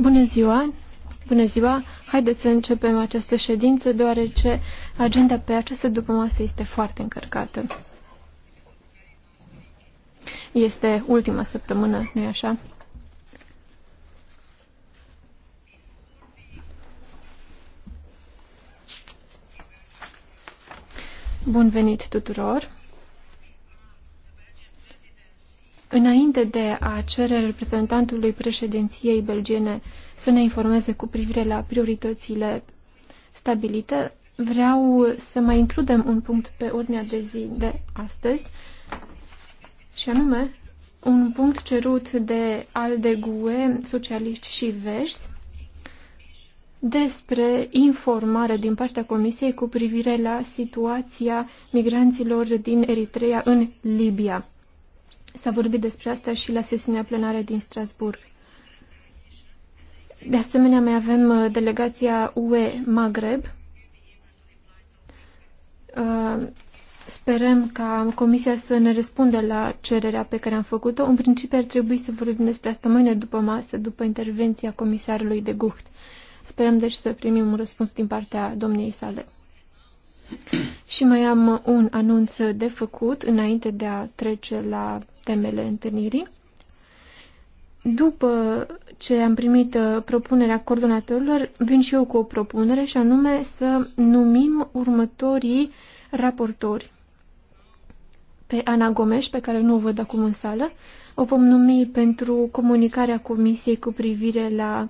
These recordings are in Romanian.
Bună ziua. Bună ziua. Haideți să începem această ședință deoarece agenda pe această dupămasă este foarte încărcată. Este ultima săptămână, nu-i așa? Bun venit tuturor! Înainte de a cere reprezentantului președinției belgiene să ne informeze cu privire la prioritățile stabilite, vreau să mai includem un punct pe ordinea de zi de astăzi, și anume un punct cerut de ALDE, GUE, Socialiști și Verzi despre informare din partea Comisiei cu privire la situația migranților din Eritrea în Libia. S-a vorbit despre asta și la sesiunea plenară din Strasburg. De asemenea, mai avem uh, delegația UE Maghreb. Uh, sperăm ca Comisia să ne răspundă la cererea pe care am făcut-o. În principiu ar trebui să vorbim despre asta mâine după masă, după intervenția comisarului de Gucht. Sperăm deci să primim un răspuns din partea domniei sale. Și mai am un anunț de făcut înainte de a trece la temele întâlnirii. După ce am primit uh, propunerea coordonatorilor, vin și eu cu o propunere și anume să numim următorii raportori. Pe Ana Gomes, pe care nu o văd acum în sală, o vom numi pentru comunicarea Comisiei cu privire la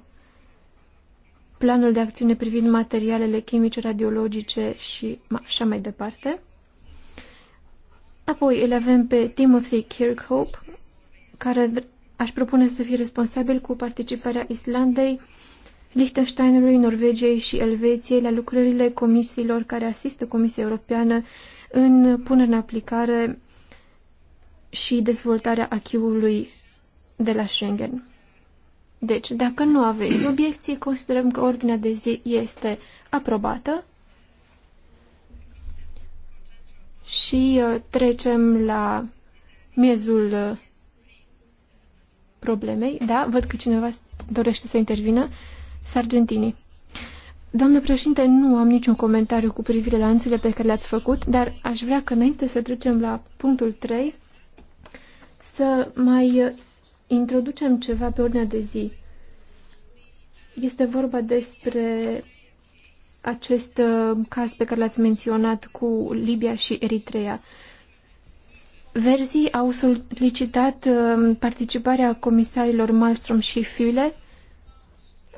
planul de acțiune privind materialele chimice, radiologice și așa mai departe. Apoi îl avem pe Timothy Kirkhope, care aș propune să fie responsabil cu participarea Islandei, Liechtensteinului, Norvegiei și Elveției la lucrările comisiilor care asistă Comisia Europeană în punerea în aplicare și dezvoltarea achiului de la Schengen. Deci, dacă nu aveți obiecții, considerăm că ordinea de zi este aprobată. și uh, trecem la miezul uh, problemei. Da, văd că cineva dorește să intervină. Sargentini. Doamnă președinte, nu am niciun comentariu cu privire la anunțurile pe care le-ați făcut, dar aș vrea că înainte să trecem la punctul 3, să mai uh, introducem ceva pe ordinea de zi. Este vorba despre acest uh, caz pe care l-ați menționat cu Libia și Eritrea. Verzii au solicitat uh, participarea comisarilor Malmström și Füle.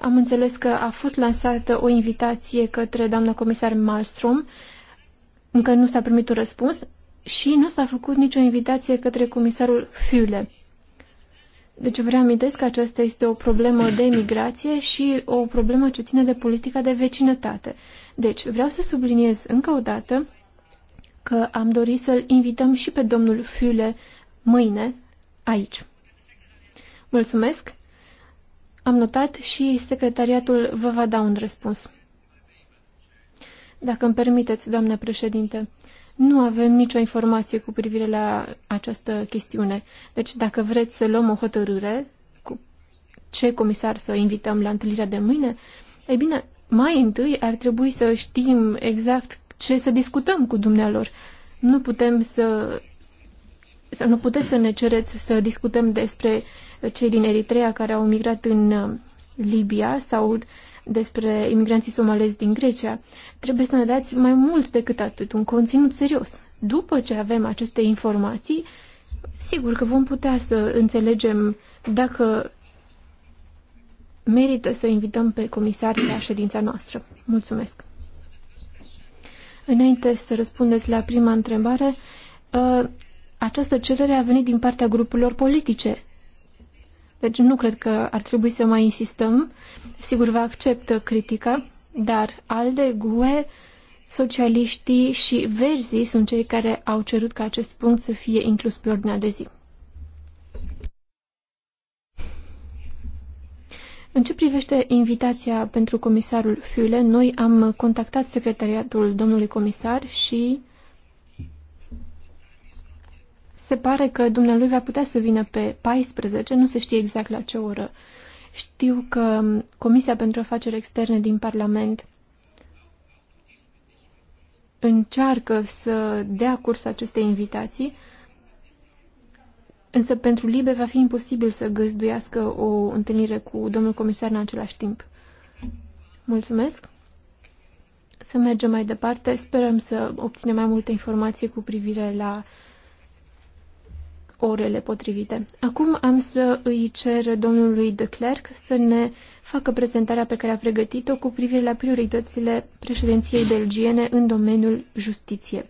Am înțeles că a fost lansată o invitație către doamna comisar Malmström. Încă nu s-a primit un răspuns și nu s-a făcut nicio invitație către comisarul Füle. Deci vă reamintesc că aceasta este o problemă de migrație și o problemă ce ține de politica de vecinătate. Deci vreau să subliniez încă o dată că am dorit să-l invităm și pe domnul Fiule mâine aici. Mulțumesc! Am notat și secretariatul vă va da un răspuns. Dacă îmi permiteți, doamnă președinte, nu avem nicio informație cu privire la această chestiune. Deci, dacă vreți să luăm o hotărâre cu ce comisar să invităm la întâlnirea de mâine, ei bine, mai întâi ar trebui să știm exact ce să discutăm cu dumnealor. Nu putem să sau nu puteți să ne cereți să discutăm despre cei din Eritrea care au migrat în uh, Libia sau despre imigranții somalezi din Grecia. Trebuie să ne dați mai mult decât atât, un conținut serios. După ce avem aceste informații, sigur că vom putea să înțelegem dacă merită să invităm pe comisarii la ședința noastră. Mulțumesc! Înainte să răspundeți la prima întrebare, ă, această cerere a venit din partea grupurilor politice. Deci nu cred că ar trebui să mai insistăm. Sigur, vă acceptă critica, dar ALDE, GUE, socialiștii și Verzi sunt cei care au cerut ca acest punct să fie inclus pe ordinea de zi. În ce privește invitația pentru comisarul Fiule, noi am contactat secretariatul domnului comisar și se pare că dumnealui va putea să vină pe 14, nu se știe exact la ce oră. Știu că Comisia pentru Afaceri Externe din Parlament încearcă să dea curs acestei invitații, însă pentru Libe va fi imposibil să găzduiască o întâlnire cu domnul comisar în același timp. Mulțumesc! Să mergem mai departe. Sperăm să obținem mai multe informații cu privire la orele potrivite. Acum am să îi cer domnului de Clerc să ne facă prezentarea pe care a pregătit-o cu privire la prioritățile președinției belgiene în domeniul justiție.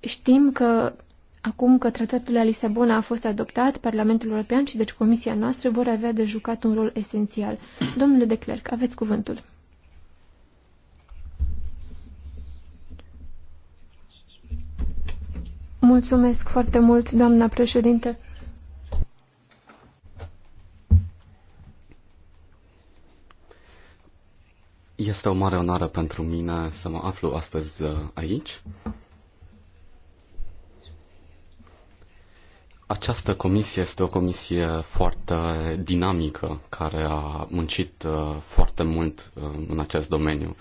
Știm că acum că tratatul la Lisabona a fost adoptat, Parlamentul European și deci Comisia noastră vor avea de jucat un rol esențial. Domnule de Clerc, aveți cuvântul. Mulțumesc foarte mult, doamna președinte. Este o mare onoare pentru mine să mă aflu astăzi uh, aici. Această comisie este o comisie foarte dinamică, care a muncit uh, foarte mult uh, în acest domeniu.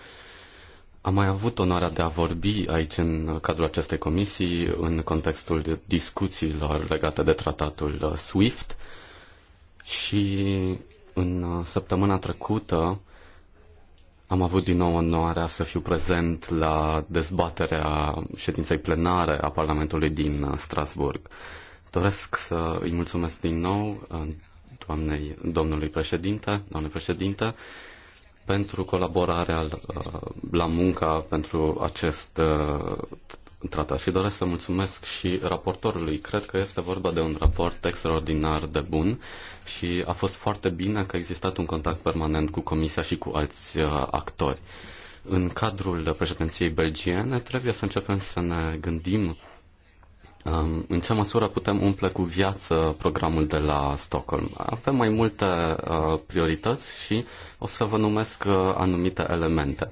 Am mai avut onoarea de a vorbi aici în cadrul acestei comisii în contextul discuțiilor legate de tratatul uh, SWIFT și în uh, săptămâna trecută am avut din nou onoarea să fiu prezent la dezbaterea ședinței plenare a Parlamentului din uh, Strasburg. Doresc să îi mulțumesc din nou doamnei, domnului președinte, doamne președinte, pentru colaborarea uh, la munca pentru acest uh, tratat și doresc să mulțumesc și raportorului. Cred că este vorba de un raport extraordinar de bun și a fost foarte bine că a existat un contact permanent cu Comisia și cu alți uh, actori. În cadrul președinției belgiene trebuie să începem să ne gândim în ce măsură putem umple cu viață programul de la Stockholm? Avem mai multe uh, priorități și o să vă numesc uh, anumite elemente.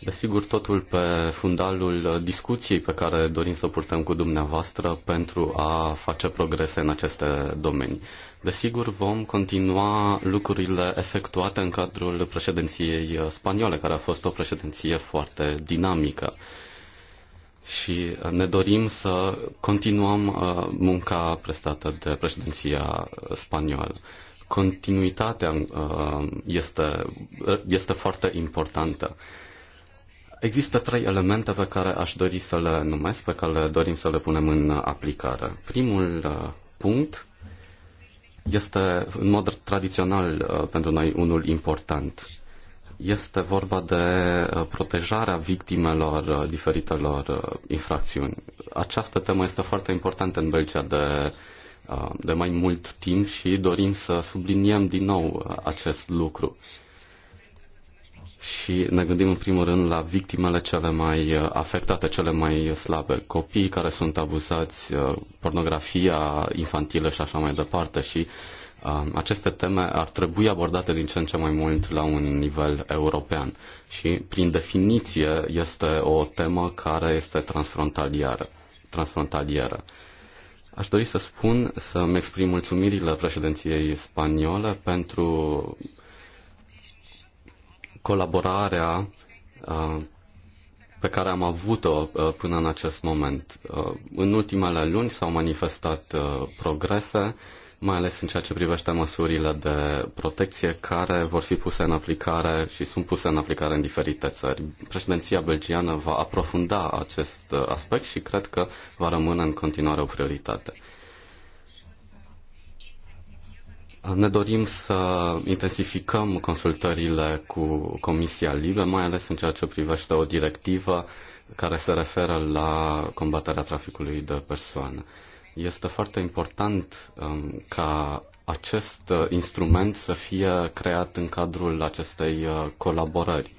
Desigur, totul pe fundalul discuției pe care dorim să o purtăm cu dumneavoastră pentru a face progrese în aceste domenii. Desigur, vom continua lucrurile efectuate în cadrul președinției spaniole, care a fost o președinție foarte dinamică și uh, ne dorim să continuăm uh, munca prestată de președinția spaniolă. Continuitatea uh, este, este foarte importantă. Există trei elemente pe care aș dori să le numesc, pe care le dorim să le punem în aplicare. Primul punct este, în mod tradițional, pentru noi unul important este vorba de uh, protejarea victimelor uh, diferitelor uh, infracțiuni. Această temă este foarte importantă în Belgia de, de mai mult timp și dorim să subliniem din nou acest lucru. Și ne gândim în primul rând la victimele cele mai afectate, cele mai slabe, copiii care sunt abuzați, pornografia infantilă și așa mai departe și uh, Um, aceste teme ar trebui abordate din ce în ce mai mult la un nivel european și, prin definiție, este o temă care este transfrontalieră. transfrontalieră. Aș dori să spun, să-mi exprim mulțumirile președinției spaniole pentru colaborarea uh, pe care am avut-o uh, până în acest moment. Uh, în ultimele luni s-au manifestat progrese mai ales în ceea ce privește măsurile de protecție care vor fi puse în aplicare și sunt puse în aplicare în diferite țări. Președinția belgiană va aprofunda acest aspect și cred că va rămâne în continuare o prioritate. Ne dorim să intensificăm consultările cu Comisia Libe, mai ales în ceea ce privește o directivă care se referă la combaterea traficului de persoane. Este foarte important um, ca acest uh, instrument să fie creat în cadrul acestei uh, colaborări.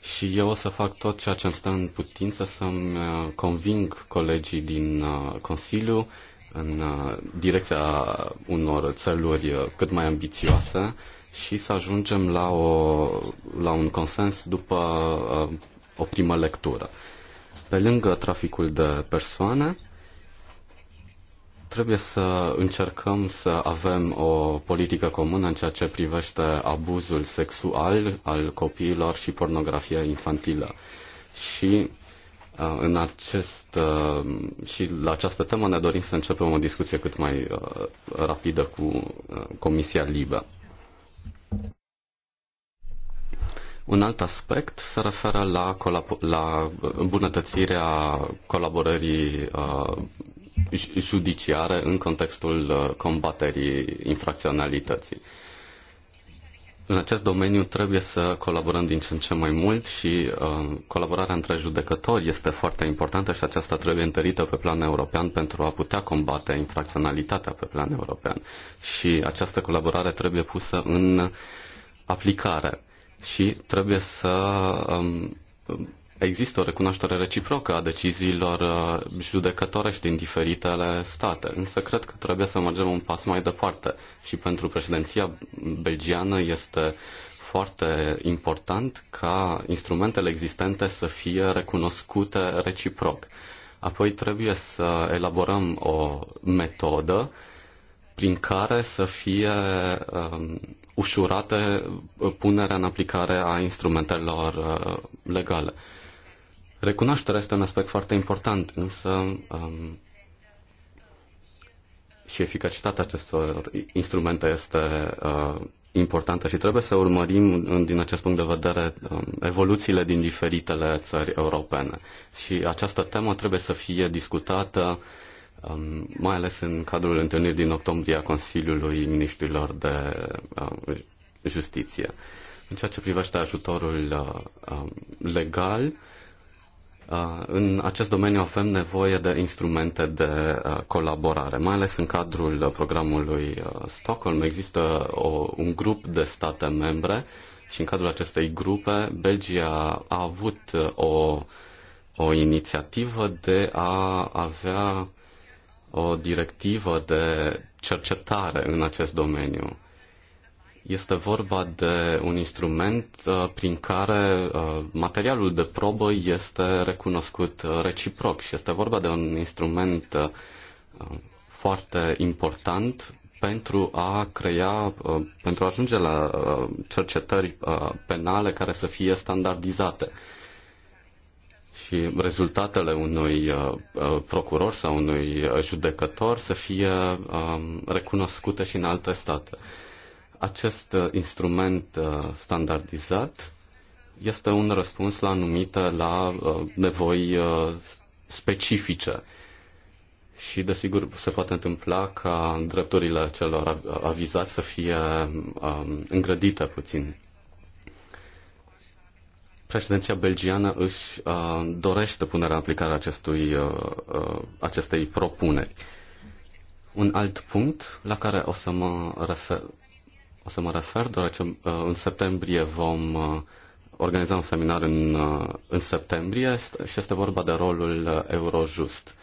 Și eu o să fac tot ceea ce îmi stă în putință să-mi uh, conving colegii din Consiliu în direcția unor țeluri cât mai ambițioase și să ajungem la, o, la un consens după o primă lectură. Pe lângă traficul de persoane, trebuie să încercăm să avem o politică comună în ceea ce privește abuzul sexual al copiilor și pornografia infantilă. Și uh, în acest, uh, și la această temă ne dorim să începem o discuție cât mai uh, rapidă cu Comisia Libă. Un alt aspect se referă la, colab- la uh, îmbunătățirea colaborării uh, judiciare în contextul uh, combaterii infracționalității. În acest domeniu trebuie să colaborăm din ce în ce mai mult și uh, colaborarea între judecători este foarte importantă și aceasta trebuie întărită pe plan european pentru a putea combate infracționalitatea pe plan european. Și această colaborare trebuie pusă în aplicare și trebuie să um, există o recunoaștere reciprocă a deciziilor uh, judecătorești din diferitele state. Însă cred că trebuie să mergem un pas mai departe și pentru președinția belgiană este foarte important ca instrumentele existente să fie recunoscute reciproc. Apoi trebuie să elaborăm o metodă prin care să fie um, ușurate uh, punerea în aplicare a instrumentelor uh, legale. Recunoașterea este un aspect foarte important, însă um, și eficacitatea acestor instrumente este uh, importantă și trebuie să urmărim, din acest punct de vedere, um, evoluțiile din diferitele țări europene. Și această temă trebuie să fie discutată Um, mai ales în cadrul întâlnirii din octombrie a Consiliului Ministrilor de um, Justiție. În ceea ce privește ajutorul uh, um, legal, uh, în acest domeniu avem nevoie de instrumente de uh, colaborare, mai ales în cadrul programului Stockholm. Există o, un grup de state membre și în cadrul acestei grupe Belgia a avut o, o inițiativă de a avea o directivă de cercetare în acest domeniu. Este vorba de un instrument uh, prin care uh, materialul de probă este recunoscut uh, reciproc și este vorba de un instrument foarte important pentru a crea, pentru a ajunge la cercetări penale care să fie standardizate și rezultatele unui uh, uh, procuror sau unui uh, judecător să fie um, recunoscute și în alte state. Acest instrument standardizat este un răspuns la anumite, la nevoi specifice. Și, desigur, se poate întâmpla ca drepturile celor avizați să fie um, îngrădite puțin. Președinția belgiană își uh, dorește punerea în aplicare acestui, uh, uh, acestei propuneri. Un alt punct la care o să mă refer, o să mă refer deoarece uh, în septembrie vom uh, organiza un seminar în, uh, în septembrie și este vorba de rolul uh, Eurojust.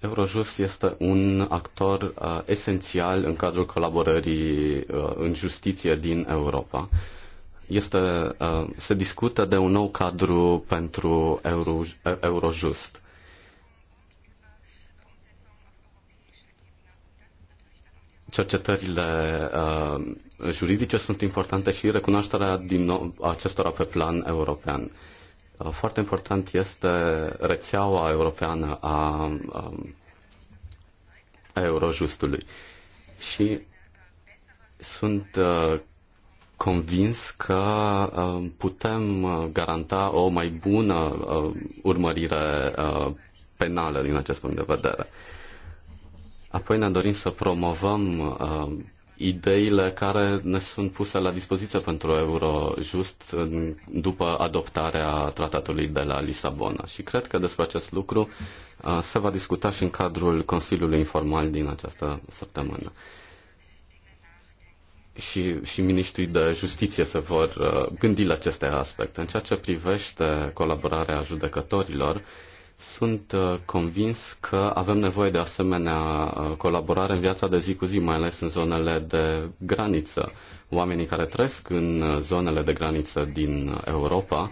Eurojust este un actor uh, esențial în cadrul colaborării uh, în justiție din Europa. Uh, este, uh, se discută de un nou cadru pentru Euro, Eurojust. Cercetările uh, juridice sunt importante și recunoașterea din nou acestora pe plan european. Uh, foarte important este rețeaua europeană a um, Eurojustului. Și sunt uh, convins că uh, putem uh, garanta o mai bună uh, urmărire penală din acest punct de vedere. Apoi ne dorim să promovăm ideile care ne sunt puse la dispoziție pentru Eurojust după adoptarea tratatului de la Lisabona. Și cred că despre acest lucru se va discuta și în cadrul Consiliului Informal din această săptămână și, și ministrii de justiție se vor uh, gândi la aceste aspecte. În ceea ce privește colaborarea judecătorilor, sunt uh, convins că avem nevoie de asemenea uh, colaborare în viața de zi cu zi, mai ales în zonele de graniță. Oamenii care trăiesc în zonele de graniță din Europa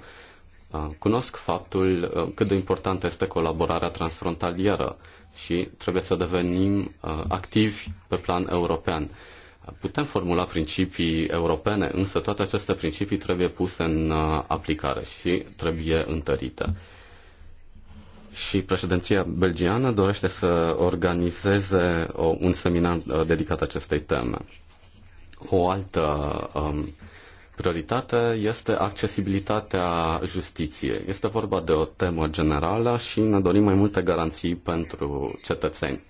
cunosc faptul cât de importantă este colaborarea transfrontalieră și trebuie să devenim activi pe plan european. Putem formula principii europene, însă toate aceste principii trebuie puse în uh, aplicare și trebuie întărite. Și președinția belgiană dorește să organizeze un seminar uh, dedicat acestei teme. O altă um, prioritate este accesibilitatea justiției. Este vorba de o temă generală și ne dorim mai multe garanții pentru cetățeni.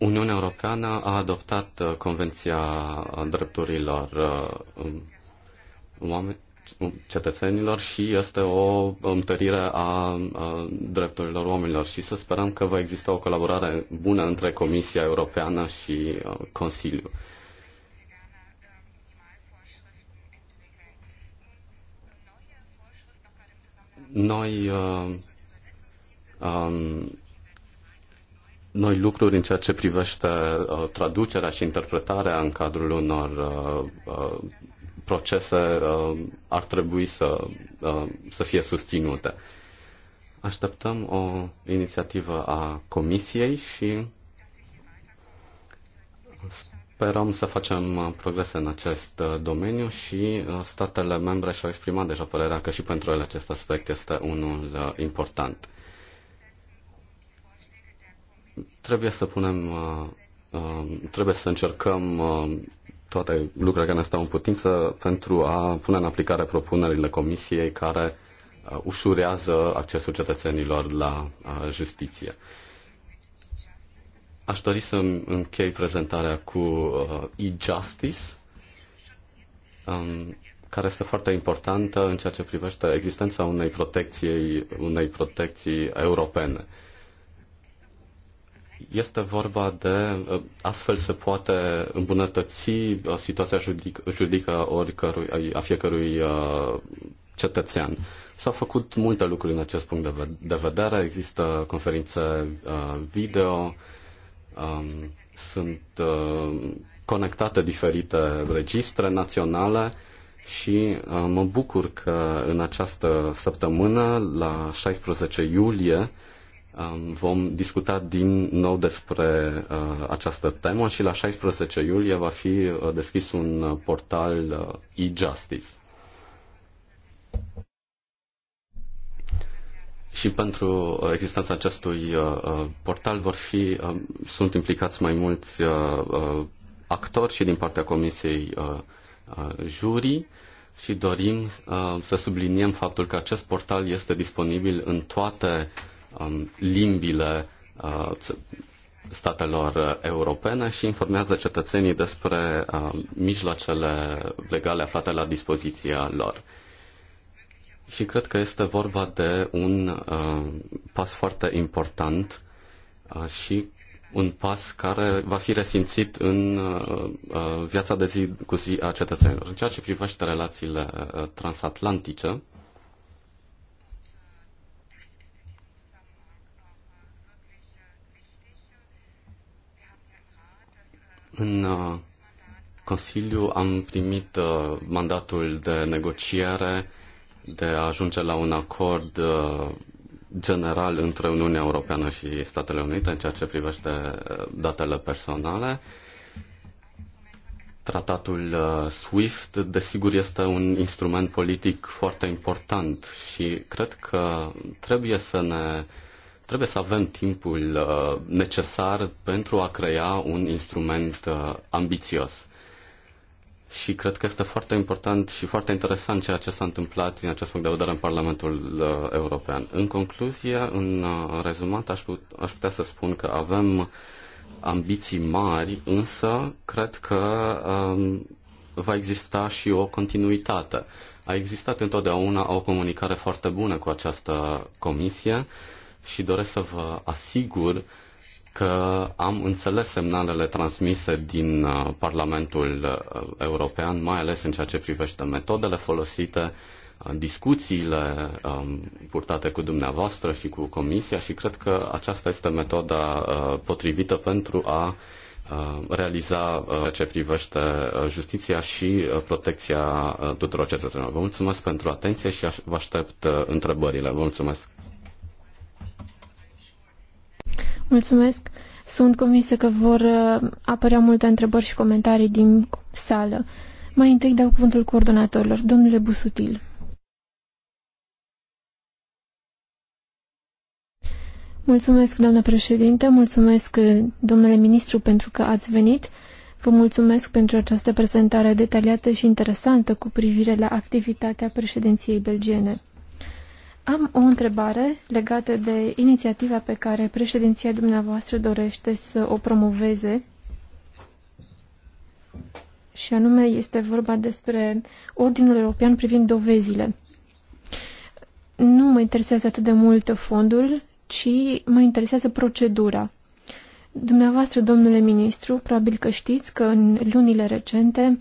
Uniunea Europeană a adoptat uh, Convenția Drepturilor uh, um, um, cetățenilor și este o întărire a drepturilor oamenilor și să sperăm că va exista o colaborare bună între Comisia Europeană și uh, Consiliu. Noi um, noi lucruri în ceea ce privește uh, traducerea și interpretarea în cadrul unor uh, uh, procese uh, ar trebui să, uh, să fie susținute. Așteptăm o inițiativă a Comisiei și sperăm să facem uh, progrese în acest uh, domeniu și statele membre și-au exprimat deja părerea că și pentru ele acest aspect este unul important. Trebuie să punem, uh, uh, trebuie să încercăm uh, toate lucrurile care ne stau în putință pentru a pune în aplicare propunerile comisiei care ușurează accesul cetățenilor la justiție. Aș dori să închei prezentarea cu e-justice, um, care este foarte importantă în ceea ce privește existența unei protecții, unei protecții europene. Este vorba de, ă, astfel se poate îmbunătăți ă, situația judic, judică oricărui, a fiecărui ă, cetățean. S-au făcut multe lucruri în acest punct de vedere. Există conferințe video, sunt conectate diferite registre naționale și mă bucur că în această săptămână, la 16 iulie, vom discuta din nou despre uh, această temă și la 16 iulie va fi uh, deschis un uh, portal e-justice. Și pentru existența acestui portal vor fi, um, sunt implicați mai mulți actori și din partea Comisiei Jurii și dorim să subliniem faptul că acest portal este disponibil în toate um, limbile uh, statelor europene și informează cetățenii despre uh, mijloacele legale aflate la dispoziția lor. Și cred că este vorba de un uh, pas foarte important uh, și un pas care va fi resimțit în uh, uh viața de zi cu zi a cetățenilor. În ceea ce privește relațiile uh, transatlantice, În uh, Consiliu am primit uh, mandatul de negociere de a ajunge la un acord uh, general între Uniunea Europeană și Statele Unite în ceea ce privește datele personale. Tratatul SWIFT, desigur, este un instrument politic foarte important și cred că trebuie să ne Trebuie să avem timpul uh, necesar pentru a crea un instrument uh, ambițios. Și cred că este foarte important și foarte interesant ceea ce s-a întâmplat din acest punct de vedere în Parlamentul uh, European. În concluzie, în rezumat, aș, put- aș putea să spun că avem ambiții mari, însă cred că um, va exista și o continuitate. A existat întotdeauna o comunicare foarte bună cu această comisie și doresc să vă asigur că am înțeles semnalele transmise din uh, Parlamentul uh, European, mai ales în ceea ce privește metodele folosite, uh, discuțiile um, purtate cu dumneavoastră și cu Comisia și cred că aceasta este metoda potrivită pentru a realiza ce privește justiția și protecția tuturor cetățenilor. Vă mulțumesc pentru atenție și vă aștept întrebările. Vă mulțumesc. Mulțumesc. Sunt convinsă că vor uh, apărea multe întrebări și comentarii din sală. Mai întâi dau cuvântul coordonatorilor. Domnule Busutil. Mulțumesc, doamnă președinte, mulțumesc, uh, domnule ministru, pentru că ați venit. Vă mulțumesc pentru această prezentare detaliată și interesantă cu privire la activitatea președinției belgiene. Am o întrebare legată de inițiativa pe care președinția dumneavoastră dorește să o promoveze și anume este vorba despre Ordinul European privind dovezile. Nu mă interesează atât de mult fondul, ci mă interesează procedura. Dumneavoastră, domnule ministru, probabil că știți că în lunile recente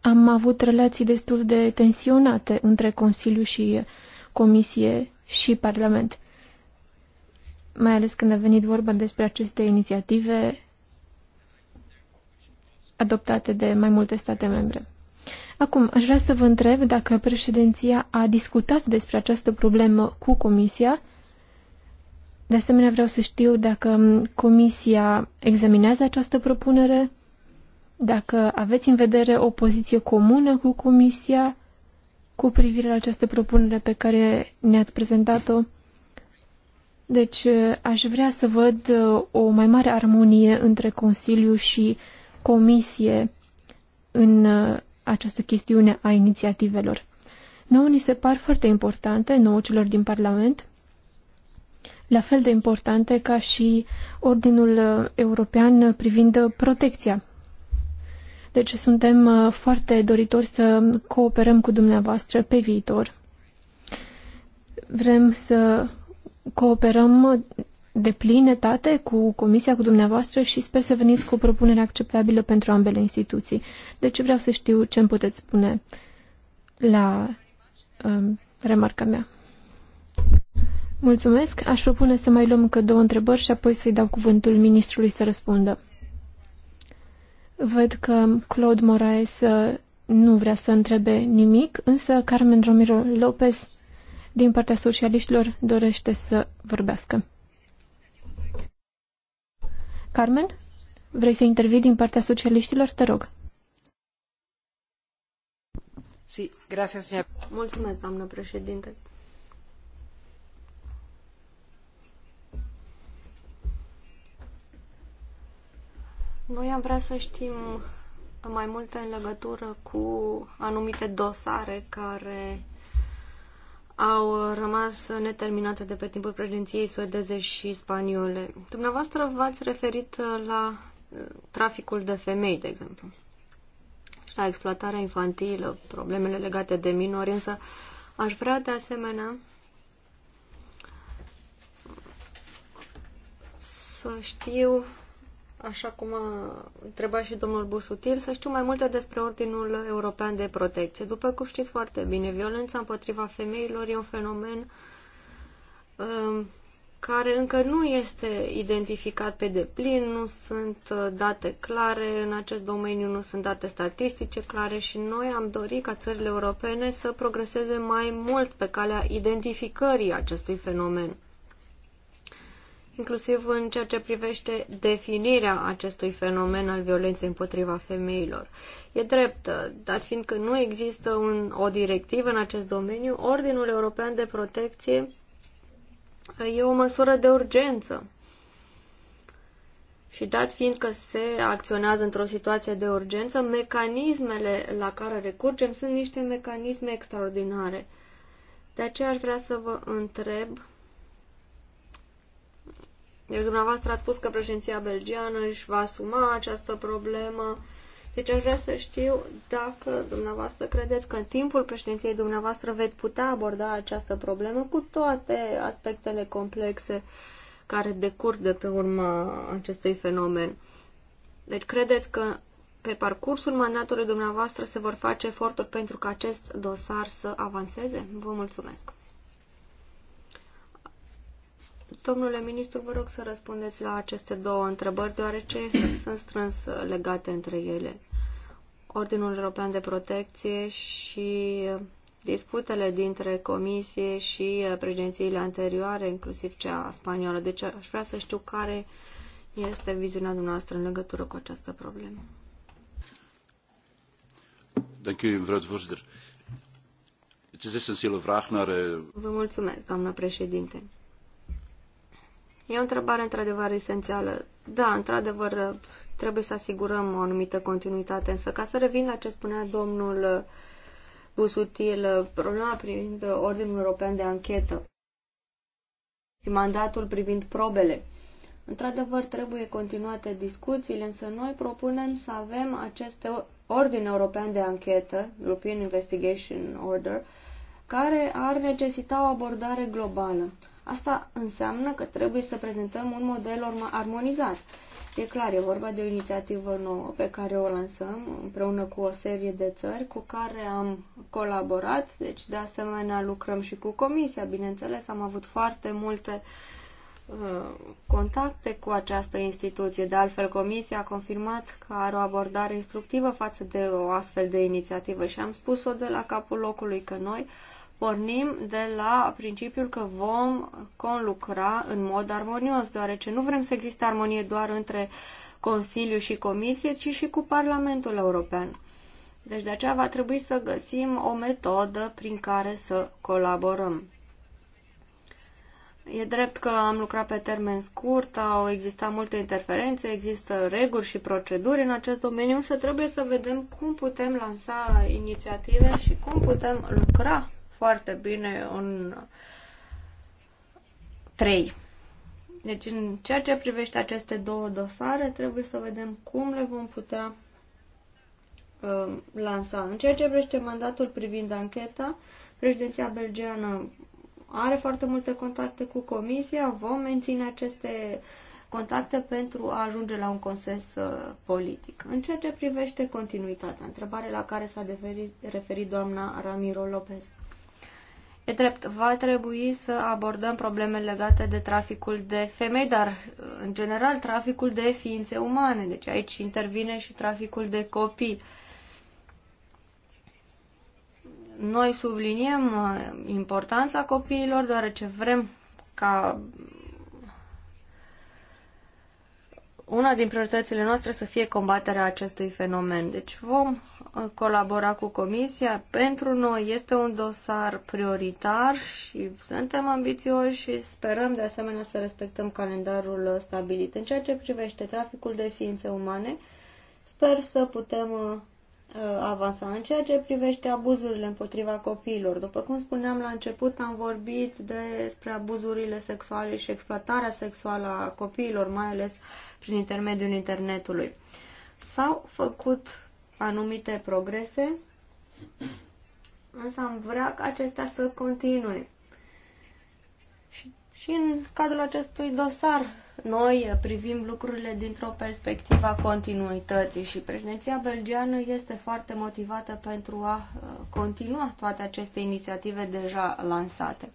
am avut relații destul de tensionate între Consiliu și Comisie și Parlament. Mai ales când a venit vorba despre aceste inițiative adoptate de mai multe state membre. Acum, aș vrea să vă întreb dacă președinția a discutat despre această problemă cu Comisia. De asemenea, vreau să știu dacă Comisia examinează această propunere, dacă aveți în vedere o poziție comună cu Comisia cu privire la această propunere pe care ne-ați prezentat-o. Deci aș vrea să văd uh, o mai mare armonie între Consiliu și Comisie în uh, această chestiune a inițiativelor. Nouă ni se par foarte importante, nouă celor din Parlament, la fel de importante ca și Ordinul uh, European privind protecția. Deci suntem uh, foarte doritori să cooperăm cu dumneavoastră pe viitor. Vrem să cooperăm de plin etate cu comisia, cu dumneavoastră și sper să veniți cu o propunere acceptabilă pentru ambele instituții. Deci vreau să știu ce îmi puteți spune la um, remarca mea. Mulțumesc. Aș propune să mai luăm încă două întrebări și apoi să-i dau cuvântul ministrului să răspundă. Văd că Claude Moraes uh, nu vrea să întrebe nimic, însă Carmen Romero Lopez din partea socialiștilor dorește să vorbească. Carmen, vrei să intervii din partea socialiștilor? Te rog. Sí, gracias, Mulțumesc, doamnă președinte. Noi am vrea să știm mai multe în legătură cu anumite dosare care au rămas neterminate de pe timpul președinției suedeze și spaniole. Dumneavoastră v-ați referit la eh, traficul de femei, de exemplu, și la exploatarea infantilă, problemele legate de minori, însă aș vrea de asemenea să știu așa cum a întrebat și domnul Busutil, să știu mai multe despre Ordinul European de Protecție. După cum știți foarte bine, violența împotriva femeilor e un fenomen um, care încă nu este identificat pe deplin, nu sunt uh, date clare în acest domeniu, nu sunt date statistice clare și noi am dorit ca țările europene să progreseze mai mult pe calea identificării acestui fenomen inclusiv în ceea ce privește definirea acestui fenomen al violenței împotriva femeilor. E drept, dat fiind că nu există un, o directivă în acest domeniu, Ordinul European de Protecție e o măsură de urgență. Și dat fiind că se acționează într-o situație de urgență, mecanismele la care recurgem sunt niște mecanisme extraordinare. De aceea aș vrea să vă întreb deci dumneavoastră ați spus că președinția belgiană își va asuma această problemă. Deci aș vrea să știu dacă dumneavoastră credeți că în timpul președinției dumneavoastră veți putea aborda această problemă cu toate aspectele complexe care decurg de pe urma acestui fenomen. Deci credeți că pe parcursul mandatului dumneavoastră se vor face eforturi pentru ca acest dosar să avanseze? Vă mulțumesc! Domnule ministru, vă rog să răspundeți la aceste două întrebări, deoarece sunt strâns legate între ele. Ordinul European de Protecție și disputele dintre comisie și președințiile anterioare, inclusiv cea spaniolă. Deci aș vrea să știu care este viziunea dumneavoastră în legătură cu această problemă. de eh, Vă mulțumesc, doamnă președinte. E o întrebare într-adevăr esențială. Da, într-adevăr, trebuie să asigurăm o anumită continuitate, însă ca să revin la ce spunea domnul Busutil, problema privind Ordinul European de Anchetă și mandatul privind probele. Într-adevăr, trebuie continuate discuțiile, însă noi propunem să avem aceste ordine european de anchetă, European Investigation Order, care ar necesita o abordare globală. Asta înseamnă că trebuie să prezentăm un model armonizat. E clar, e vorba de o inițiativă nouă pe care o lansăm împreună cu o serie de țări cu care am colaborat, deci de asemenea lucrăm și cu Comisia, bineînțeles, am avut foarte multe uh, contacte cu această instituție. De altfel, Comisia a confirmat că are o abordare instructivă față de o astfel de inițiativă și am spus-o de la capul locului că noi uh, pornim de la principiul că vom conlucra în mod armonios, deoarece nu vrem să existe armonie doar între Consiliu și Comisie, ci și cu Parlamentul European. Deci de aceea va trebui să găsim o metodă prin care să colaborăm. E drept că am lucrat pe termen scurt, au existat multe interferențe, există reguli și proceduri în acest domeniu, însă trebuie să vedem cum putem lansa inițiative și cum putem lucra foarte bine în 3. Deci, în ceea ce privește aceste două dosare, trebuie să vedem cum le vom putea uh, lansa. În ceea ce privește mandatul privind ancheta, președinția belgeană are foarte multe contacte cu Comisia, vom menține aceste contacte pentru a ajunge la un consens uh, politic. În ceea ce privește continuitatea, întrebare la care s-a referit doamna Ramiro Lopez. Uh, E drept, va trebui să abordăm probleme legate de traficul de femei, dar în general traficul de ființe umane. Deci aici intervine și traficul de copii. Noi subliniem uh, importanța copiilor, deoarece vrem ca una din prioritățile noastre să fie combaterea acestui fenomen. Deci vom uh, colabora cu Comisia. Pentru noi este un dosar prioritar și suntem ambițioși și sperăm de asemenea să respectăm calendarul stabilit. În ceea ce privește traficul de ființe umane, sper să putem uh, Uh, avansa. În ceea ce privește abuzurile împotriva copiilor, după cum spuneam la început, am vorbit despre abuzurile sexuale și exploatarea sexuală a copiilor, mai ales prin intermediul internetului. S-au făcut anumite progrese, însă am vrea ca acestea să continue. Și, și în cadrul acestui dosar noi privim lucrurile dintr-o perspectivă a continuității și președinția belgiană este foarte motivată pentru a uh, continua toate aceste inițiative deja lansate.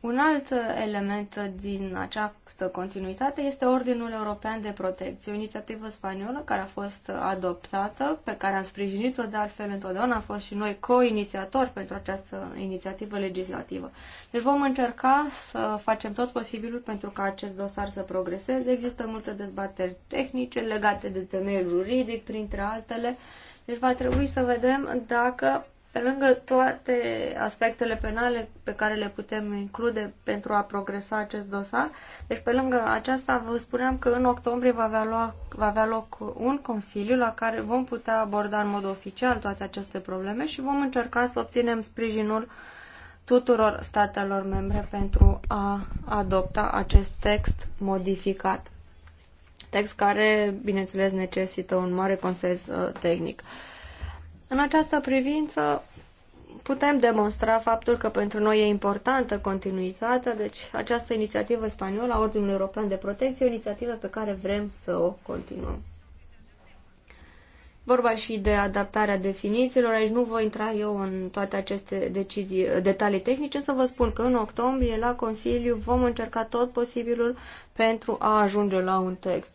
Un alt element din această continuitate este Ordinul European de Protecție, o inițiativă spaniolă care a fost adoptată, pe care am sprijinit-o de altfel întotdeauna, am fost și noi co-inițiatori pentru această inițiativă legislativă. Deci vom încerca să facem tot posibilul pentru ca acest dosar să progreseze. Există multe dezbateri tehnice legate de temei juridic, printre altele, deci va trebui să vedem dacă pe lângă toate aspectele penale pe care le putem include pentru a progresa acest dosar, deci pe lângă aceasta vă spuneam că în octombrie va avea, loc, va avea loc un consiliu la care vom putea aborda în mod oficial toate aceste probleme și vom încerca să obținem sprijinul tuturor statelor membre pentru a adopta acest text modificat. Text care, bineînțeles, necesită un mare consens uh, tehnic. În această privință putem demonstra faptul că pentru noi e importantă continuitatea, deci această inițiativă spaniolă a Ordinului European de Protecție, o inițiativă pe care vrem să o continuăm. Vorba și de adaptarea definițiilor, aici nu voi intra eu în toate aceste decizii, detalii tehnice, să vă spun că în octombrie la Consiliu vom încerca tot posibilul pentru a ajunge la un text.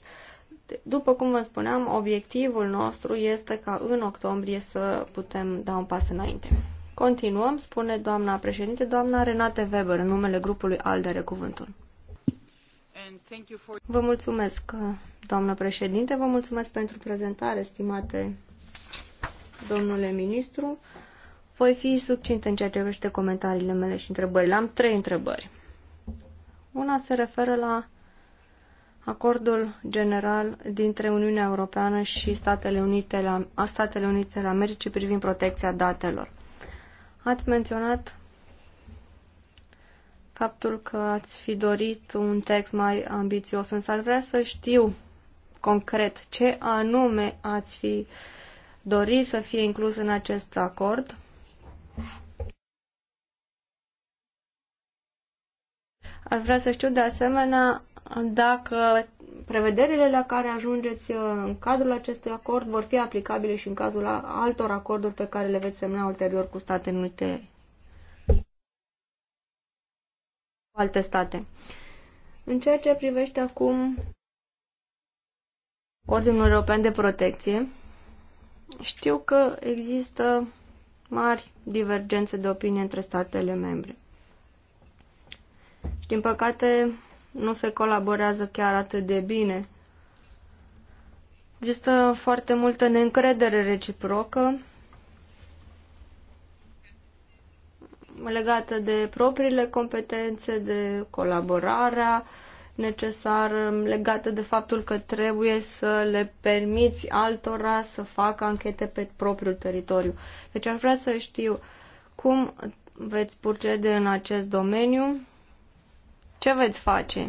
După cum vă spuneam, obiectivul nostru este ca în octombrie să putem da un pas înainte. Continuăm, spune doamna președinte, doamna Renate Weber, în numele grupului ALDE, cuvântul. Vă mulțumesc, doamnă președinte, vă mulțumesc pentru prezentare, stimate domnule ministru. Voi fi succint în ceea ce privește comentariile mele și întrebările. Am trei întrebări. Una se referă la acordul general dintre Uniunea Europeană și Statele Unite, la, Statele Unite ale Americii privind protecția datelor. Ați menționat faptul că ați fi dorit un text mai ambițios, însă ar vrea să știu concret ce anume ați fi dorit să fie inclus în acest acord. Ar vrea să știu de asemenea dacă prevederile la care ajungeți uh, în cadrul acestui acord vor fi aplicabile și în cazul altor acorduri pe care le veți semna ulterior cu state Unite alte state. În ceea ce privește acum Ordinul European de Protecție, știu că există mari divergențe de opinie între statele membre. Și din păcate, nu se colaborează chiar atât de bine. Există foarte multă neîncredere reciprocă legată de propriile competențe, de colaborarea necesară, legată de faptul că trebuie să le permiți altora să facă anchete pe propriul teritoriu. Deci aș vrea să știu cum veți procede în acest domeniu ce veți face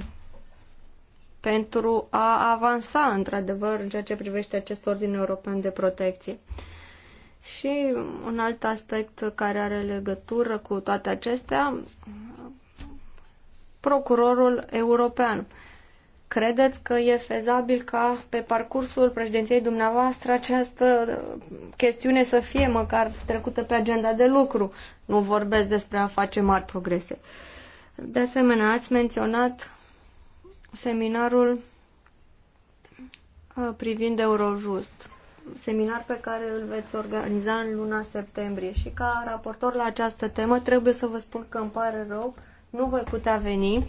pentru a avansa, într-adevăr, în ceea ce privește acest ordin european de protecție? Și un alt aspect care are legătură cu toate acestea, procurorul european. Credeți că e fezabil ca pe parcursul președinției dumneavoastră această chestiune să fie măcar trecută pe agenda de lucru? Nu vorbesc despre a face mari progrese. Uh, de asemenea, ați menționat seminarul uh, privind Eurojust, seminar pe care îl veți organiza în luna septembrie și ca raportor la această temă trebuie să vă spun că îmi pare rău, nu voi putea veni.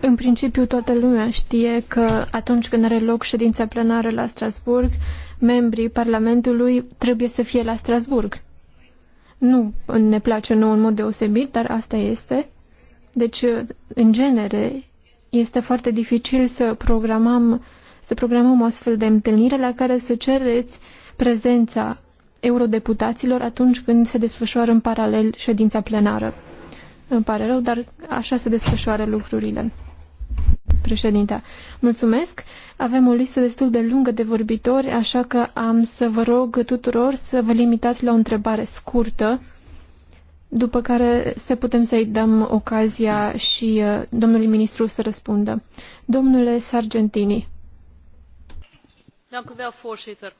În principiu, toată lumea știe că atunci când are loc ședința plenară la Strasburg, membrii Parlamentului trebuie să fie la Strasburg. Nu ne place nouă în mod deosebit, dar asta este. Deci, în genere, este foarte dificil să programăm, să programăm o astfel de întâlnire la care să cereți prezența eurodeputaților atunci când se desfășoară în paralel ședința plenară. Îmi pare rău, dar așa se desfășoară lucrurile. Președinte, mulțumesc. Avem o listă destul de lungă de vorbitori, așa că am să vă rog tuturor să vă limitați la o întrebare scurtă, după care să putem să-i dăm ocazia și uh, domnului ministru să răspundă. Domnule Sargentini. Dank u wel, voorzitter.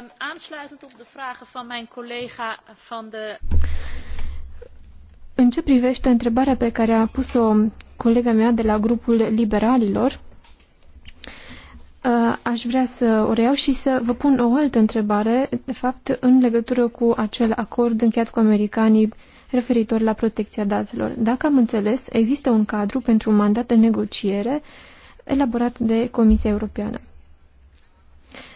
Um, aansluitend op de vragen van mijn collega van de... În ce privește întrebarea pe care a pus-o colega mea de la grupul liberalilor, uh, aș vrea să o reiau și să vă pun o altă întrebare, de fapt, în legătură cu acel acord încheiat cu americanii referitor la protecția datelor. Dacă am înțeles, există un cadru pentru un mandat de negociere elaborat de Comisia Europeană.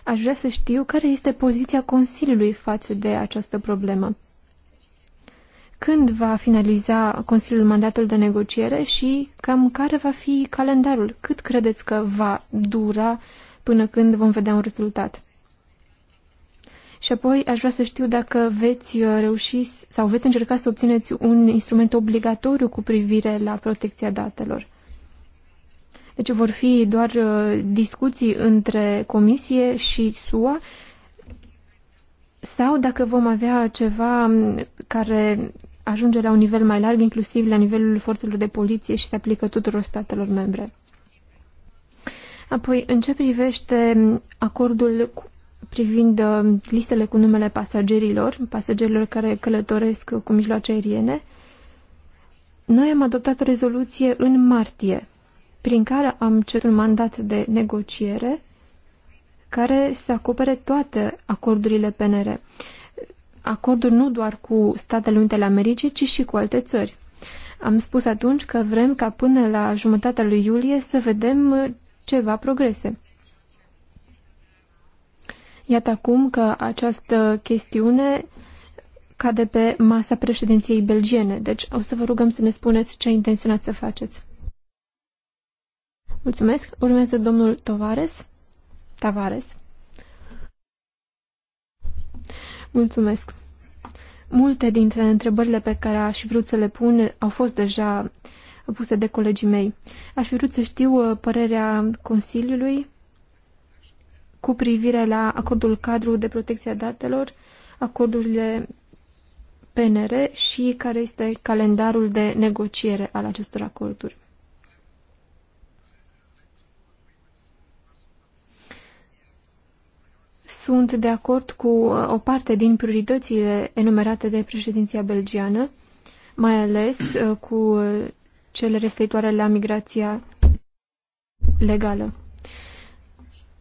Aș vrea să știu care este poziția Consiliului față de această problemă când va finaliza Consiliul mandatul de negociere și cam care va fi calendarul? Cât credeți că va dura până când vom vedea un rezultat? Și apoi aș vrea să știu dacă veți uh, reuși sau veți încerca să obțineți un instrument obligatoriu cu privire la protecția datelor. Deci vor fi doar uh, discuții între Comisie și SUA sau dacă vom avea ceva mm, care ajunge la un nivel mai larg, inclusiv la nivelul forțelor de poliție și se aplică tuturor statelor membre. Apoi, în ce privește acordul cu, privind uh, listele cu numele pasagerilor, pasagerilor care călătoresc cu mijloace aeriene, noi am adoptat o rezoluție în martie, prin care am cerut un mandat de negociere care să acopere toate acordurile PNR acorduri nu doar cu Statele Unite ale Americii, ci și cu alte țări. Am spus atunci că vrem ca până la jumătatea lui iulie să vedem ceva progrese. Iată acum că această chestiune cade pe masa președinției belgiene, deci o să vă rugăm să ne spuneți ce intenționați să faceți. Mulțumesc. Urmează domnul Tovares. Tavares. Mulțumesc. Multe dintre întrebările pe care aș vrut să le pun au fost deja puse de colegii mei. Aș fi vrut să știu uh, părerea Consiliului cu privire la acordul cadru de protecție a datelor, acordurile PNR și care este calendarul de negociere al acestor acorduri. Sunt de acord cu uh, o parte din prioritățile enumerate de președinția belgiană, mai ales uh, cu uh, cele referitoare la migrația legală.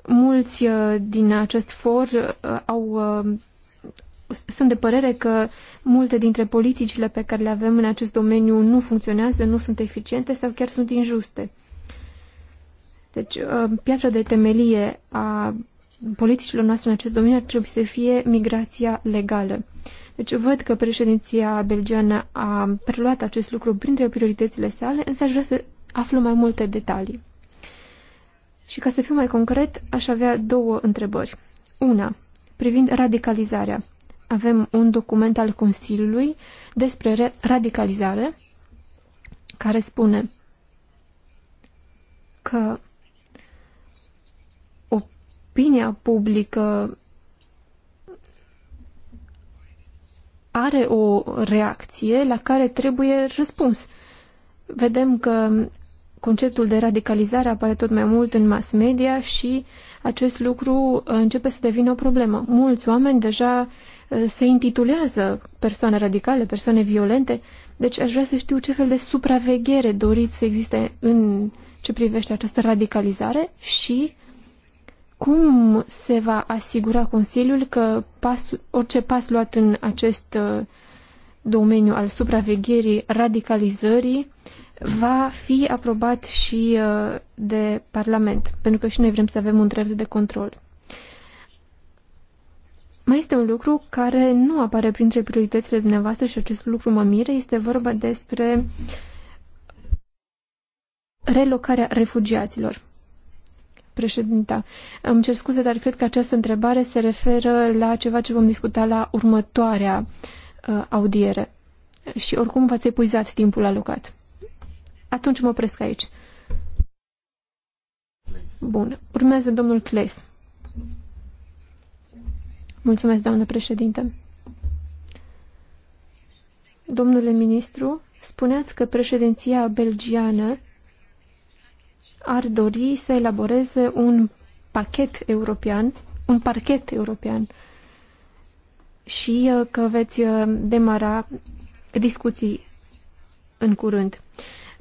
Mulți din acest for au sunt de părere că multe dintre politicile pe care le avem în acest domeniu nu funcționează, nu sunt eficiente sau chiar sunt injuste. Deci, piața de temelie a politicilor noastre în acest domeniu ar trebui să fie migrația legală. Deci văd că președinția belgiană a preluat acest lucru printre prioritățile sale, însă aș vrea să aflu mai multe detalii. Și ca să fiu mai concret, aș avea două întrebări. Una, privind radicalizarea. Avem un document al Consiliului despre radicalizare care spune că opinia publică are o reacție la care trebuie răspuns. Vedem că conceptul de radicalizare apare tot mai mult în mass media și acest lucru începe să devină o problemă. Mulți oameni deja se intitulează persoane radicale, persoane violente, deci aș vrea să știu ce fel de supraveghere doriți să existe în ce privește această radicalizare și cum se va asigura Consiliul că pas, orice pas luat în acest uh, domeniu al supravegherii radicalizării va fi aprobat și uh, de Parlament? Pentru că și noi vrem să avem un drept de control. Mai este un lucru care nu apare printre prioritățile dumneavoastră și acest lucru mă mire, este vorba despre relocarea refugiaților. Președinta, îmi cer scuze, dar cred că această întrebare se referă la ceva ce vom discuta la următoarea uh, audiere. Și oricum v-ați epuizat timpul alocat. Atunci mă opresc aici. Bun. Urmează domnul Cles. Mulțumesc, doamnă președinte. Domnule ministru, spuneați că președinția belgiană ar dori să elaboreze un pachet european, un parchet european și uh, că veți uh, demara discuții în curând.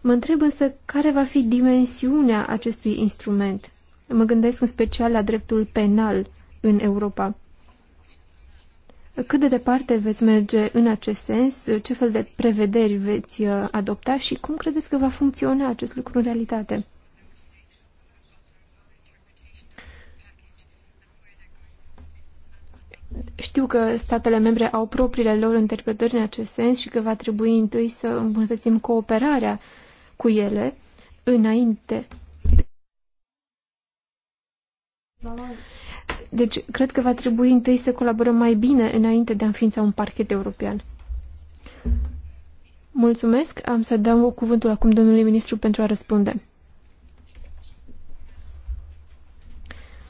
Mă întreb însă care va fi dimensiunea acestui instrument. Mă gândesc în special la dreptul penal în Europa. Cât de departe veți merge în acest sens? Ce fel de prevederi veți uh, adopta și cum credeți că va funcționa acest lucru în realitate? Știu că statele membre au propriile lor interpretări în acest sens și că va trebui întâi să îmbunătățim cooperarea cu ele înainte. Deci, cred că va trebui întâi să colaborăm mai bine înainte de a înființa un parchet european. Mulțumesc. Am să dau cuvântul acum domnului ministru pentru a răspunde.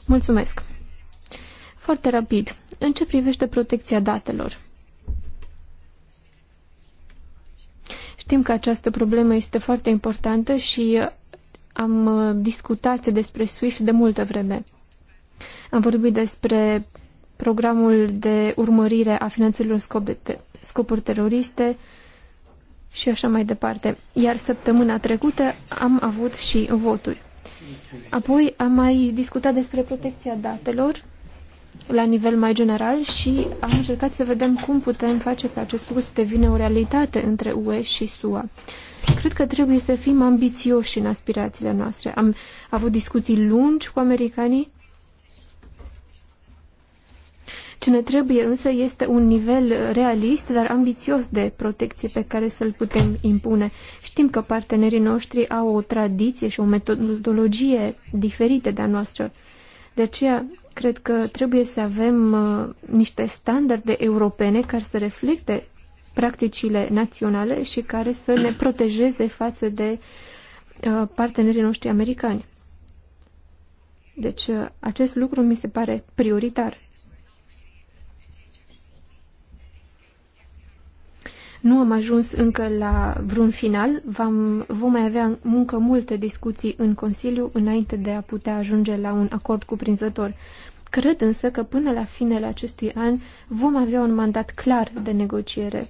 Mulțumesc. Foarte rapid în ce privește protecția datelor. Știm că această problemă este foarte importantă și am discutat despre SWIFT de multă vreme. Am vorbit despre programul de urmărire a finanțelor scop de te- scopuri teroriste și așa mai departe. Iar săptămâna trecută am avut și voturi. Apoi am mai discutat despre protecția datelor la nivel mai general și am încercat să vedem cum putem face ca acest lucru să devină o realitate între UE și SUA. Cred că trebuie să fim ambițioși în aspirațiile noastre. Am avut discuții lungi cu americanii. Ce ne trebuie însă este un nivel realist, dar ambițios de protecție pe care să-l putem impune. Știm că partenerii noștri au o tradiție și o metodologie diferite de a noastră. De aceea Cred că trebuie să avem uh, niște standarde europene care să reflecte practicile naționale și care să ne protejeze față de uh, partenerii noștri americani. Deci uh, acest lucru mi se pare prioritar. Nu am ajuns încă la vreun final. Vom, vom mai avea muncă multe discuții în Consiliu înainte de a putea ajunge la un acord cuprinzător. Cred însă că până la finele acestui an vom avea un mandat clar de negociere.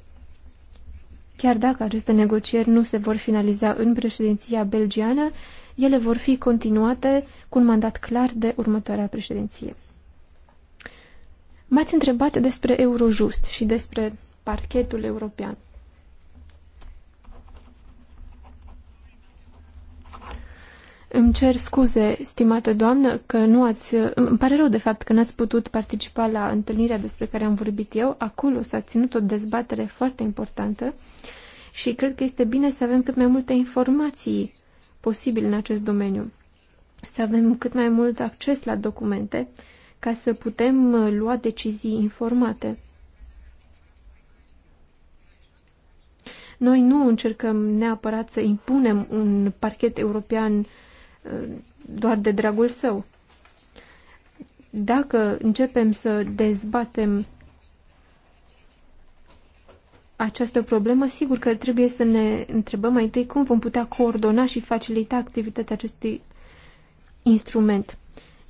Chiar dacă aceste negocieri nu se vor finaliza în președinția belgiană, ele vor fi continuate cu un mandat clar de următoarea președinție. M-ați întrebat despre Eurojust și despre parchetul european. Îmi cer scuze, stimată doamnă, că nu ați... Îmi pare rău de fapt că n-ați putut participa la întâlnirea despre care am vorbit eu. Acolo s-a ținut o dezbatere foarte importantă și cred că este bine să avem cât mai multe informații posibil în acest domeniu. Să avem cât mai mult acces la documente ca să putem uh, lua decizii informate. Noi nu încercăm neapărat să impunem un parchet european uh, doar de dragul său. Dacă începem să dezbatem această problemă, sigur că trebuie să ne întrebăm mai întâi cum vom putea coordona și facilita activitatea acestui instrument.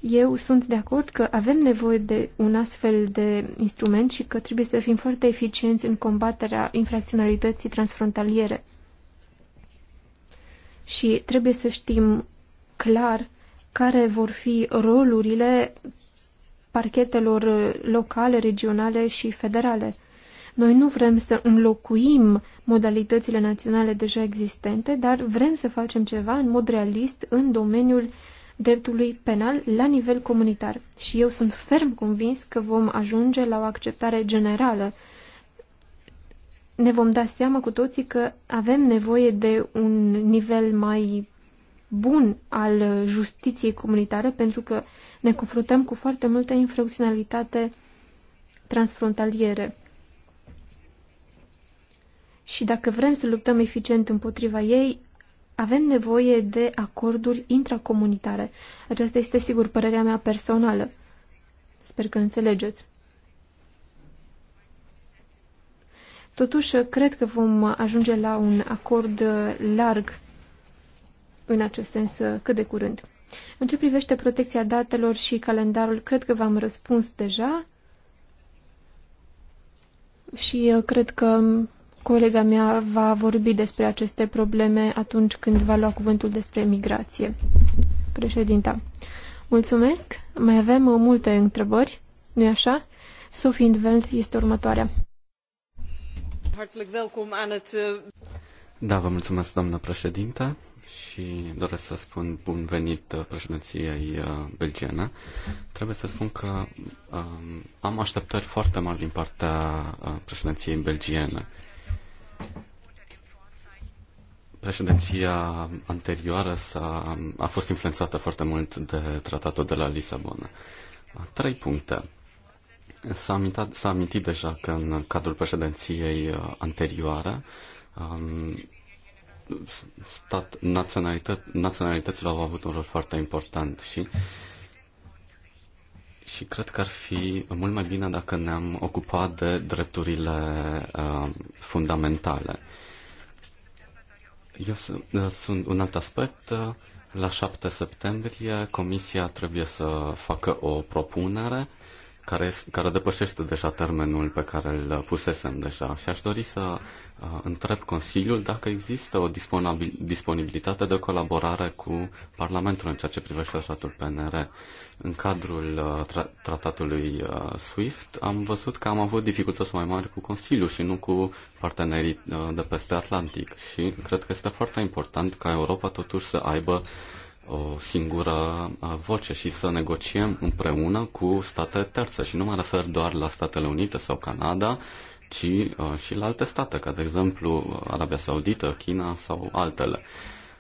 Eu sunt de acord că avem nevoie de un astfel de instrument și că trebuie să fim foarte eficienți în combaterea infracționalității transfrontaliere. Și trebuie să știm clar care vor fi rolurile parchetelor locale, regionale și federale. Noi nu vrem să înlocuim modalitățile naționale deja existente, dar vrem să facem ceva în mod realist în domeniul dreptului penal la nivel comunitar. Și eu sunt ferm convins că vom ajunge la o acceptare generală. Ne vom da seama cu toții că avem nevoie de un nivel mai bun al justiției comunitare pentru că ne confruntăm cu foarte multă infracționalitate transfrontaliere. Și dacă vrem să luptăm eficient împotriva ei, avem nevoie de acorduri intracomunitare. Aceasta este, sigur, părerea mea personală. Sper că înțelegeți. Totuși, cred că vom ajunge la un acord larg în acest sens cât de curând. În ce privește protecția datelor și calendarul, cred că v-am răspuns deja și uh, cred că Colega mea va vorbi despre aceste probleme atunci când va lua cuvântul despre migrație. Președinta, mulțumesc. Mai avem uh, multe întrebări, nu-i așa? Sophie Indveld este următoarea. Uh, da, vă mulțumesc, doamnă președintă și doresc să spun bun venit uh, președinției belgiene. Trebuie să spun că um, am așteptări foarte mari din partea președinției belgiene. Președinția anterioară s-a, a fost influențată foarte mult de tratatul de la Lisabona. Trei puncte. S-a, s-a amintit deja că în cadrul președinției anterioare um, stat, naționalități, naționalitățile au avut un rol foarte important și uh, și cred că ar fi mult mai bine dacă ne-am ocupat de drepturile uh, fundamentale. Eu uh, sunt un alt aspect. Uh, la 7 septembrie Comisia trebuie să facă o propunere care, care depășește deja termenul pe care îl pusesem deja și aș dori să uh, întreb Consiliul dacă există o disponibilitate de colaborare cu Parlamentul în ceea ce privește tratatul PNR. În cadrul uh, tra- tratatului uh, SWIFT am văzut că am avut dificultăți mai mari cu Consiliul și nu cu partenerii de peste Atlantic și cred că este foarte important ca Europa totuși să aibă uh, o singură voce și să negociem împreună cu state terțe. Și nu mă refer doar la Statele Unite sau Canada, ci și la alte state, ca de exemplu Arabia Saudită, China sau altele.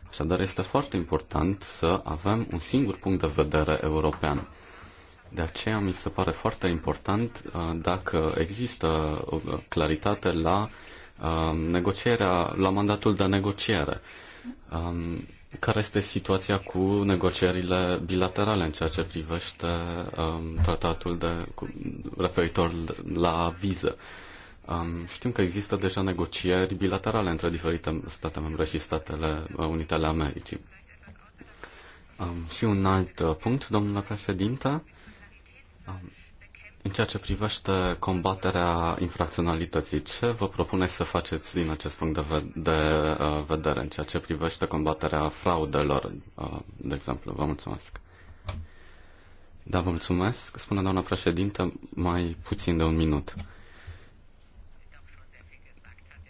Așadar, este foarte important să avem un singur punct de vedere european. De aceea mi se pare foarte important dacă există claritate la negocierea, la mandatul de negociere care este situația cu negocierile bilaterale în ceea ce privește um, tratatul de, cu, referitor la viză. Um, știm că există deja negocieri bilaterale între diferite state membre și Statele Unite ale Americii. Um, și un alt uh, punct, domnule președinte, um, în ceea ce privește combaterea infracționalității, ce vă propuneți să faceți din acest punct de, ve- de uh, vedere, în ceea ce privește combaterea fraudelor, uh, de exemplu? Vă mulțumesc. Da, vă mulțumesc. Spune doamna președinte, mai puțin de un minut.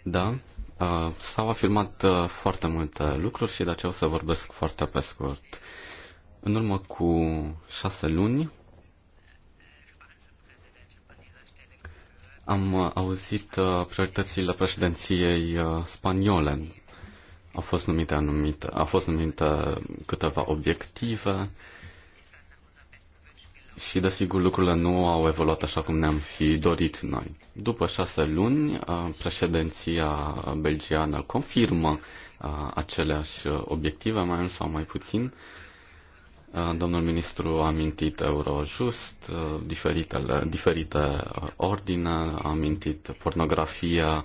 Da, uh, s-au afirmat uh, foarte multe lucruri și de aceea o să vorbesc foarte pe scurt. În urmă cu șase luni, Am uh, auzit uh, prioritățile președinției uh, spaniole. Au fost numite anumite, au fost numite câteva obiective și, desigur, lucrurile nu au evoluat așa cum ne-am fi dorit noi. După șase luni, președinția belgiană confirmă aceleași obiective, mai mult sau mai puțin, Eh, domnul ministru a amintit Eurojust, eh, diferitele, diferite eh, ordine, a amintit pornografia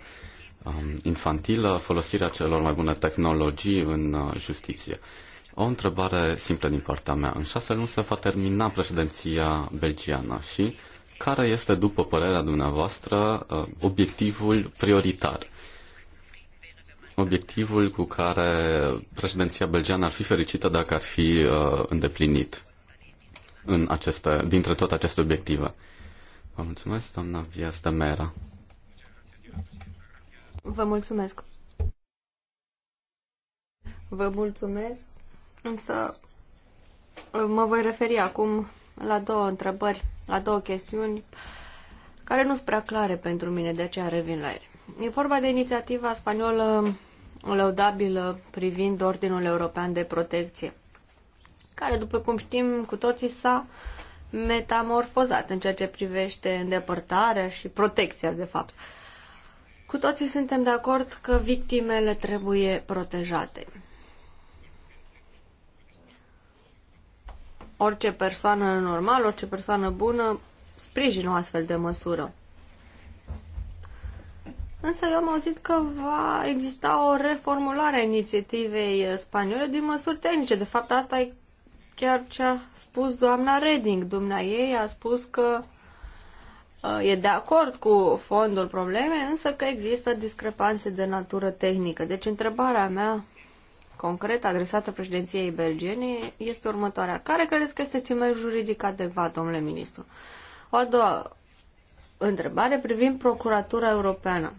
infantilă, folosirea celor mai bune tehnologii în justiție. O întrebare simplă din partea mea. În șase luni se va termina președinția belgiană și care este, după părerea dumneavoastră, obiectivul prioritar? obiectivul cu care președinția belgeană ar fi fericită dacă ar fi uh, îndeplinit în aceste, dintre toate aceste obiective. Vă mulțumesc, doamna Vias de Mera. Vă mulțumesc. Vă mulțumesc, însă uh, mă voi referi acum la două întrebări, la două chestiuni care nu sunt prea clare pentru mine, de aceea revin la ele. E vorba de inițiativa spaniolă lăudabilă privind Ordinul European de Protecție, care, după cum știm cu toții, s-a metamorfozat în ceea ce privește îndepărtarea și protecția, de fapt. Cu toții suntem de acord că victimele trebuie protejate. Orice persoană normală, orice persoană bună sprijină o astfel de măsură. Însă eu am auzit că va exista o reformulare a inițiativei spaniole din măsuri tehnice. De fapt, asta e chiar ce a spus doamna Reding. Dumna ei a spus că uh, e de acord cu fondul problemei, însă că există discrepanțe de natură tehnică. Deci întrebarea mea concret adresată președinției belgiene este următoarea. Care credeți că este timerul juridic adecvat, domnule ministru? O a doua întrebare privind Procuratura Europeană.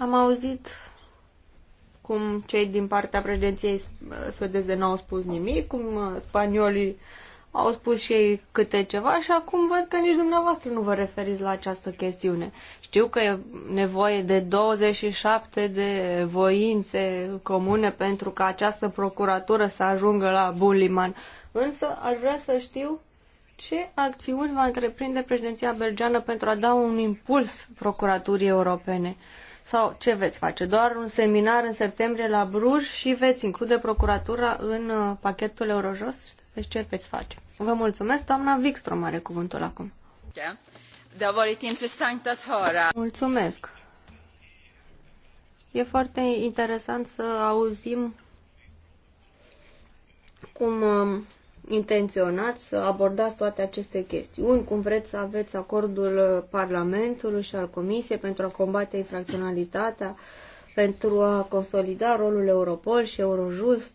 Am auzit cum cei din partea președinției suedeze n-au spus nimic, cum spaniolii au spus și ei câte ceva și acum văd că nici dumneavoastră nu vă referiți la această chestiune. Știu că e nevoie de 27 de voințe comune pentru ca această procuratură să ajungă la Bulliman, Însă aș vrea să știu ce acțiuni va întreprinde președinția belgeană pentru a da un impuls procuraturii europene. Uh, sau ce veți face? Doar un seminar în septembrie la Bruj și veți include procuratura în uh, pachetul eurojos. Deci ce veți face? Vă mulțumesc, doamna Wikström are cuvântul acum. Det har varit höra. Mulțumesc. E foarte interesant să auzim cum um, intenționați să abordați toate aceste chestiuni, cum vreți să aveți acordul Parlamentului și al Comisiei pentru a combate infracționalitatea, pentru a consolida rolul Europol și Eurojust.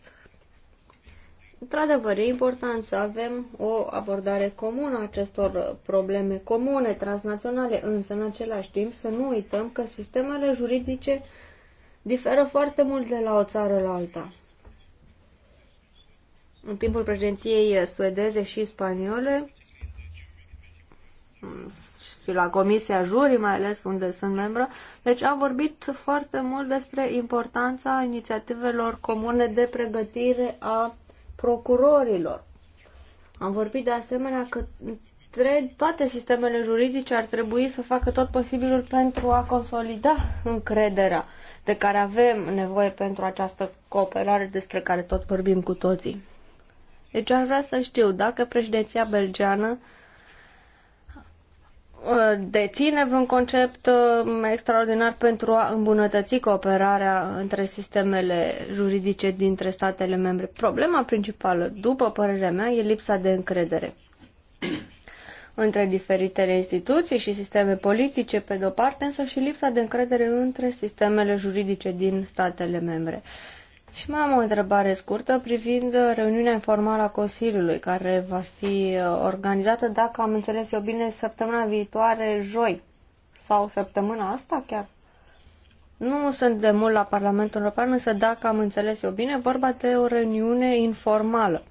Într-adevăr, e important să avem o abordare comună a acestor probleme comune, transnaționale, însă în același timp să nu uităm că sistemele juridice diferă foarte mult de la o țară la alta în timpul președinției suedeze și spaniole și la Comisia Jurii, mai ales unde sunt membră. Deci am vorbit foarte mult despre importanța inițiativelor comune de pregătire a procurorilor. Am vorbit de asemenea că toate sistemele juridice ar trebui să facă tot posibilul pentru a consolida încrederea de care avem nevoie pentru această cooperare despre care tot vorbim cu toții. Deci aș vrea să știu dacă președinția belgeană uh, deține vreun concept uh, extraordinar pentru a îmbunătăți cooperarea între sistemele juridice dintre statele membre. Problema principală, după părerea mea, e lipsa de încredere între diferitele instituții și sisteme politice, pe de-o parte, însă și lipsa de încredere între sistemele juridice din statele membre. Și mai am o întrebare scurtă privind uh, reuniunea informală a Consiliului, care va fi uh, organizată, dacă am înțeles eu bine, săptămâna viitoare, joi, sau săptămâna asta chiar. Nu sunt de mult la Parlamentul European, însă dacă am înțeles eu bine, vorba de o reuniune informală.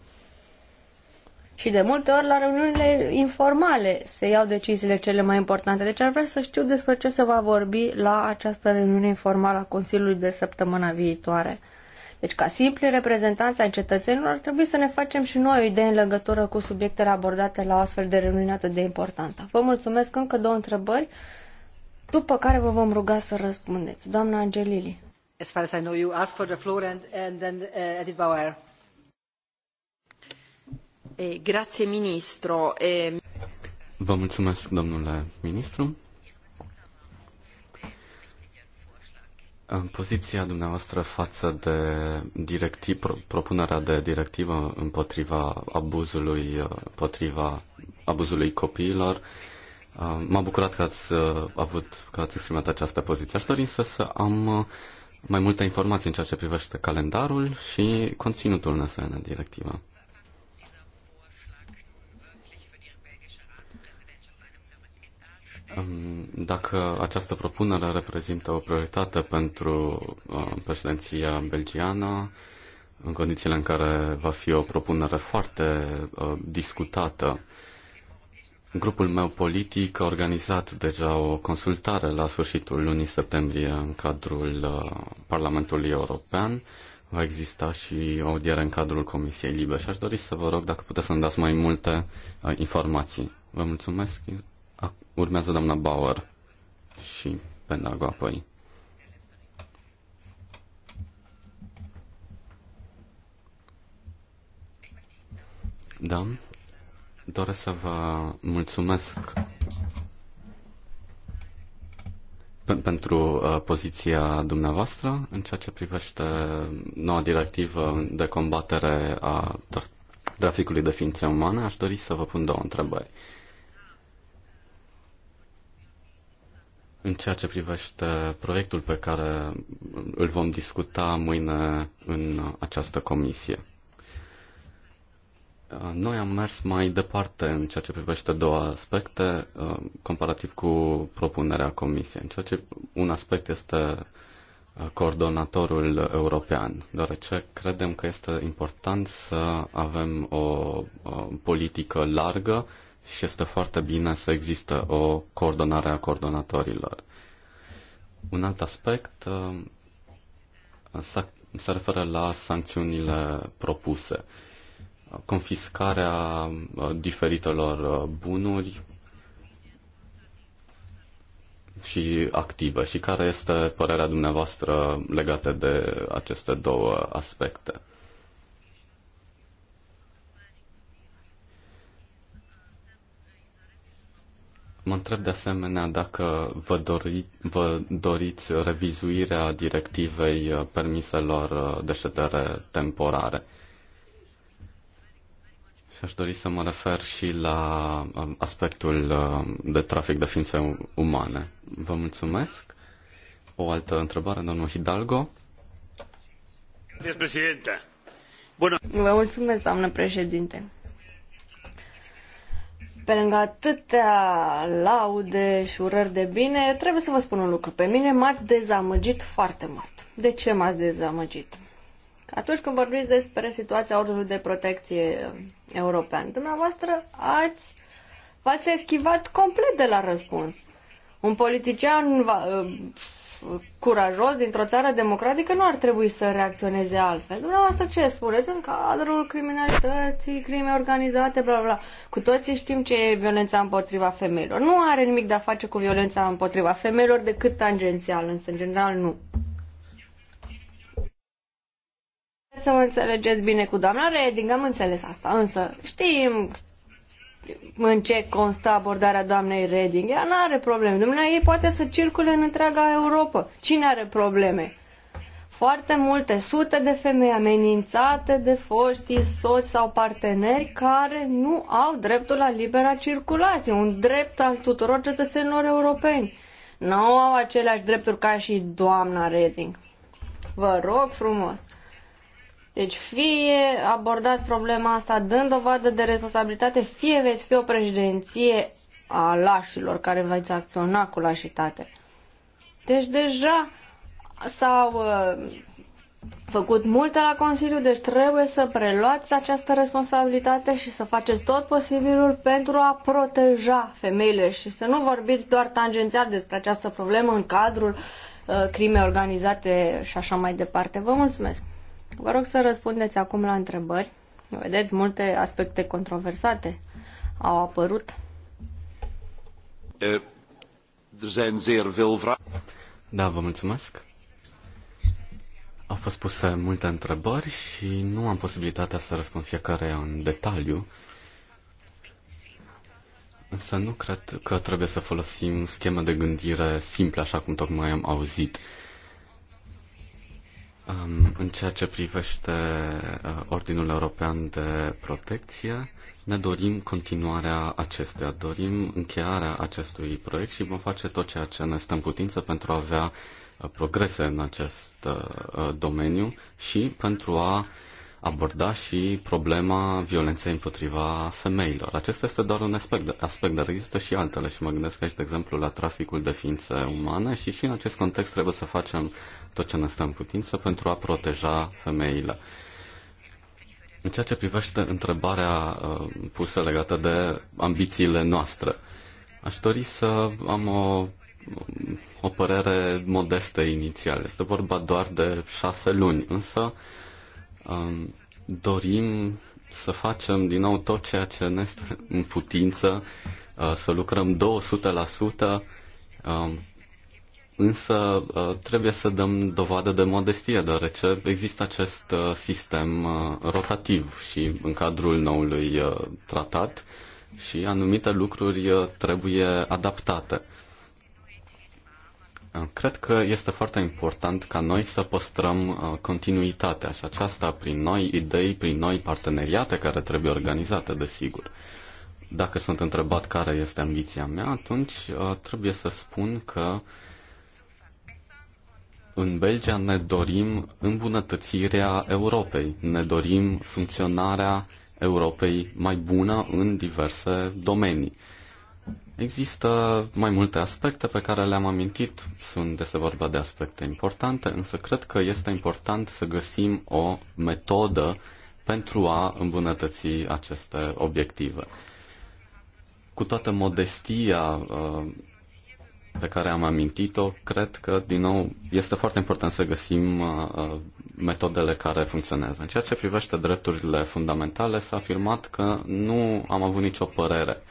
Și de multe ori la reuniunile informale se iau deciziile cele mai importante. Deci ar vrea să știu despre ce se va vorbi la această reuniune informală a Consiliului de săptămâna viitoare. Deci, ca simpli reprezentanți ai cetățenilor, ar trebui să ne facem și noi o idee în legătură cu subiectele abordate la o astfel de reuniune atât de importantă. Vă mulțumesc încă două întrebări, după care vă vom ruga să răspundeți. Doamna Angelili. As far as I know, you ask for the floor and, and then uh, Edith Bauer. Eh, grazie, ministru. Eh, vă mulțumesc, domnule ministru. Poziția dumneavoastră față de directiv, propunerea de directivă împotriva abuzului, împotriva abuzului copiilor, uh, m-a bucurat că ați uh, avut, că ați exprimat această poziție. Aș dori însă să am uh, mai multe informații în ceea ce privește calendarul și conținutul în asemenea directivă. Dacă această propunere reprezintă o prioritate pentru uh, președinția belgiană, în condițiile în care va fi o propunere foarte uh, discutată, grupul meu politic a organizat deja o consultare la sfârșitul lunii septembrie în cadrul uh, Parlamentului European. Va exista și o audiere în cadrul Comisiei Libe și aș dori să vă rog dacă puteți să-mi dați mai multe informații. Vă mulțumesc. Urmează doamna Bauer și Pendago apoi. Da, doresc să vă mulțumesc pentru uh, poziția dumneavoastră în ceea ce privește noua directivă de combatere a traficului de ființe umane. Aș dori să vă pun două întrebări. Uh, În ceea ce privește proiectul pe care îl vom discuta mâine în această comisie. Noi am mers mai departe în ceea ce privește două aspecte, uh, comparativ cu propunerea Comisiei. În ceea ce un aspect este uh, coordonatorul european, deoarece credem că este important să avem o, o politică largă și este foarte bine să există o coordonare a coordonatorilor. Un alt aspect uh, se referă la sancțiunile propuse. Confiscarea uh, diferitelor uh, bunuri și active. Și care este părerea dumneavoastră legată de aceste două aspecte? Mă întreb de asemenea dacă vă, dori, vă doriți revizuirea directivei uh, permiselor uh, de ședere temporare. Și aș dori să mă refer și la um, aspectul uh, de trafic de ființe umane. Vă mulțumesc. O altă întrebare, domnul Hidalgo. Vă mulțumesc, doamnă președinte pe lângă atâtea laude și urări de bine, trebuie să vă spun un lucru. Pe mine m-ați dezamăgit foarte mult. De ce m-ați dezamăgit? Atunci când vorbiți despre situația Ordinului de Protecție eh, European, dumneavoastră ați, v-ați eschivat complet de la răspuns. Un politician va, eh, curajos dintr-o țară democratică nu ar trebui să reacționeze altfel. Dumneavoastră ce spuneți în cadrul criminalității, crime organizate, bla bla. Cu toții știm ce e violența împotriva femeilor. Nu are nimic de a face cu violența împotriva femeilor decât tangențial, însă în general nu. Să mă înțelegeți bine cu doamna Reding, am înțeles asta, însă știm în ce constă abordarea doamnei Reding. Ea nu are probleme. Dumnezeu ei poate să circule în întreaga Europa. Cine are probleme? Foarte multe sute de femei amenințate de foștii soți sau parteneri care nu au dreptul la libera circulație, un drept al tuturor cetățenilor europeni. Nu au aceleași drepturi ca și doamna Reding. Vă rog frumos. Deci fie abordați problema asta dând dovadă de responsabilitate, fie veți fi o președinție a lașilor care veți acționa cu lașitate. Deci deja s-au uh, făcut multe la Consiliu, deci trebuie să preluați această responsabilitate și să faceți tot posibilul pentru a proteja femeile și să nu vorbiți doar tangențial despre această problemă în cadrul uh, crimei organizate și așa mai departe. Vă mulțumesc! Vă rog să răspundeți acum la întrebări. Vedeți, multe aspecte controversate au apărut. Eh, er da, vă mulțumesc. Au fost puse multe întrebări și nu am posibilitatea să răspund fiecare în detaliu. Însă nu cred că trebuie să folosim schema de gândire simplă, așa cum tocmai am auzit. În ceea ce privește uh, Ordinul European de Protecție, ne dorim continuarea acestuia, dorim încheierea acestui proiect și vom face tot ceea ce ne stă în putință pentru a avea uh, progrese în acest uh, domeniu și pentru a aborda și problema violenței împotriva femeilor. Acesta este doar un aspect, aspect dar există și altele și mă gândesc aici, de exemplu, la traficul de ființe umane și și în acest context trebuie să facem tot ce ne stă în putință pentru a proteja femeile. În ceea ce privește întrebarea uh, pusă legată de ambițiile noastre, aș dori să am o, o părere modestă inițial. Este vorba doar de șase luni, însă um, dorim să facem din nou tot ceea ce ne stă în putință, uh, să lucrăm 200% Însă uh, trebuie să dăm dovadă de modestie, deoarece există acest uh, sistem uh, rotativ și în cadrul noului tratat și anumite lucruri trebuie adaptate. Cred că este foarte important ca noi să păstrăm continuitatea și aceasta prin noi idei, prin noi parteneriate care trebuie organizate, desigur. Dacă sunt întrebat care este ambiția mea, atunci trebuie să spun că uh, în Belgia ne dorim îmbunătățirea Europei, ne dorim funcționarea Europei mai bună în diverse domenii. Există mai multe aspecte pe care le-am amintit, sunt este vorba de aspecte importante, însă cred că este important să găsim o metodă pentru a îmbunătăți aceste obiective. Cu toată modestia uh, pe care am amintit-o, cred că, din nou, este foarte important să găsim uh, uh, metodele care funcționează. În ceea ce privește drepturile fundamentale, s-a afirmat că nu am avut nicio părere.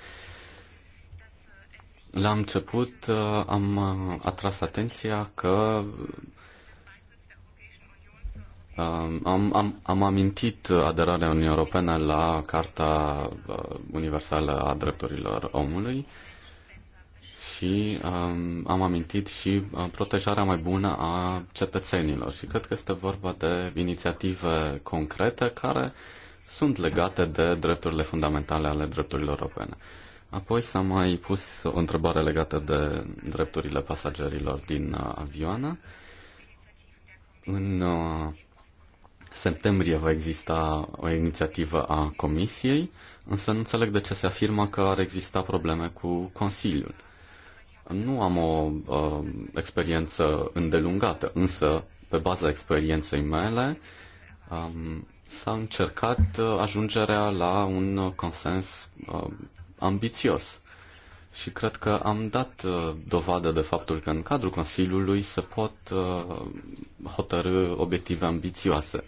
La început uh, am atras atenția că am, am, am amintit aderarea Uniunii Europene la Carta Universală a Drepturilor Omului și um, am amintit și uh, protejarea mai bună a cetățenilor. Și cred că este vorba de inițiative concrete care sunt legate de drepturile fundamentale ale drepturilor europene. Apoi s-a mai pus o întrebare legată de drepturile pasagerilor din uh, avioană. În uh, septembrie va exista o inițiativă a Comisiei, însă nu înțeleg de ce se afirmă că ar exista probleme cu Consiliul. Nu am o uh, experiență îndelungată, însă, pe baza experienței mele, um, s-a încercat uh, ajungerea la un consens uh, ambițios. Și cred că am dat uh, dovadă de faptul că în cadrul Consiliului se pot uh, hotărâ obiective ambițioase. Uh,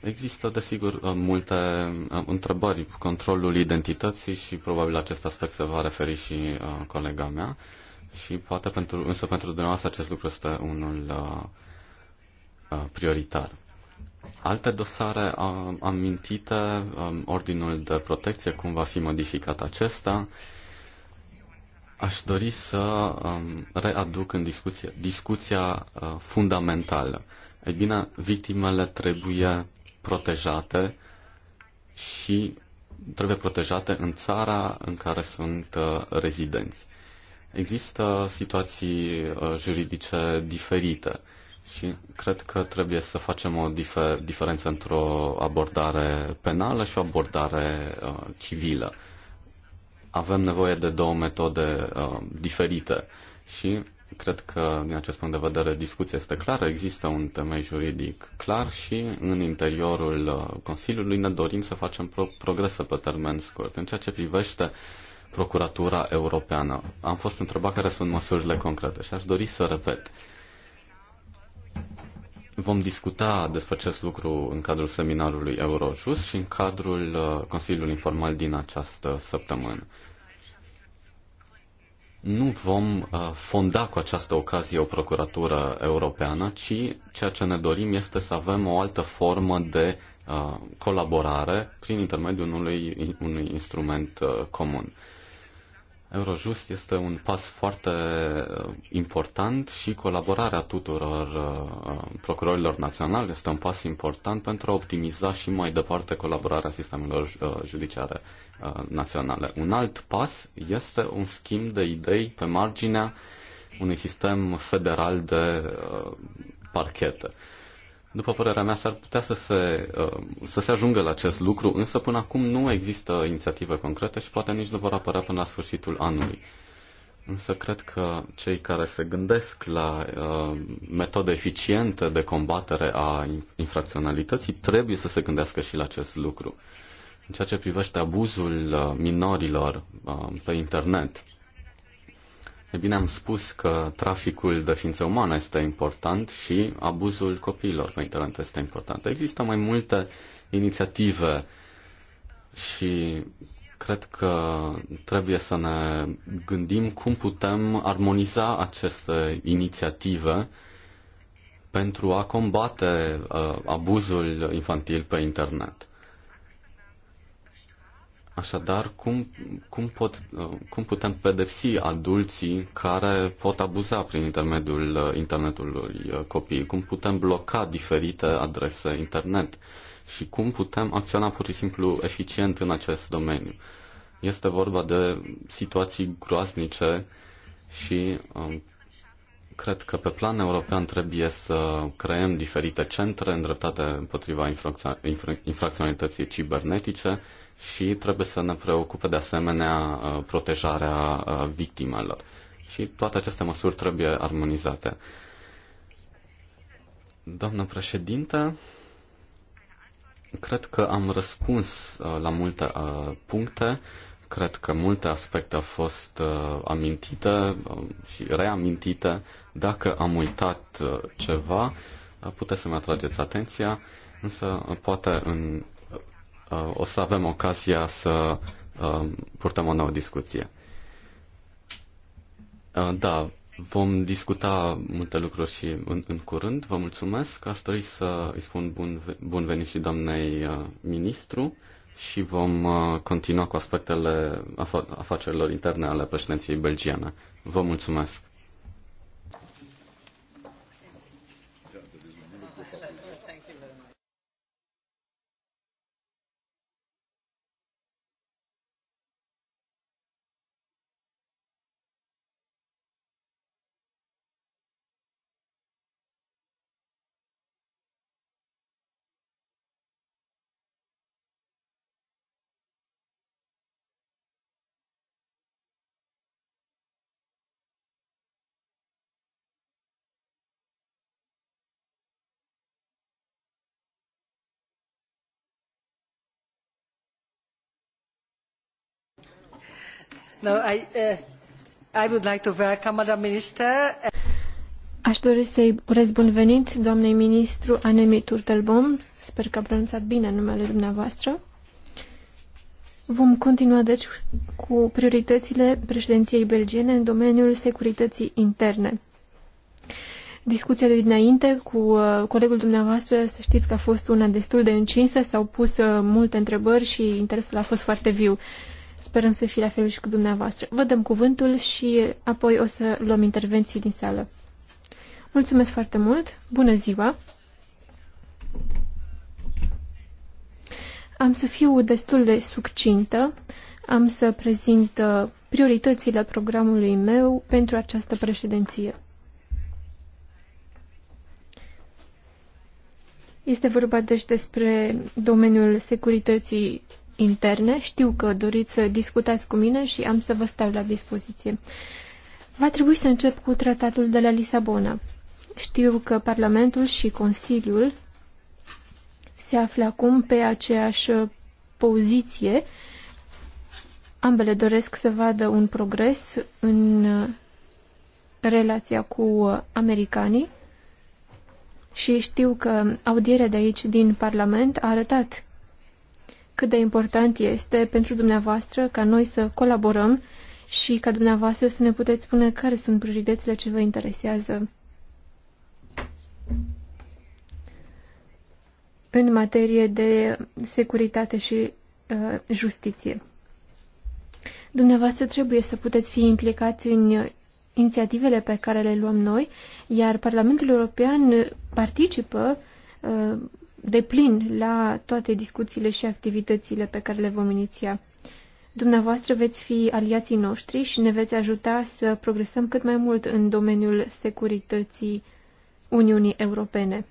Există, desigur, uh, multe uh, întrebări cu controlul identității și probabil acest aspect se va referi și uh, colega mea. Și poate pentru, însă pentru dumneavoastră acest lucru este unul uh, uh, prioritar. Alte dosare uh, amintite, um, ordinul de protecție, cum va fi modificat acesta. Aș dori să um, readuc în discuție discuția uh, fundamentală. Ei bine, victimele trebuie protejate și trebuie protejate în țara în care sunt uh, rezidenți. Există situații uh, juridice diferite și cred că trebuie să facem o difer- diferență într-o abordare penală și o abordare uh, civilă. Avem nevoie de două metode diferite și cred că, din acest punct de vedere, discuția este clară, există un temei juridic clar și în interiorul uh, Consiliului ne dorim să facem pro- progrese pe termen scurt. În ceea ce privește Procuratura Europeană, am fost întrebat care sunt măsurile concrete și aș dori să repet. Vom discuta despre acest lucru în cadrul seminarului Eurojust și în cadrul uh, Consiliului Informal din această săptămână nu vom uh, fonda cu această ocazie o procuratură europeană, ci ceea ce ne dorim este să avem o altă formă de uh, colaborare prin intermediul unui, unui instrument uh, comun. Eurojust este un pas foarte important și colaborarea tuturor procurorilor naționali este un pas important pentru a optimiza și mai departe colaborarea sistemelor judiciare Uh, naționale. Un alt pas este un schimb de idei pe marginea unui sistem federal de uh, parchete. După părerea mea, s-ar putea să se, uh, să se ajungă la acest lucru, însă până acum nu există inițiative concrete și poate nici nu vor apărea până la sfârșitul anului. Însă cred că cei care se gândesc la uh, metode eficiente de combatere a infracționalității trebuie să se gândească și la acest lucru în ceea ce privește abuzul uh, minorilor uh, pe internet. E bine, am spus că traficul de ființe umane este important și abuzul copiilor pe internet este important. Există mai multe inițiative și cred că trebuie să ne gândim cum putem armoniza aceste inițiative pentru a combate uh, abuzul infantil pe internet. Așadar, cum, cum, pot, uh, cum putem pedepsi adulții care pot abuza prin intermediul uh, internetului uh, copiii? Cum putem bloca diferite adrese internet? Și cum putem acționa pur și simplu eficient în acest domeniu? Este vorba de situații groaznice și um, cred că pe plan european trebuie să creăm diferite centre îndreptate împotriva infracționalității cibernetice și trebuie să ne preocupe de asemenea uh, protejarea uh, victimelor. Și toate aceste măsuri trebuie armonizate. Doamnă președinte, cred că am răspuns uh, la multe puncte. Cred că multe aspecte au fost amintite um, și reamintite. Dacă am uitat ceva, puteți să-mi atrageți atenția, însă poate în o să avem ocazia să um, purtăm o nouă discuție. Uh, da, vom discuta multe lucruri și în, în curând. Vă mulțumesc. Aș dori să îi spun bun, bun venit și doamnei uh, ministru și vom uh, continua cu aspectele afacerilor interne ale președinției belgiane. Vă mulțumesc. Aș dori să-i urez bun venit doamnei ministru Anemi turtelbaum Sper că a pronunțat bine numele dumneavoastră. Vom continua, deci, cu prioritățile președinției belgiene în domeniul securității interne. Discuția de dinainte cu uh, colegul dumneavoastră, să știți că a fost una destul de încinsă, s-au pus uh, multe întrebări și interesul a fost foarte viu. Sperăm să fie la fel și cu dumneavoastră. Vă dăm cuvântul și apoi o să luăm intervenții din sală. Mulțumesc foarte mult! Bună ziua! Am să fiu destul de succintă. Am să prezint uh, prioritățile programului meu pentru această președinție. Este vorba deci despre domeniul securității interne. Știu că doriți să discutați cu mine și am să vă stau la dispoziție. Va trebui să încep cu tratatul de la Lisabona. Știu că Parlamentul și Consiliul se află acum pe aceeași poziție. Ambele doresc să vadă un progres în relația cu americanii și știu că audierea de aici din Parlament a arătat cât de important este pentru dumneavoastră ca noi să colaborăm și ca dumneavoastră să ne puteți spune care sunt prioritățile ce vă interesează. în materie de securitate și uh, justiție. Dumneavoastră trebuie să puteți fi implicați în inițiativele pe care le luăm noi, iar Parlamentul European participă uh, deplin la toate discuțiile și activitățile pe care le vom iniția. Dumneavoastră veți fi aliații noștri și ne veți ajuta să progresăm cât mai mult în domeniul securității Uniunii Europene.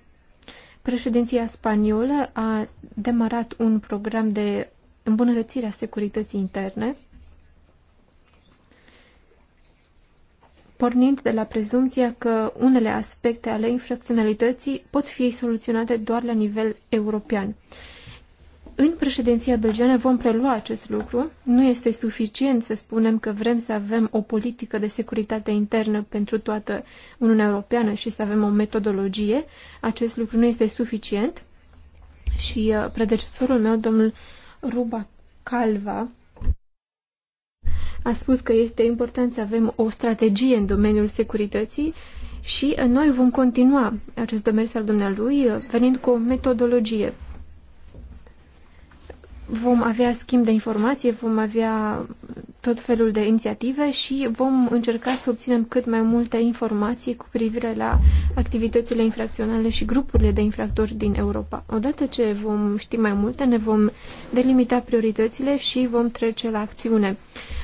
Președinția spaniolă a demarat un program de îmbunătățire a securității interne pornind de la prezumția că unele aspecte ale infracționalității pot fi soluționate doar la nivel european. În președinția belgiană vom prelua acest lucru. Nu este suficient să spunem că vrem să avem o politică de securitate internă pentru toată Uniunea Europeană și să avem o metodologie. Acest lucru nu este suficient. Și uh, predecesorul meu, domnul Ruba Calva, a spus că este important să avem o strategie în domeniul securității și noi vom continua acest demers al dumnealui venind cu o metodologie vom avea schimb de informație, vom avea tot felul de inițiative și vom încerca să obținem cât mai multe informații cu privire la activitățile infracționale și grupurile de infractori din Europa. Odată ce vom ști mai multe, ne vom delimita prioritățile și vom trece la acțiune.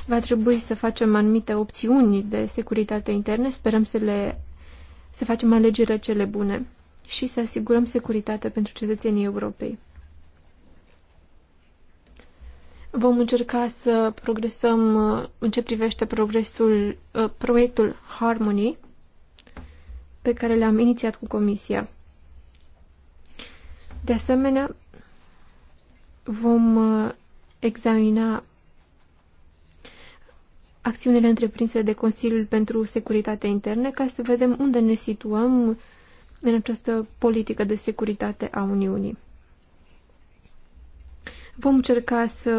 Va trebui să facem anumite opțiuni de securitate interne, sperăm să le să facem alegerile cele bune și să asigurăm securitate pentru cetățenii Europei. Vom încerca să progresăm uh, în ce privește progresul, uh, proiectul Harmony pe care le-am inițiat cu Comisia. De asemenea, vom uh, examina acțiunile întreprinse de Consiliul pentru securitate Internă ca să vedem unde ne situăm în această politică de securitate a Uniunii. Vom încerca să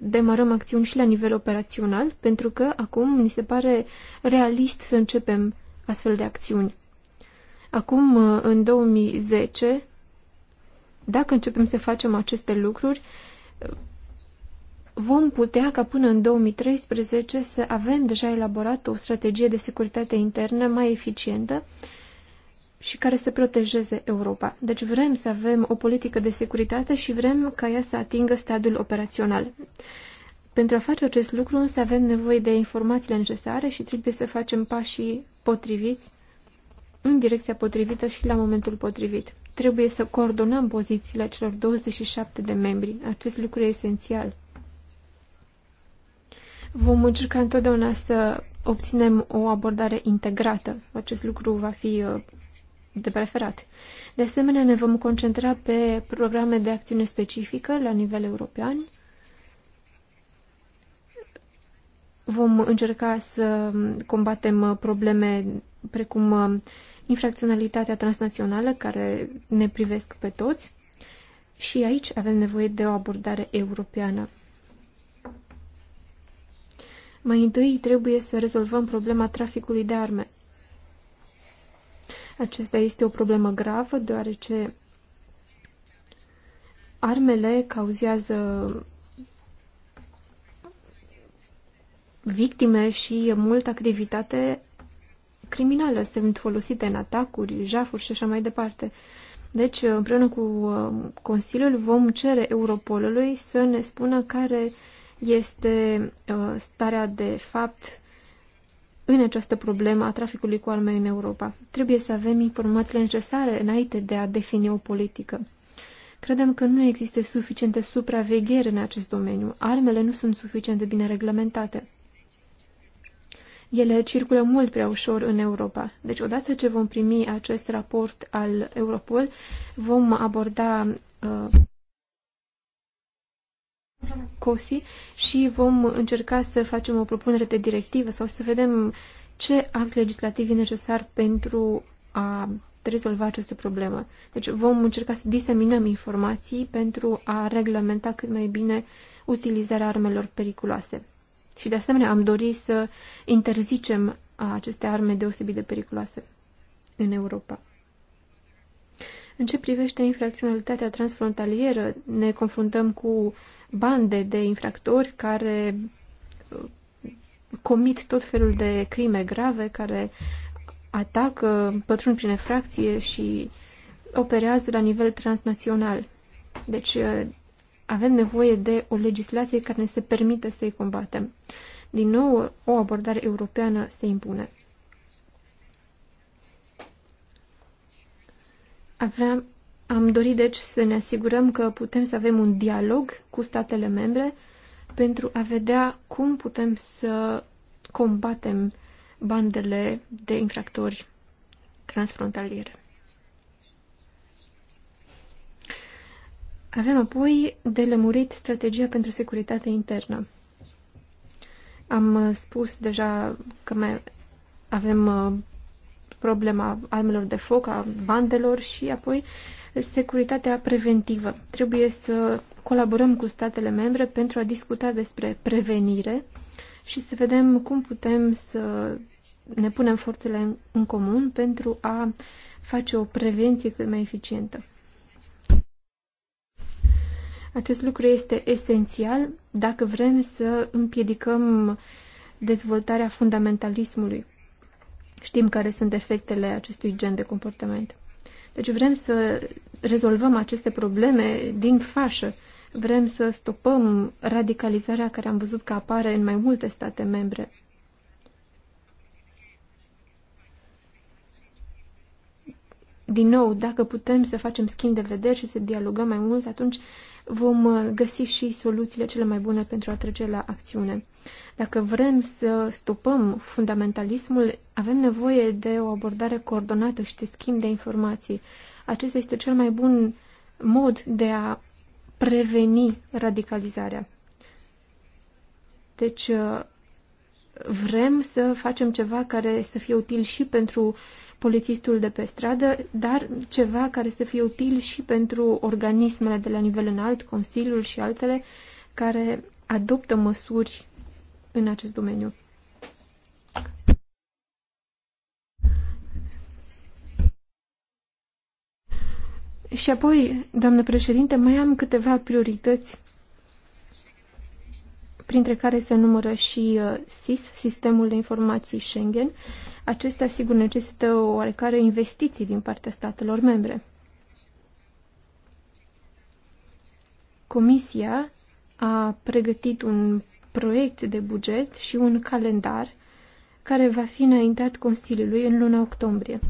demarăm acțiuni și la nivel operațional, pentru că acum ni se pare realist să începem astfel de acțiuni. Acum, uh, în 2010, dacă începem să facem aceste lucruri, uh, vom putea ca până în 2013 să avem deja elaborat o strategie de securitate internă mai eficientă și care să protejeze Europa. Deci vrem să avem o politică de securitate și vrem ca ea să atingă stadiul operațional. Pentru a face acest lucru însă avem nevoie de informațiile necesare și trebuie să facem pașii potriviți în direcția potrivită și la momentul potrivit. Trebuie să coordonăm pozițiile celor 27 de membri. Acest lucru e esențial. Vom încerca întotdeauna să obținem o abordare integrată. Acest lucru va fi uh, de preferat. De asemenea, ne vom concentra pe programe de acțiune specifică la nivel european. Vom încerca să combatem probleme precum uh, infracționalitatea transnațională care ne privesc pe toți și aici avem nevoie de o abordare europeană. Mai întâi trebuie să rezolvăm problema traficului de arme. Acesta este o problemă gravă, deoarece armele cauzează victime și multă activitate criminală. Sunt folosite în atacuri, jafuri și așa mai departe. Deci, împreună cu uh, Consiliul, vom cere Europolului să ne spună care este uh, starea de fapt în această problemă a traficului cu arme în Europa. Trebuie să avem informațiile necesare înainte de a defini o politică. Credem că nu există suficientă supraveghere în acest domeniu. Armele nu sunt suficient de bine reglementate. Ele circulă mult prea ușor în Europa. Deci, odată ce vom primi acest raport al Europol, vom aborda uh, COSI și vom încerca să facem o propunere de directivă sau să vedem ce act legislativ e necesar pentru a rezolva această problemă. Deci vom încerca să diseminăm informații pentru a reglementa cât mai bine utilizarea armelor periculoase. Și de asemenea am dorit să interzicem aceste arme deosebit de periculoase în Europa. În ce privește infracționalitatea transfrontalieră, ne confruntăm cu bande de infractori care uh, comit tot felul de crime grave, care atacă, pătrund prin infracție și operează la nivel transnațional. Deci uh, avem nevoie de o legislație care ne se permite să-i combatem. Din nou, o abordare europeană se impune. Avem, am dorit, deci, să ne asigurăm că putem să avem un dialog cu statele membre pentru a vedea cum putem să combatem bandele de infractori transfrontaliere. Avem apoi de lămurit strategia pentru securitate internă. Am uh, spus deja că mai avem uh, problema armelor de foc, a bandelor și apoi securitatea preventivă. Trebuie să colaborăm cu statele membre pentru a discuta despre prevenire și să vedem cum putem să ne punem forțele în comun pentru a face o prevenție cât mai eficientă. Acest lucru este esențial dacă vrem să împiedicăm dezvoltarea fundamentalismului. Știm care sunt efectele acestui gen de comportament. Deci vrem să rezolvăm aceste probleme din fașă. Vrem să stopăm radicalizarea care am văzut că apare în mai multe state membre. Din nou, dacă putem să facem schimb de vederi și să dialogăm mai mult, atunci vom uh, găsi și soluțiile cele mai bune pentru a trece la acțiune. Dacă vrem să stopăm fundamentalismul, avem nevoie de o abordare coordonată și de schimb de informații. Acesta este cel mai bun mod de a preveni radicalizarea. Deci uh, vrem să facem ceva care să fie util și pentru polițistul de pe stradă, dar ceva care să fie util și pentru organismele de la nivel înalt, Consiliul și altele, care adoptă măsuri în acest domeniu. Și apoi, doamnă președinte, mai am câteva priorități, printre care se numără și uh, SIS, Sistemul de Informații Schengen, Acestea, sigur, necesită oarecare investiții din partea statelor membre. Comisia a pregătit un proiect de buget și un calendar care va fi înaintat Consiliului în luna octombrie.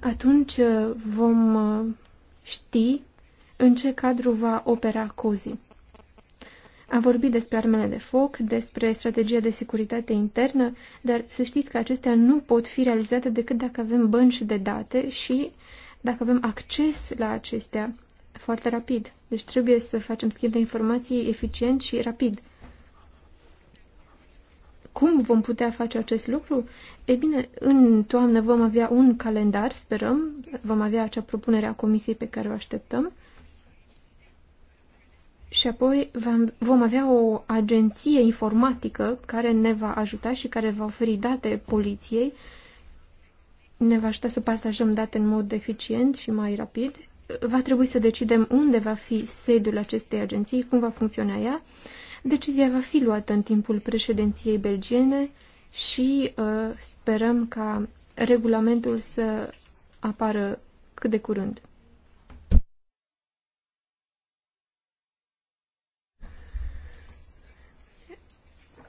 Atunci uh, vom uh, ști în ce cadru va opera COZI. Am vorbit despre armele de foc, despre strategia de securitate internă, dar să știți că acestea nu pot fi realizate decât dacă avem bănci de date și dacă avem acces la acestea foarte rapid. Deci trebuie să facem schimb de informații eficient și rapid. Cum vom putea face acest lucru? E bine, în toamnă vom avea un calendar, sperăm, vom avea acea propunere a comisiei pe care o așteptăm și apoi vom avea o agenție informatică care ne va ajuta și care va oferi date poliției, ne va ajuta să partajăm date în mod eficient și mai rapid. Va trebui să decidem unde va fi sediul acestei agenții, cum va funcționa ea. Decizia va fi luată în timpul președinției belgiene și uh, sperăm ca regulamentul să apară cât de curând.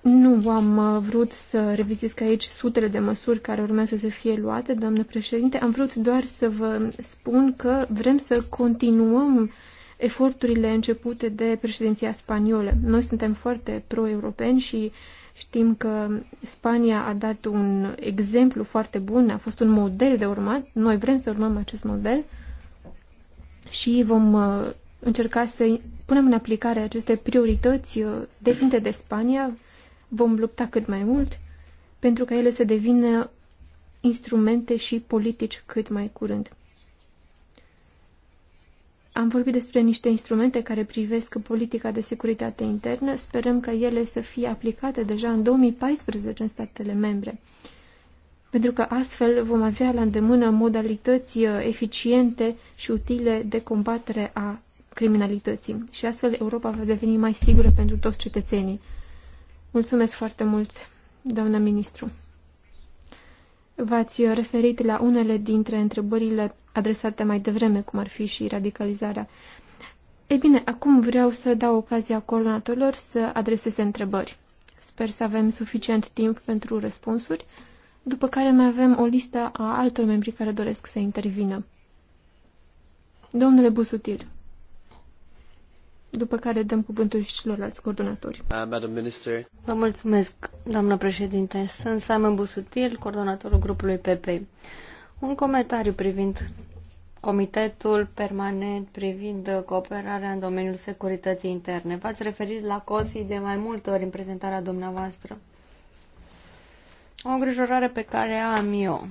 Nu am uh, vrut să revizuiesc aici sutele de măsuri care urmează să fie luate, doamnă președinte. Am vrut doar să vă spun că vrem să continuăm eforturile începute de președinția spaniolă. Noi suntem foarte pro-europeni și știm că Spania a dat un exemplu foarte bun, a fost un model de urmat. Noi vrem să urmăm acest model și vom uh, încerca să punem în aplicare aceste priorități uh, definite de Spania Vom lupta cât mai mult pentru ca ele să devină instrumente și politici cât mai curând. Am vorbit despre niște instrumente care privesc politica de securitate internă. Sperăm ca ele să fie aplicate deja în 2014 în statele membre. Pentru că astfel vom avea la îndemână modalități uh, eficiente și utile de combatere a criminalității. Și astfel Europa va deveni mai sigură pentru toți cetățenii. Mulțumesc foarte mult, doamnă ministru. V-ați referit la unele dintre întrebările adresate mai devreme, cum ar fi și radicalizarea. Ei bine, acum vreau să dau ocazia coordonatorilor să adreseze întrebări. Sper să avem suficient timp pentru răspunsuri, după care mai avem o listă a altor membri care doresc să intervină. Domnule Busutil după care dăm cuvântul și celorlalți coordonatori. Uh, Vă mulțumesc, doamnă președinte. Sunt Simon Busutil, coordonatorul grupului PP. Un comentariu privind Comitetul Permanent privind cooperarea în domeniul securității interne. V-ați referit la COSI de mai multe ori în prezentarea dumneavoastră. O îngrijorare pe care am eu.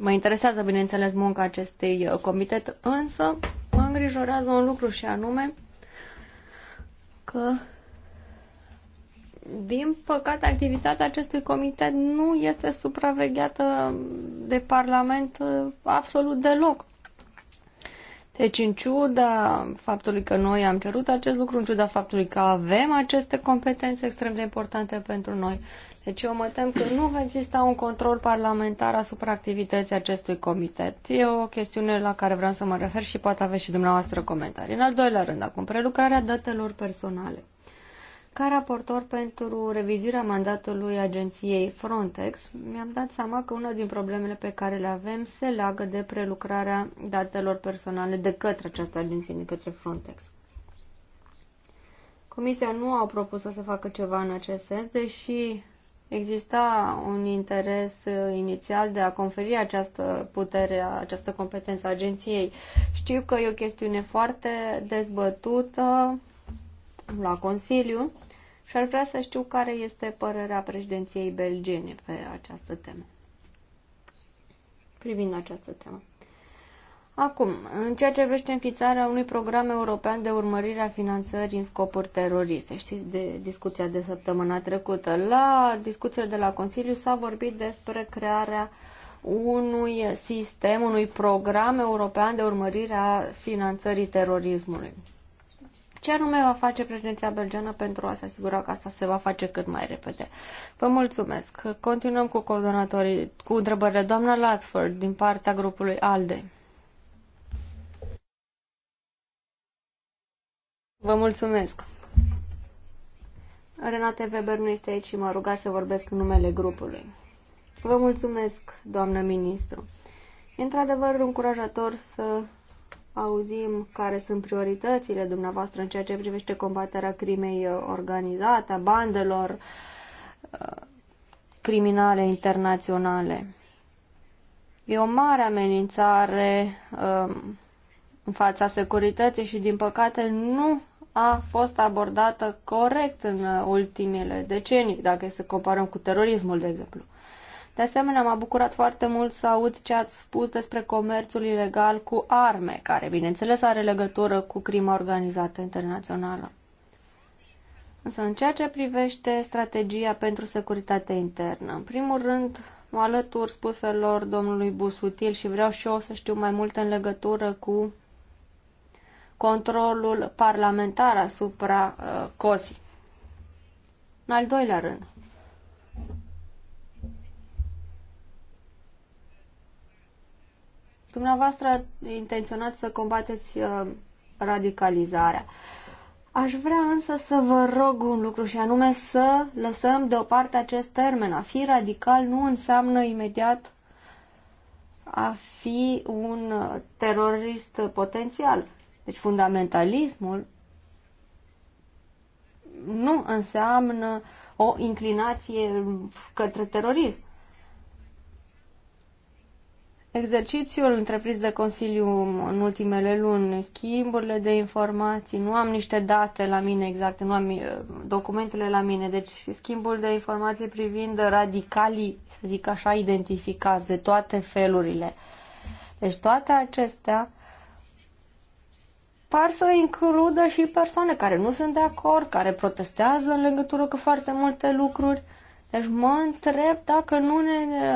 Mă interesează, bineînțeles, munca acestui comitet, însă îngrijorează un lucru și anume că din păcate, activitatea acestui comitet nu este supravegheată de Parlament uh, absolut deloc. Deci, în ciuda faptului că noi am cerut acest lucru, în ciuda faptului că avem aceste competențe extrem de importante pentru noi, deci eu mă tem că nu va exista un control parlamentar asupra activității acestui comitet. E o chestiune la care vreau să mă refer și poate aveți și dumneavoastră comentarii. În al doilea rând, acum, prelucrarea datelor personale. Ca raportor pentru revizuirea mandatului agenției Frontex, mi-am dat seama că una din problemele pe care le avem se leagă de prelucrarea datelor personale de către această agenție, de către Frontex. Comisia nu a propus să se facă ceva în acest sens, deși Exista un interes uh, inițial de a conferi această putere, această competență agenției. Știu că e o chestiune foarte dezbătută la Consiliu și ar vrea să știu care este părerea președinției belgene pe această temă. Privind această temă. Acum, în ceea ce privește înființarea unui program european de urmărire a finanțării în scopuri teroriste, știți de discuția de săptămâna trecută, la discuțiile de la Consiliu s-a vorbit despre crearea unui sistem, unui program european de urmărire a finanțării terorismului. Ce anume va face președinția belgeană pentru a se asigura că asta se va face cât mai repede? Vă mulțumesc. Continuăm cu coordonatorii, cu întrebările. Doamna Latford, din partea grupului ALDE. Vă mulțumesc. Renate Weber nu este aici și mă rugat să vorbesc în numele grupului. Vă mulțumesc, doamnă ministru. E într-adevăr încurajator să auzim care sunt prioritățile dumneavoastră în ceea ce privește combaterea crimei organizate, a bandelor uh, criminale internaționale. E o mare amenințare um, în fața securității și, din păcate, nu a fost abordată corect în uh, ultimele decenii, dacă să comparăm cu terorismul, de exemplu. De asemenea, m-a bucurat foarte mult să aud ce ați spus despre comerțul ilegal cu arme, care, bineînțeles, are legătură cu crima organizată internațională. Însă, în ceea ce privește strategia pentru securitatea internă, în primul rând, mă alătur spuselor domnului Busutil și vreau și eu să știu mai multe în legătură cu controlul parlamentar asupra uh, COSI. În al doilea rând, dumneavoastră intenționați să combateți uh, radicalizarea. Aș vrea însă să vă rog un lucru și anume să lăsăm deoparte acest termen. A fi radical nu înseamnă imediat a fi un uh, terorist potențial. Deci fundamentalismul nu înseamnă o inclinație către terorism. Exercițiul întreprins de Consiliu în ultimele luni, schimburile de informații, nu am niște date la mine exacte, nu am eh, documentele la mine, deci schimbul de informații privind radicalii, să zic așa, identificați de toate felurile. Deci toate acestea uh, par să includă și persoane care nu sunt de acord, care protestează în legătură cu foarte multe lucruri. Deci mă întreb dacă nu ne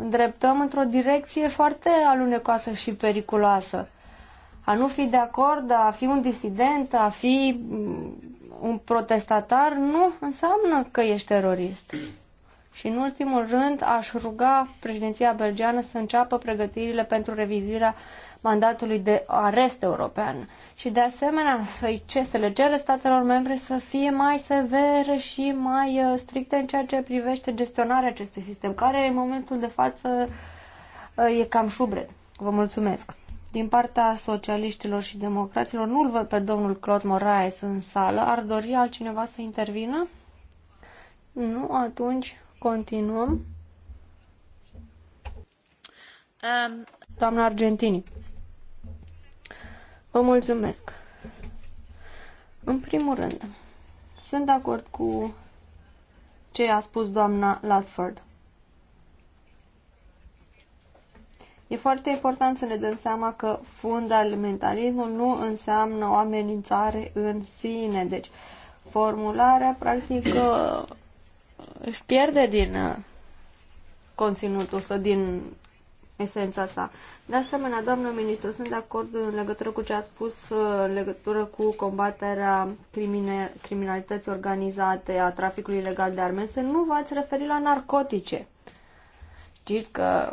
îndreptăm într-o direcție foarte alunecoasă și periculoasă. A nu fi de acord, a fi un disident, a fi mm, un protestatar, nu înseamnă că ești terorist. Și în ultimul rând aș ruga președinția belgeană să înceapă pregătirile pentru revizuirea mandatului de arest european și de asemenea să-i ce să le cere statelor membre să fie mai severe și mai uh, stricte în ceea ce privește gestionarea acestui sistem, care în momentul de față uh, e cam șubred. Vă mulțumesc! Din partea socialiștilor și democraților, nu-l văd pe domnul Claude Moraes în sală. Ar dori altcineva să intervină? Nu? Atunci continuăm. Um... Doamna Argentini. Vă mulțumesc. În primul rând, sunt de acord cu ce a spus doamna Latford. E foarte important să ne dăm seama că fundamentalismul nu înseamnă o amenințare în sine. Deci, formularea, practic, uh, își pierde din uh, conținutul său, din esența sa. De asemenea, doamnă ministru, sunt de acord în legătură cu ce a spus uh, în legătură cu combaterea crimine, criminalității organizate, a traficului ilegal de arme, să nu v-ați referit la narcotice. Știți că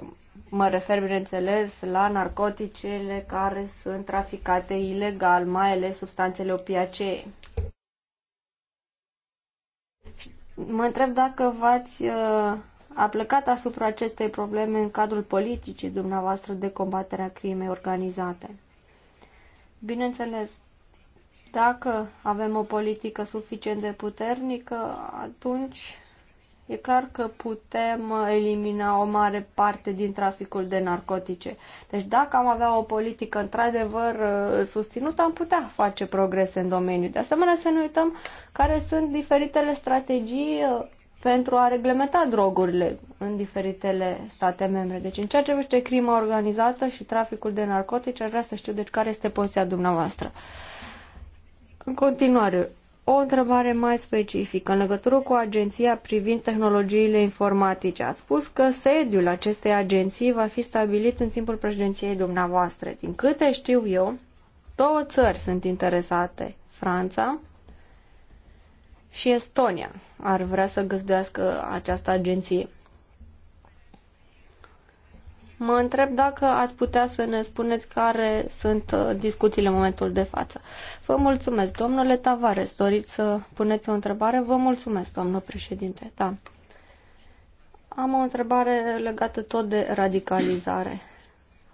mă refer, bineînțeles, la narcoticele care sunt traficate ilegal, mai ales substanțele opiacee. Mă întreb dacă v-ați uh, a plecat asupra acestei probleme în cadrul politicii dumneavoastră de combatere a crimei organizate. Bineînțeles, dacă avem o politică suficient de puternică, atunci e clar că putem elimina o mare parte din traficul de narcotice. Deci dacă am avea o politică într-adevăr uh, susținută, am putea face progrese în domeniu. De asemenea, să ne uităm care sunt diferitele strategii uh, pentru a reglementa drogurile în diferitele state membre. Deci, în ceea ce vește crima organizată și traficul de narcotici, aș vrea să știu deci care este poziția dumneavoastră. În continuare, o întrebare mai specifică în legătură cu agenția privind tehnologiile informatice. A spus că sediul acestei agenții va fi stabilit în timpul președinției dumneavoastră. Din câte știu eu, două țări sunt interesate, Franța și Estonia ar vrea să găzduiască această agenție. Mă întreb dacă ați putea să ne spuneți care sunt uh, discuțiile în momentul de față. Vă mulțumesc, domnule Tavares. Doriți să puneți o întrebare? Vă mulțumesc, domnul președinte. Da. Am o întrebare legată tot de radicalizare.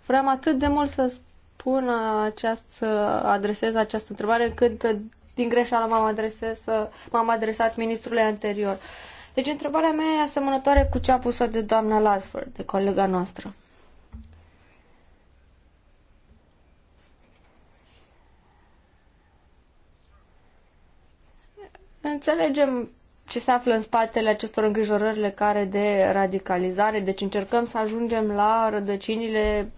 Vreau atât de mult să spun această, adresez această întrebare cât din greșeală m-am, adresat, uh, m-am adresat ministrului anterior. Deci întrebarea mea e asemănătoare cu cea pusă de doamna Lasford, de colega noastră. Înțelegem ce se află în spatele acestor îngrijorări care de radicalizare, deci încercăm să ajungem la rădăcinile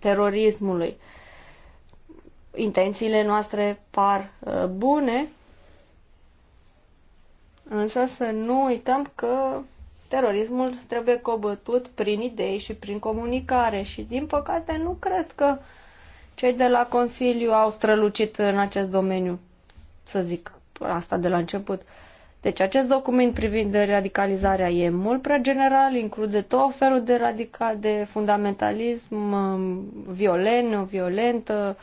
terorismului. Uh, intențiile noastre par uh, bune, însă să nu uităm că terorismul trebuie cobătut prin idei și prin comunicare și din păcate nu cred că cei de la Consiliu au strălucit în acest domeniu, să zic asta de la început. Deci acest document privind radicalizarea e mult prea general, include tot felul de radical, de fundamentalism um, violent, violentă,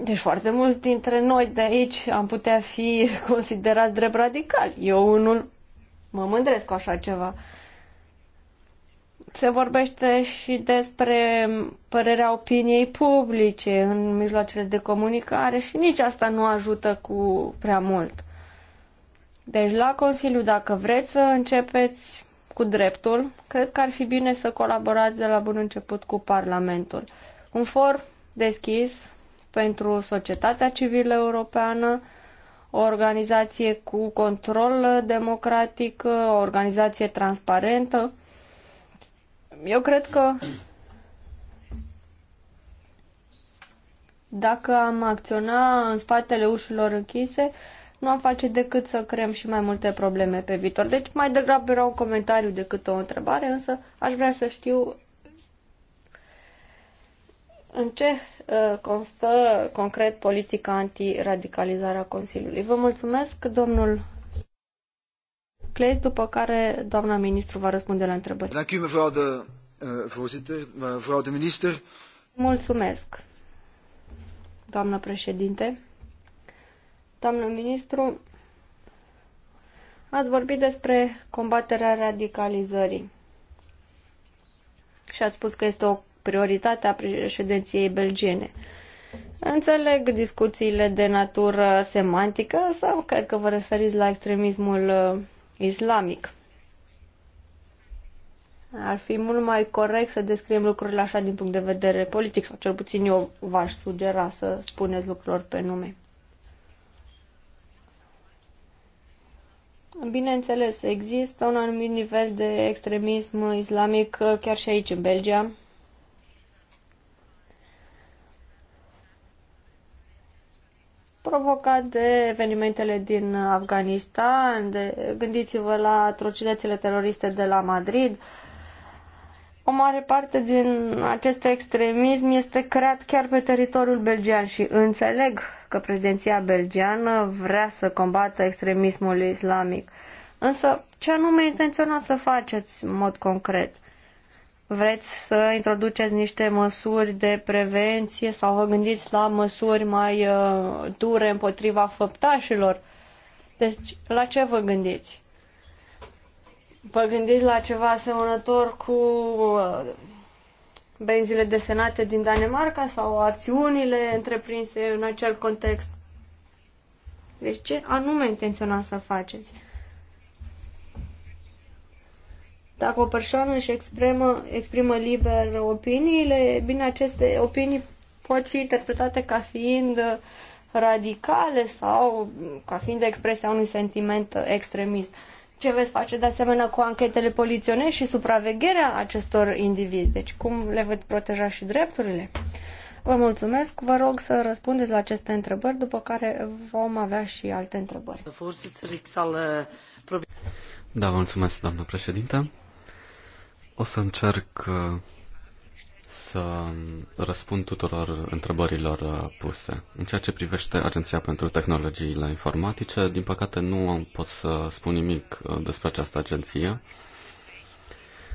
deci foarte mulți dintre noi de aici am putea fi considerați drept radical. Eu unul mă mândresc cu așa ceva. Se vorbește și despre părerea opiniei publice în mijloacele de comunicare și nici asta nu ajută cu prea mult. Deci la Consiliu, dacă vreți să începeți cu dreptul, cred că ar fi bine să colaborați de la bun început cu Parlamentul. Un for deschis, pentru societatea civilă europeană, o organizație cu control democratic, o organizație transparentă. Eu cred că dacă am acționa în spatele ușilor închise, nu am face decât să creăm și mai multe probleme pe viitor. Deci mai degrabă era un comentariu decât o întrebare, însă aș vrea să știu în ce uh, constă concret politica antiradicalizare a Consiliului. Vă mulțumesc, domnul Cleis, după care doamna ministru va răspunde la întrebări. de de minister. Mulțumesc, doamna președinte. Doamna ministru, ați vorbit despre combaterea radicalizării și ați spus că este o prioritatea președinției belgiene. Înțeleg discuțiile de natură semantică sau cred că vă referiți la extremismul uh, islamic. Ar fi mult mai corect să descriem lucrurile așa din punct de vedere politic, sau cel puțin eu v-aș sugera să spuneți lucrurilor pe nume. Bineînțeles, există un anumit nivel de extremism islamic uh, chiar și aici, în Belgia, provocat de evenimentele din Afganistan, de, gândiți-vă la atrocitățile teroriste de la Madrid. O mare parte din acest extremism este creat chiar pe teritoriul belgian și înțeleg că președinția belgiană vrea să combată extremismul islamic. Însă, ce anume intenționați să faceți în mod concret? vreți să introduceți niște măsuri de prevenție sau vă gândiți la măsuri mai uh, dure împotriva făptașilor. Deci, la ce vă gândiți? Vă gândiți la ceva asemănător cu uh, benzile desenate din Danemarca sau acțiunile întreprinse în acel context? Deci ce anume intenționați să faceți? Dacă o persoană își exprimă, exprimă liber opiniile, bine, aceste opinii pot fi interpretate ca fiind radicale sau ca fiind expresia unui sentiment extremist. Ce veți face de asemenea cu anchetele poliționești și supravegherea acestor indivizi? Deci cum le veți proteja și drepturile? Vă mulțumesc, vă rog să răspundeți la aceste întrebări, după care vom avea și alte întrebări. Eh, da, vă mulțumesc, doamnă președintă. O să încerc uh, să răspund tuturor întrebărilor uh, puse. În ceea ce privește Agenția pentru Tehnologiile Informatice, din păcate nu pot să spun nimic uh, despre această agenție.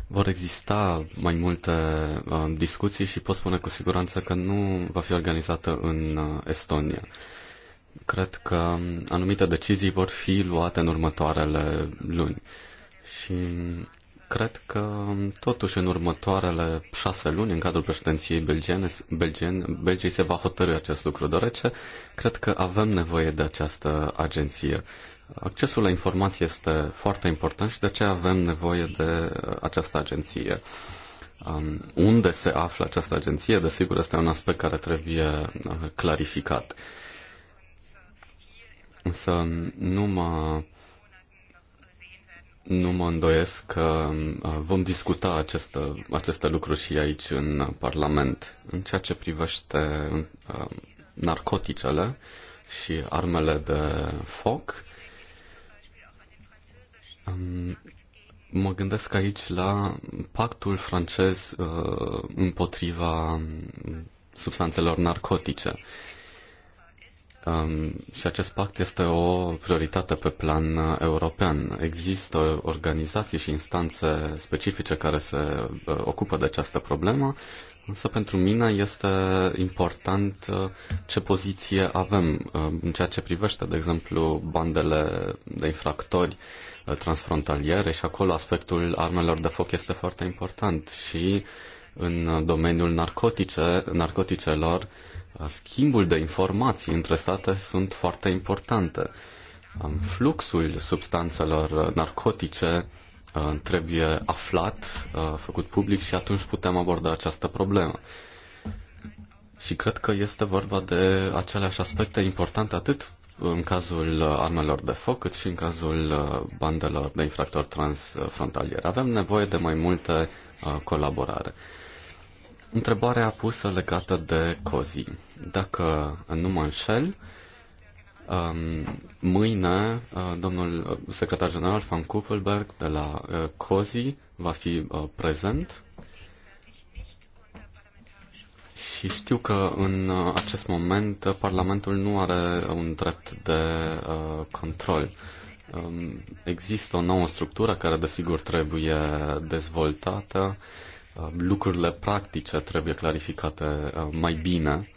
Vor exista mai multe discuții și pot spune cu siguranță că nu va fi organizată în Estonia. Cred că anumite decizii vor fi luate în următoarele luni. Și Cred că, totuși, în următoarele șase luni, în cadrul președinției belgiene, belgien, Belgii se va hotărâi acest lucru, deoarece cred că avem nevoie de această agenție. Accesul la informație este foarte important și de aceea avem nevoie de uh, această agenție. Um, unde se află această agenție, desigur, este un aspect care trebuie uh, clarificat. Însă nu mă nu mă îndoiesc că uh, vom discuta aceste, aceste lucruri și aici în Parlament. În ceea ce privește uh, narcoticele și armele de foc, um, mă gândesc aici la pactul francez uh, împotriva substanțelor narcotice. Um, și acest pact este o prioritate pe plan uh, european. Există organizații și instanțe specifice care se uh, ocupă de această problemă, însă pentru mine este important uh, ce poziție avem în ceea ce privește, de exemplu, bandele de infractori transfrontaliere și acolo aspectul armelor de foc este foarte important și în domeniul narcotice, narcoticelor schimbul de informații între state sunt foarte importante. Fluxul substanțelor uh, narcotice uh, trebuie aflat, uh, făcut public și atunci putem aborda această problemă. Și cred că este vorba de aceleași aspecte importante atât în cazul armelor de foc, cât și în cazul bandelor de infractori transfrontalieri. Avem nevoie de mai multă colaborare. Întrebarea pusă legată de COZI. Dacă nu mă înșel, um, mâine uh, domnul uh, secretar general Van Kuppelberg de la uh, COZI va fi prezent și știu că în acest moment Parlamentul nu are un drept de control. Um, există o nouă structură care desigur trebuie dezvoltată Um, lucrurile practice trebuie clarificate uh, mai bine.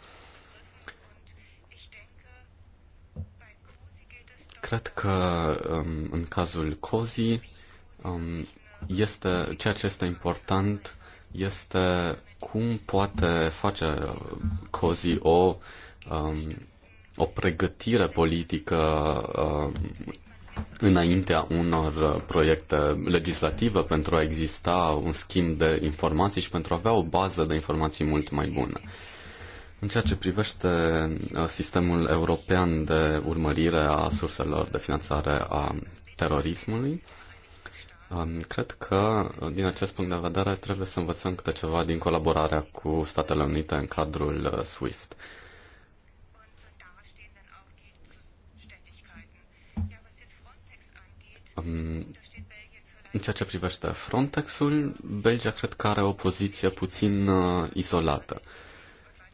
Cred că um, în cazul COZI um, este, ceea ce este important este cum poate face COZI o, o pregătire politică înaintea unor uh, proiecte legislative pentru a exista un schimb de informații și pentru a avea o bază de informații mult mai bună. În ceea ce privește uh, sistemul european de urmărire a surselor de finanțare a terorismului, um, Cred că, uh, din acest punct de vedere, trebuie să învățăm câte ceva din colaborarea cu Statele Unite în cadrul SWIFT. în ceea ce privește Frontex-ul, Belgia cred că are o poziție puțin uh, izolată.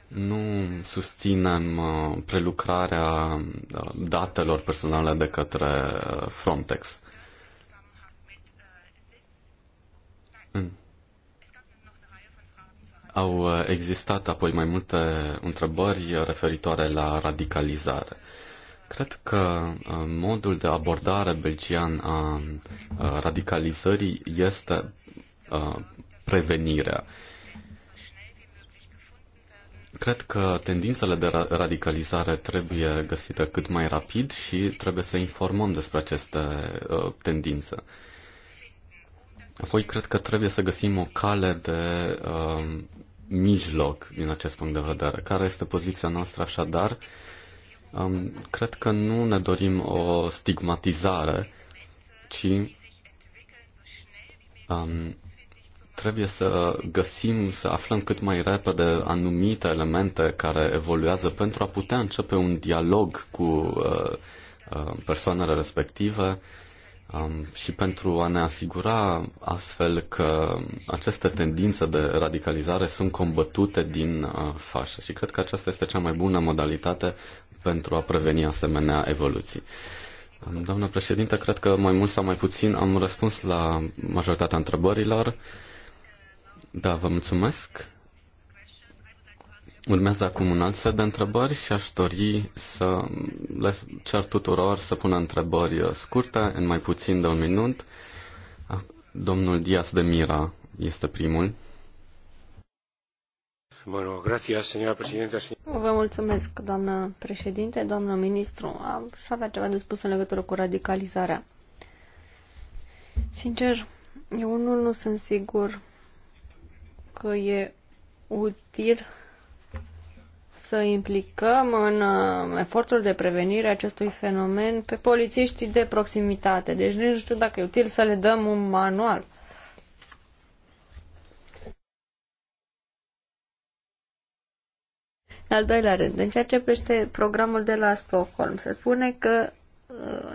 Nu susținem uh, prelucrarea uh, datelor personale de către Frontex. au existat apoi mai multe întrebări referitoare la radicalizare. Cred că uh, modul de abordare belgian a uh, radicalizării este uh, prevenirea. Cred că tendințele de radicalizare trebuie găsite cât mai rapid și trebuie să informăm despre aceste tendințe. Apoi cred că trebuie să găsim o cale de uh, mijloc din acest punct de vedere. Care este poziția noastră așadar? Uh, Um, cred că nu ne dorim o stigmatizare, ci um, trebuie să găsim, să aflăm cât mai repede anumite elemente care evoluează pentru a putea începe un dialog cu uh, uh, persoanele respective um, și pentru a ne asigura astfel că aceste tendințe de radicalizare sunt combătute din uh, fașă. Și cred că aceasta este cea mai bună modalitate pentru a preveni asemenea evoluții. Doamnă președinte, cred că mai mult sau mai puțin am răspuns la majoritatea întrebărilor. Da, vă mulțumesc. Urmează acum un alt set de întrebări și aș dori să le cer tuturor să pună întrebări scurte, în mai puțin de un minut. Domnul Dias de Mira este primul. Vă mulțumesc, doamnă președinte, doamnă ministru. Aș avea ceva de spus în legătură cu radicalizarea. Sincer, eu unul nu sunt sigur că e util să implicăm în uh, efortul de prevenire a acestui fenomen pe polițiștii de proximitate. Deci nu știu dacă e util să le dăm un manual. În al doilea rând, în ceea ce privește programul de la Stockholm, se spune că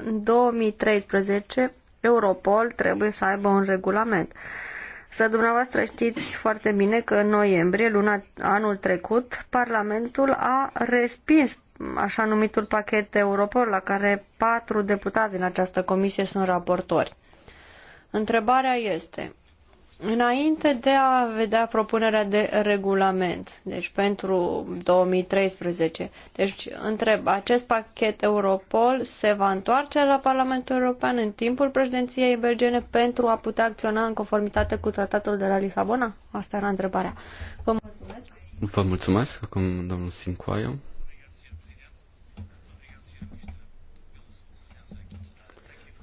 în 2013 Europol trebuie să aibă un regulament. Să dumneavoastră știți foarte bine că în noiembrie, luna anul trecut, Parlamentul a respins așa numitul pachet Europol, la care patru deputați din această comisie sunt raportori. Întrebarea este, Înainte de a vedea propunerea de regulament, deci pentru 2013, deci întreb, acest pachet Europol se va întoarce la Parlamentul European în timpul președinției belgene pentru a putea acționa în conformitate cu tratatul de la Lisabona? Asta era întrebarea. Vă mulțumesc. Vă mulțumesc. Acum domnul Sincoaiu.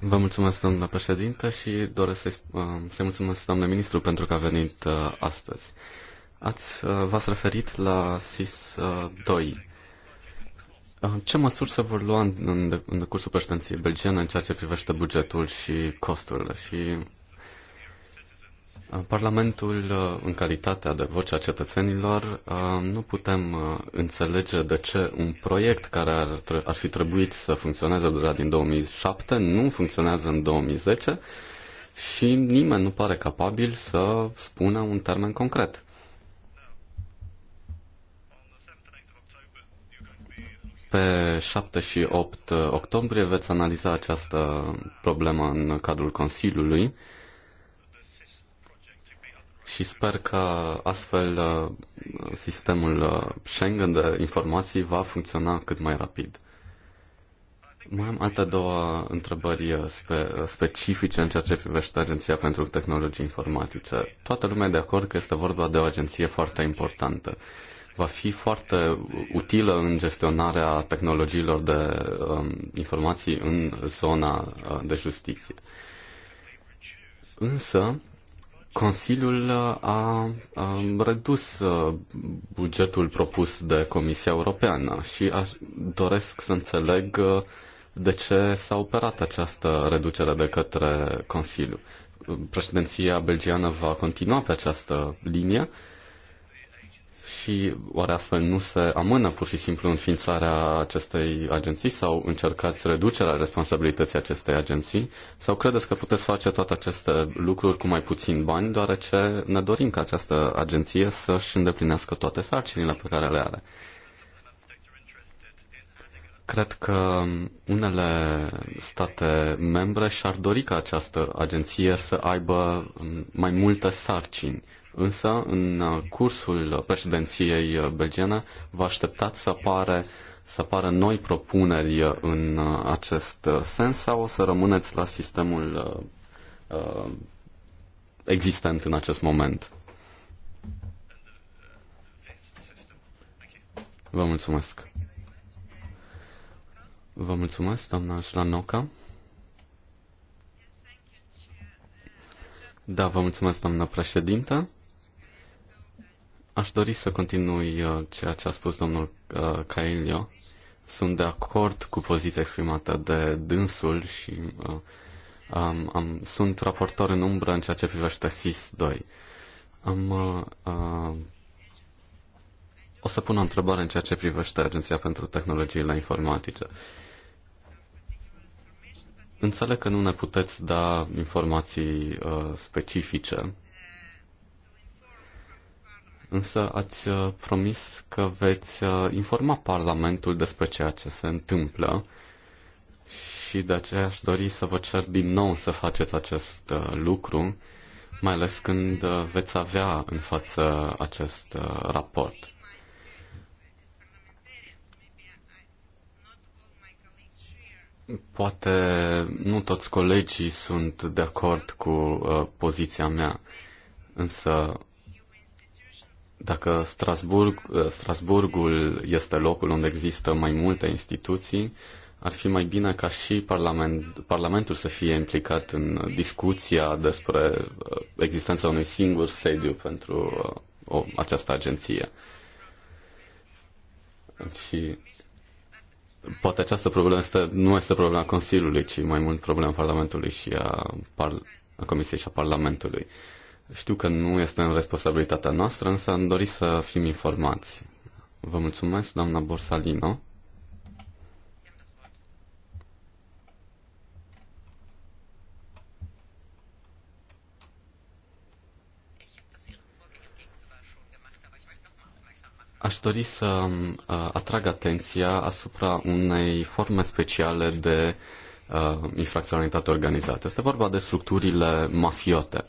Vă mulțumesc, domnule președintă, și doresc să-i, uh, să mulțumesc, doamna ministru, pentru că a venit uh, astăzi. Ați, uh, v-ați referit la SIS 2. Ce măsuri se vor lua în, în, în cursul președinției belgiene în ceea ce privește bugetul și costurile? Și Parlamentul, uh, în calitatea de vocea cetățenilor, uh, nu putem uh, înțelege de ce un proiect care ar, ar fi trebuit să funcționeze deja din 2007 nu funcționează în 2010 și nimeni nu pare capabil să spună un termen concret. Pe 7 și 8 octombrie veți analiza această problemă în cadrul Consiliului și sper că astfel uh, sistemul uh, Schengen de informații va funcționa cât mai rapid. Mai am alte două întrebări uh, spe- specifice în ceea ce privește Agenția pentru Tehnologii Informatice. Toată lumea e de acord că este vorba de o agenție foarte importantă. Va fi foarte utilă în gestionarea tehnologiilor de um, informații în zona uh, de justiție. Însă, Consiliul uh, a, um, redus uh, bugetul propus de Comisia Europeană și aș, doresc să înțeleg uh, de ce s-a operat această reducere de către Consiliu. Președinția belgiană va continua pe această linie și oare astfel nu se amână pur și simplu înființarea acestei agenții sau încercați reducerea responsabilității acestei agenții sau credeți că puteți face toate aceste lucruri cu mai puțin bani deoarece ne dorim ca această agenție să-și îndeplinească toate sarcinile pe care le are? Cred că unele state membre și-ar dori ca această agenție să aibă mai multe sarcini Însă, în cursul președinției belgiene, vă așteptați să apare să apară noi propuneri în acest sens sau o să rămâneți la sistemul uh, existent în acest moment? Vă mulțumesc. Vă mulțumesc, doamna Șlanoca. Da, vă mulțumesc, doamna președintă. Aș dori să continui uh, ceea ce a spus domnul uh, Cailio. Sunt de acord cu poziția exprimată de dânsul și uh, um, am, sunt raportor în umbră în ceea ce privește SIS-2. Am, uh, uh, o să pun o întrebare în ceea ce privește Agenția pentru Tehnologiile Informatice. Înțeleg că nu ne puteți da informații uh, specifice însă ați uh, promis că veți uh, informa Parlamentul despre ceea ce se întâmplă și de aceea aș dori să vă cer din nou să faceți acest uh, lucru, mai ales când veți avea în față acest raport. Poate nu toți colegii sunt de acord cu uh, poziția mea, însă dacă Strasburg, ă, Strasburgul este locul unde există mai multe instituții, ar fi mai bine ca și parlament, Parlamentul să fie implicat în discuția despre ă, existența unui singur sediu pentru ă, o, această agenție. Și poate această problemă este, nu este problema Consiliului, ci mai mult problema Parlamentului și a, par, a Comisiei și a Parlamentului. Uh, știu că nu este în responsabilitatea noastră, însă am dorit să fim informați. Vă mulțumesc, doamna Borsalino. Aș dori să uh, atrag atenția asupra unei forme speciale de uh, infracționalitate organizată. Este vorba de structurile mafiote.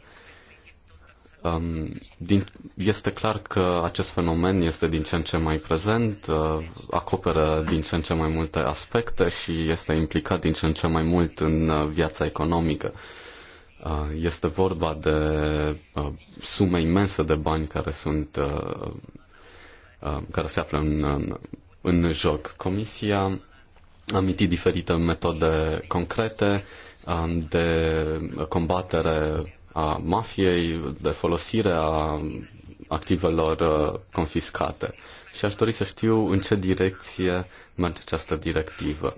Um, din, este clar că acest fenomen este din ce în ce mai prezent, uh, acoperă din ce în ce mai multe aspecte și este implicat din ce în ce mai mult în uh, viața economică. Uh, este vorba de uh, sume imense de bani care sunt uh, uh, care se află în, în, în joc. Comisia a diferite metode concrete uh, de combatere a mafiei, de folosire a activelor uh, confiscate. Și aș dori să știu în ce direcție merge această directivă.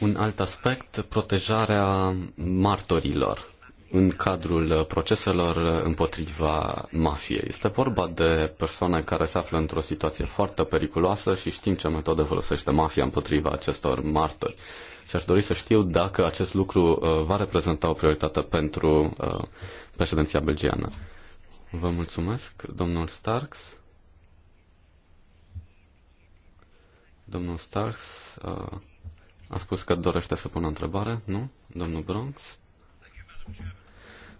Un alt aspect, protejarea martorilor în cadrul proceselor împotriva mafiei. Este vorba de persoane care se află într-o situație foarte periculoasă și știm ce metode folosește mafia împotriva acestor martori și aș dori să știu dacă acest lucru uh, va reprezenta o prioritate pentru uh, președinția belgiană. Vă mulțumesc, domnul Starks. Domnul Starks uh, a spus că dorește să pună o întrebare, nu? Domnul Bronx?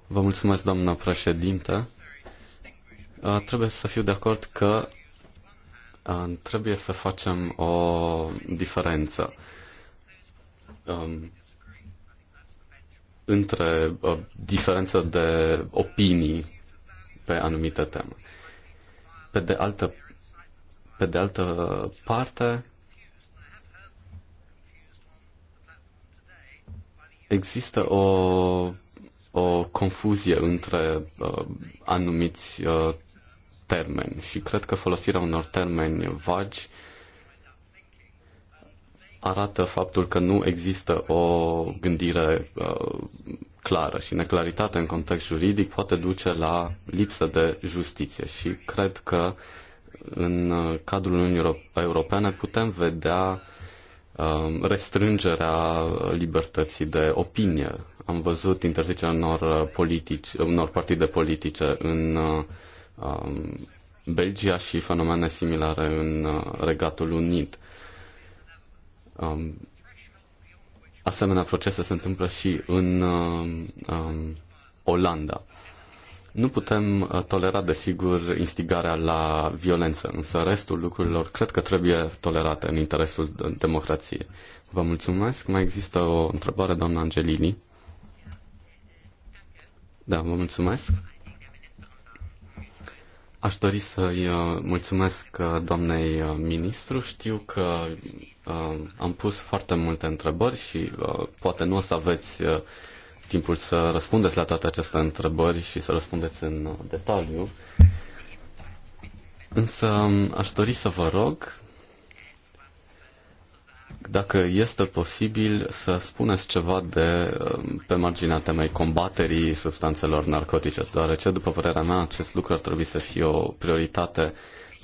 Vă mulțumesc, doamnă președinte. Trebuie să fiu de acord că trebuie să facem o diferență um, între uh, diferență de opinii pe anumite teme. Pe de altă, pe de altă parte, există o, o confuzie între uh, anumiți uh, termeni și cred că folosirea unor termeni vagi uh, arată faptul că nu există o gândire uh, clară și neclaritate în context juridic poate duce la lipsă de justiție și cred că în uh, cadrul Uniunii Europene putem vedea um, restrângerea libertății de opinie. Am văzut interzicerea unor, uh, politici, unor partide politice în uh, um, Belgia și fenomene similare în Regatul Unit um, asemenea procese se întâmplă și în um, um Olanda. Nu putem uh, tolera, desigur, instigarea la violență, însă restul lucrurilor cred că trebuie tolerate în interesul democrației. Vă mulțumesc. Mai există o întrebare, doamna Angelini? Da, vă mulțumesc. Aș dori să-i uh, mulțumesc uh, doamnei ministru. Știu că Uh, am pus foarte multe întrebări și uh, poate nu o să aveți uh, timpul să răspundeți la toate aceste întrebări și să răspundeți în detaliu. Însă um, aș dori să vă rog, dacă este posibil, să spuneți ceva de, um, pe marginea temei combaterii substanțelor narcotice, deoarece, după părerea mea, acest lucru ar trebui să fie o prioritate uh,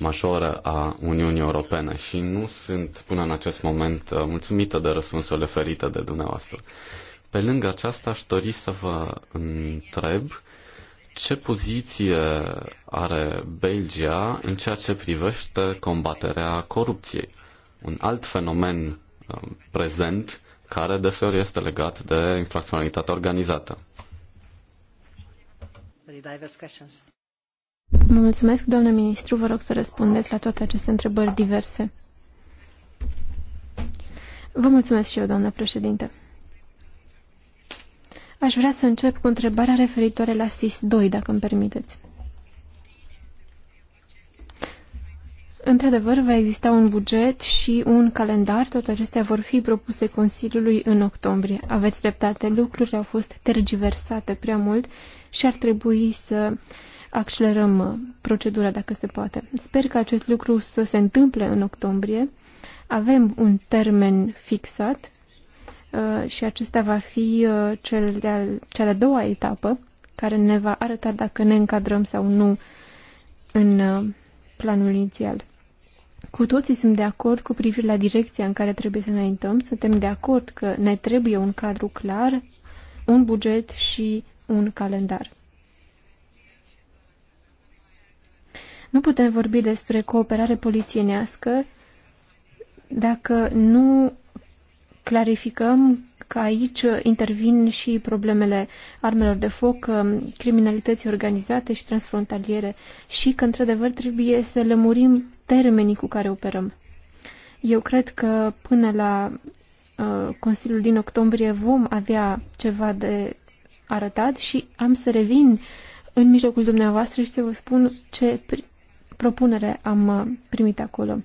majoră a Uniunii Europene și nu sunt până în acest moment uh, mulțumită de răspunsul oferite de dumneavoastră. Pe lângă aceasta aș dori să vă întreb ce poziție are Belgia în ceea ce privește combaterea corupției. Un alt fenomen um, prezent care deseori este legat de infracționalitatea organizată. diverse questions. Mă mulțumesc, doamnă ministru. Vă rog să răspundeți la toate aceste întrebări diverse. Vă mulțumesc și eu, doamnă președinte. Aș vrea să încep cu întrebarea referitoare la SIS-2, dacă îmi permiteți. Într-adevăr, va exista un buget și un calendar, toate acestea vor fi propuse Consiliului în octombrie. Aveți dreptate, lucrurile au fost tergiversate prea mult și ar trebui să uh, accelerăm uh, procedura dacă se poate. Sper că acest lucru să se întâmple în octombrie. Avem un termen fixat uh, și acesta va fi uh, cel de-a, cea de-a doua etapă care ne va arăta dacă ne încadrăm sau nu în planul inițial. Cu toții sunt de acord cu privire la direcția în care trebuie să înaintăm, suntem de acord că ne trebuie un cadru clar, un buget și un calendar. Nu putem vorbi despre cooperare polițienească dacă nu clarificăm că aici intervin și problemele armelor de foc, um, criminalității organizate și transfrontaliere și că, într-adevăr, trebuie să lămurim termenii cu care operăm. Eu cred că până la uh, Consiliul din octombrie vom avea ceva de arătat și am să revin în mijlocul dumneavoastră și să vă spun ce propunere am uh, primit acolo.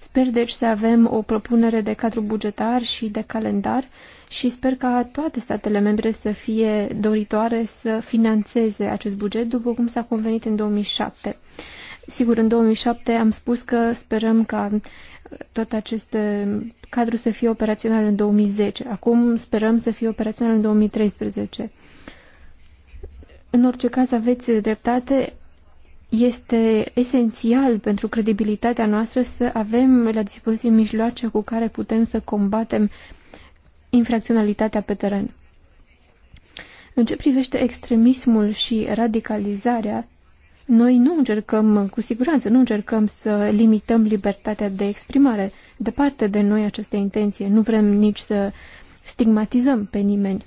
Sper deci să avem o propunere de cadru bugetar și de calendar și sper ca toate statele membre să fie doritoare să financeze acest buget după cum s-a convenit în 2007. Sigur, în 2007 am spus că sperăm ca tot acest uh, cadru să fie operațional în 2010. Acum sperăm să fie operațional în 2013. În orice caz aveți dreptate, este esențial pentru credibilitatea noastră să avem la dispoziție mijloace cu care putem să combatem infracționalitatea pe teren. În ce privește extremismul și radicalizarea, noi nu încercăm, cu siguranță, nu încercăm să limităm libertatea de exprimare. Departe de noi această intenție, nu vrem nici să stigmatizăm pe nimeni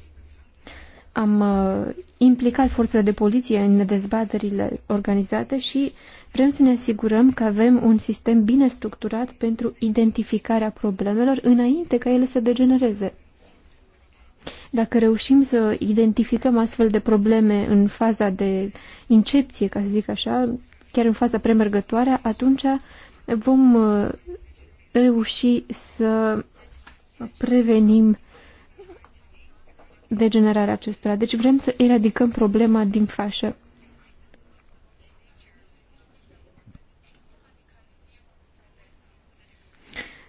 am uh, implicat forțele de poliție în dezbaterile organizate și vrem să ne asigurăm că avem un sistem bine structurat pentru identificarea problemelor înainte ca ele să degenereze. Dacă reușim să identificăm astfel de probleme în faza de incepție, ca să zic așa, chiar în faza premergătoare, atunci vom uh, reuși să prevenim degenerarea acestora. Deci vrem să eradicăm problema din fașă.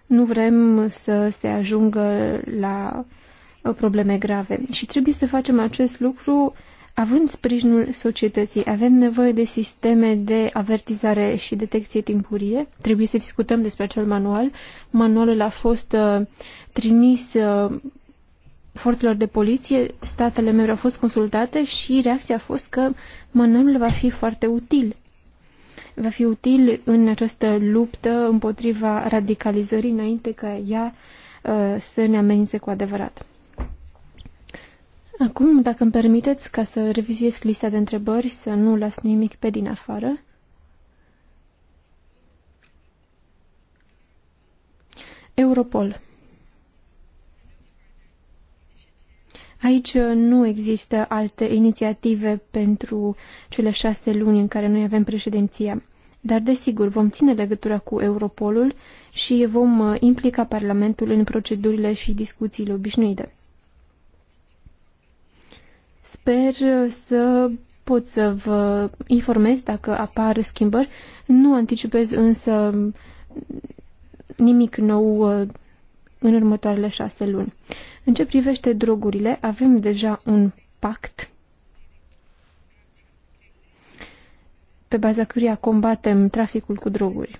Nu vrem să se ajungă la probleme grave și trebuie să facem acest lucru având sprijinul societății. Avem nevoie de sisteme de avertizare și detecție timpurie. Trebuie să discutăm despre acel manual. Manualul a fost uh, trimis uh, forțelor de poliție, statele membre au fost consultate și reacția a fost că manualul va fi foarte util. Va fi util în această luptă împotriva radicalizării înainte ca ea uh, să ne amenințe cu adevărat. Acum, dacă îmi permiteți, ca să revizuiesc lista de întrebări, să nu las nimic pe din afară. Europol. Aici uh, nu există alte inițiative pentru cele șase luni în care noi avem președinția. Dar, desigur, vom ține legătura cu Europolul și vom uh, implica Parlamentul în procedurile și discuțiile obișnuite. Sper uh, să pot să vă informez dacă apar schimbări. Nu anticipez însă nimic nou în următoarele șase luni. În ce privește drogurile, avem deja un pact pe baza căruia combatem traficul cu droguri.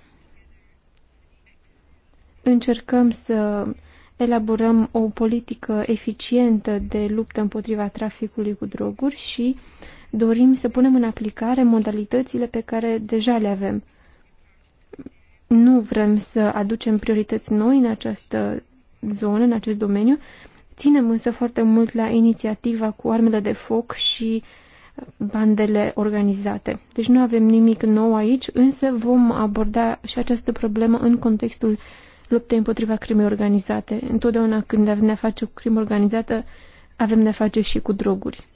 Încercăm să elaborăm o politică eficientă de luptă împotriva traficului cu droguri și dorim să punem în aplicare modalitățile pe care deja le avem. Nu vrem să aducem priorități noi în această zonă, în acest domeniu, Ținem însă foarte mult la inițiativa cu armele de foc și bandele organizate. Deci nu avem nimic nou aici, însă vom aborda și această problemă în contextul luptei împotriva crimei organizate. Întotdeauna când avem de-a face cu crimă organizată, avem de-a face și cu droguri.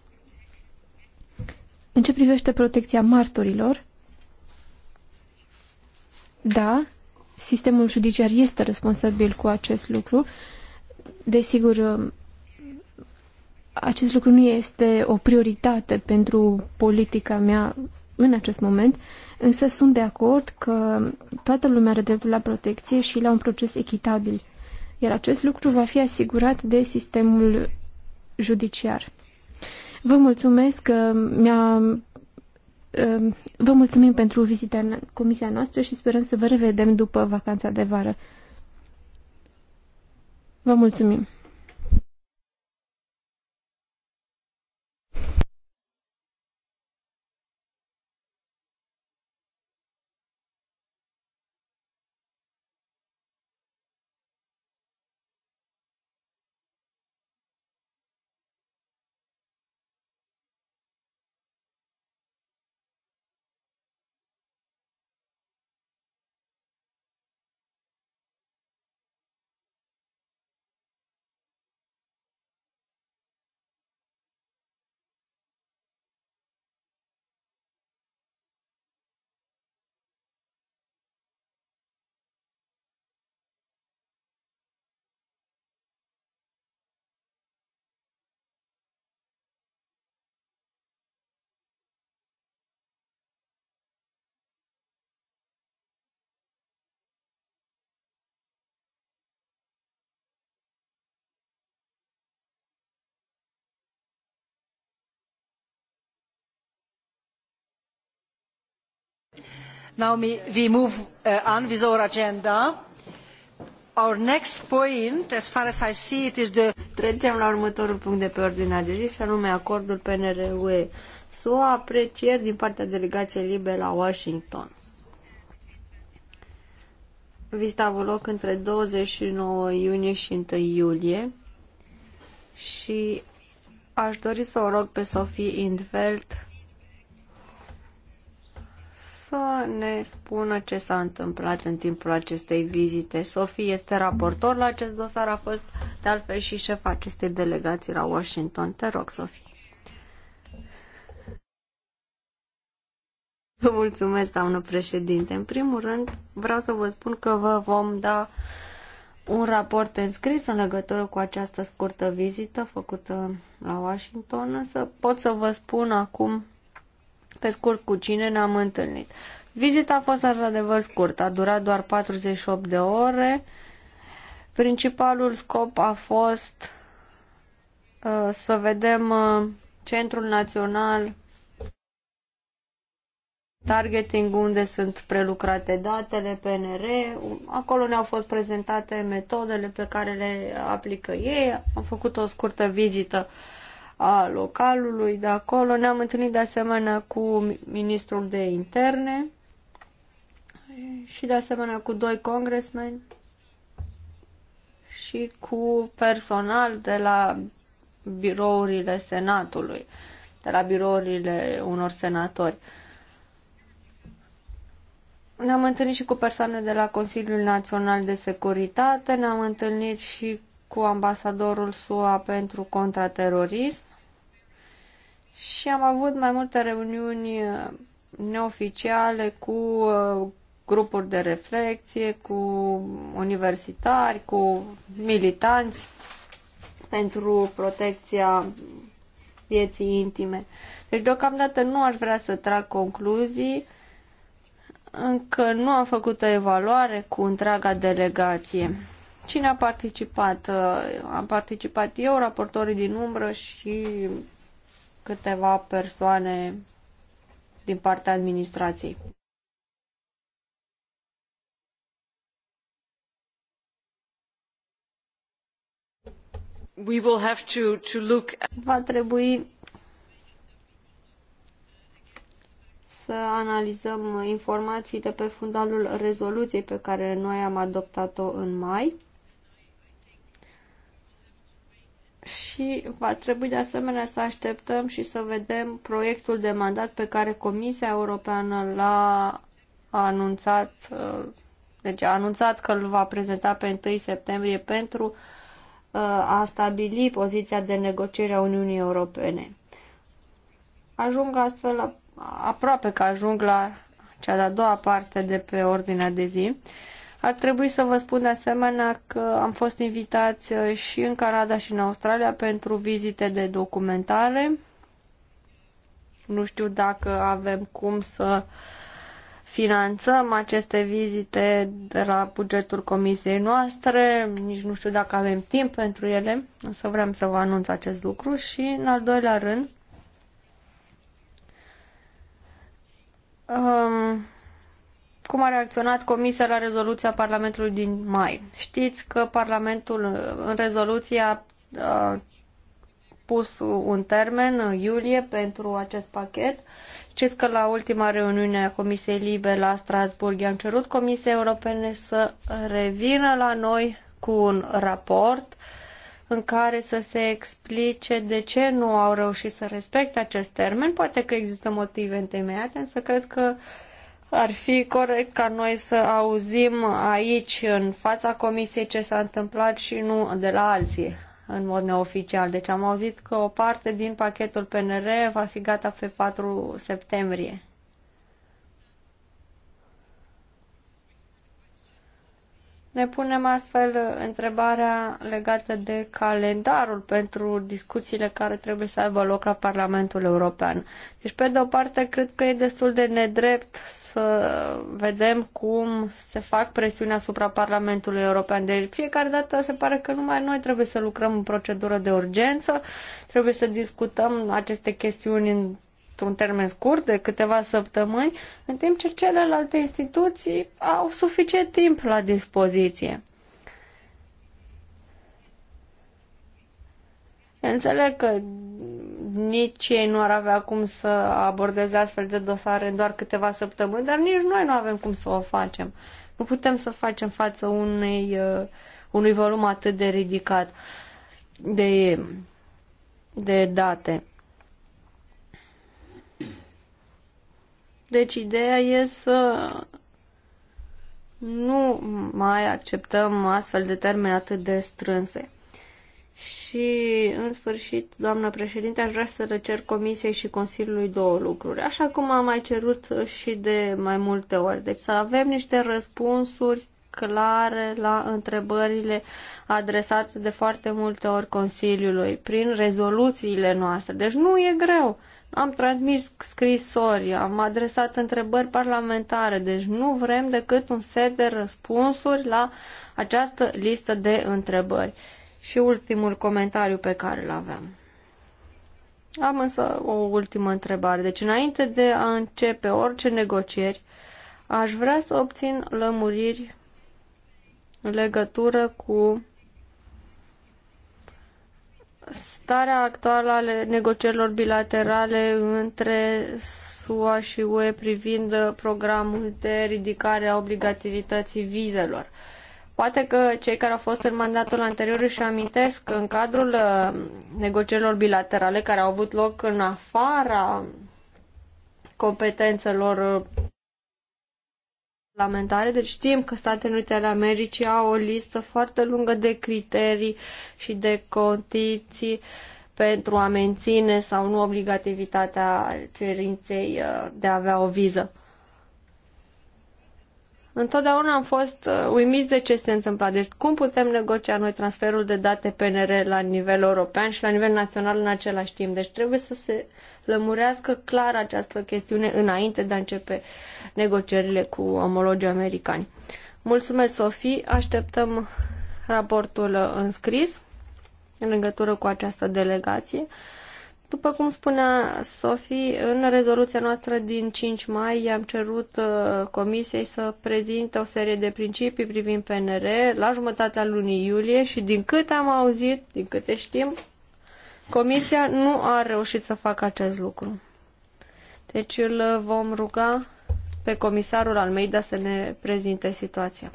În ce privește protecția martorilor, da, sistemul judiciar este responsabil cu acest lucru, Desigur, acest lucru nu este o prioritate pentru politica mea în acest moment, însă sunt de acord că toată lumea are dreptul la protecție și la un proces echitabil, iar acest lucru va fi asigurat de sistemul judiciar. Vă mulțumesc că uh, mi-a uh, Vă mulțumim pentru vizita în comisia noastră și sperăm să vă revedem după vacanța de vară. Vă mulțumim! Now we move uh, on with our agenda. Our next point, as far as I see it, is the... Trecem la următorul punct de pe ordinea de zi și anume acordul PNR-UE. SUA aprecieri din partea delegației libere la Washington. Vizita a avut loc între 29 iunie și 1 iulie și aș dori să o rog pe Sophie Indveld să ne spună ce s-a întâmplat în timpul acestei vizite. Sofie este raportor la acest dosar, a fost de altfel și șefa acestei delegații la Washington. Te rog, Sofie. Vă mulțumesc, doamnă președinte. În primul rând, vreau să vă spun că vă vom da un raport înscris în legătură cu această scurtă vizită făcută la Washington, însă pot să vă spun acum pe scurt cu cine ne-am întâlnit. Vizita a fost într-adevăr scurtă, a durat doar 48 de ore. Principalul scop a fost uh, să vedem uh, Centrul Național Targeting, unde sunt prelucrate datele, PNR. Acolo ne-au fost prezentate metodele pe care le aplică ei. Am făcut o scurtă vizită uh, a localului de acolo. Ne-am întâlnit de asemenea cu ministrul de interne și de asemenea cu doi congresmeni și cu personal de la birourile Senatului, de la birourile unor senatori. Ne-am întâlnit și cu persoane de la Consiliul Național de Securitate, ne-am întâlnit și cu ambasadorul SUA pentru contraterorism și am avut mai multe reuniuni uh, neoficiale cu uh, grupuri de reflexie, cu universitari, cu militanți pentru protecția vieții intime. Deci deocamdată nu aș vrea să trag concluzii, încă nu am făcut o evaluare cu întreaga delegație. Cine a participat? Uh, am participat eu, raportorii din umbră și câteva persoane din partea administrației. We will have to, to look... at... Va trebui să analizăm informațiile pe fundalul rezoluției pe care noi am adoptat-o în mai. și va trebui de asemenea să așteptăm și să vedem proiectul de mandat pe care Comisia Europeană l-a anunțat, uh, deci a anunțat că îl va prezenta pe 1 septembrie pentru uh, a stabili poziția de negociere a Uniunii Europene. Ajung astfel la, aproape că ajung la cea de-a doua parte de pe ordinea de zi. Ar trebui să vă spun de asemenea că am fost invitați uh, și în Canada și în Australia pentru vizite de documentare. Nu știu dacă avem cum să finanțăm aceste vizite de la bugetul comisiei noastre, nici nu știu dacă avem timp pentru ele, însă vrem să vă anunț acest lucru și, în al doilea rând, um, cum a reacționat Comisia la rezoluția Parlamentului din mai. Știți că Parlamentul în rezoluție a, a pus un termen în iulie pentru acest pachet. Știți că la ultima reuniune a Comisiei Libe la Strasburg am cerut Comisiei Europene să revină la noi cu un raport în care să se explice de ce nu au reușit să respecte acest termen. Poate că există motive întemeiate, însă cred că uh, ar fi corect ca noi să auzim aici, în fața comisiei, ce s-a întâmplat și nu de la alții, în mod neoficial. Deci am auzit că o parte din pachetul PNR va fi gata pe 4 septembrie. Ne punem astfel întrebarea legată de calendarul pentru discuțiile care trebuie să aibă loc la Parlamentul European. Deci, pe de o parte, cred că e destul de nedrept să vedem cum se fac presiuni asupra Parlamentului European. De deci, fiecare dată se pare că numai noi trebuie să lucrăm în procedură de urgență, trebuie să discutăm aceste chestiuni în într-un termen scurt de câteva săptămâni, în timp ce celelalte instituții au suficient timp la dispoziție. Înțeleg că nici ei nu ar avea cum să abordeze astfel de dosare în doar câteva săptămâni, dar nici noi nu avem cum să o facem. Nu putem să facem față unei, uh, unui volum atât de ridicat de, de date. Deci ideea e să nu mai acceptăm astfel de termeni atât de strânse. Și, în sfârșit, doamnă președinte, aș vrea să le cer Comisiei și Consiliului două lucruri, așa cum am mai cerut și de mai multe ori. Deci să avem niște răspunsuri clare la întrebările adresate de foarte multe ori Consiliului prin rezoluțiile noastre. Deci nu e greu. Am transmis scrisori, am adresat întrebări parlamentare, deci nu vrem decât un set de răspunsuri la această listă de întrebări. Și ultimul comentariu pe care îl aveam. Am însă o ultimă întrebare. Deci, înainte de a începe orice negocieri, aș vrea să obțin lămuriri în legătură cu starea actuală ale negocierilor bilaterale între SUA și UE privind programul de ridicare a obligativității vizelor. Poate că cei care au fost în mandatul anterior își amintesc că în cadrul uh, negocierilor bilaterale care au avut loc în afara competențelor uh, parlamentare, deci știm că Statele Unite ale Americii au o listă foarte lungă de criterii și de condiții pentru a menține sau nu obligativitatea cerinței uh, de a avea o viză. Întotdeauna am fost uh, uimiți de ce se întâmpla. Deci cum putem negocia noi transferul de date PNR la nivel european și la nivel național în același timp? Deci trebuie să se lămurească clar această chestiune înainte de a începe negocierile cu omologii americani. Mulțumesc, Sofie. Așteptăm raportul uh, înscris în legătură cu această delegație. După cum spunea Sofie, în rezoluția noastră din 5 mai am cerut uh, Comisiei să prezinte o serie de principii privind PNR la jumătatea lunii iulie și din câte am auzit, din câte știm, Comisia nu a reușit să facă acest lucru. Deci îl vom ruga pe comisarul Almeida să ne prezinte situația.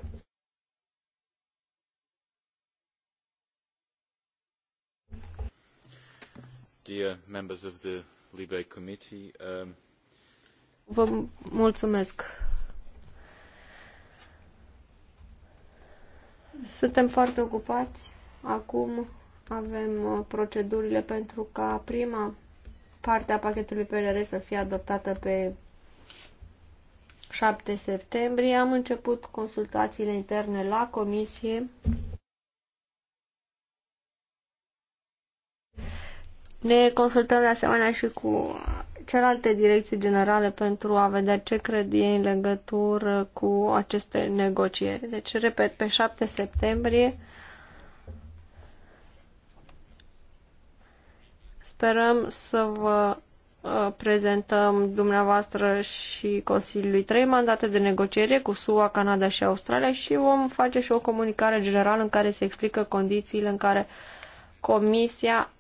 dear members of the Libe Committee. Um... Vă mulțumesc. Suntem foarte ocupați. Acum avem uh, procedurile pentru ca prima parte a pachetului PLR să fie adoptată pe 7 septembrie. Am început consultațiile interne la comisie Ne consultăm de asemenea și cu celelalte direcții generale pentru a vedea ce cred ei în legătură cu aceste negocieri. Deci, repet, pe 7 septembrie sperăm să vă uh, prezentăm dumneavoastră și Consiliului trei mandate de negociere cu SUA, Canada și Australia și vom face și o comunicare generală în care se explică condițiile în care Comisia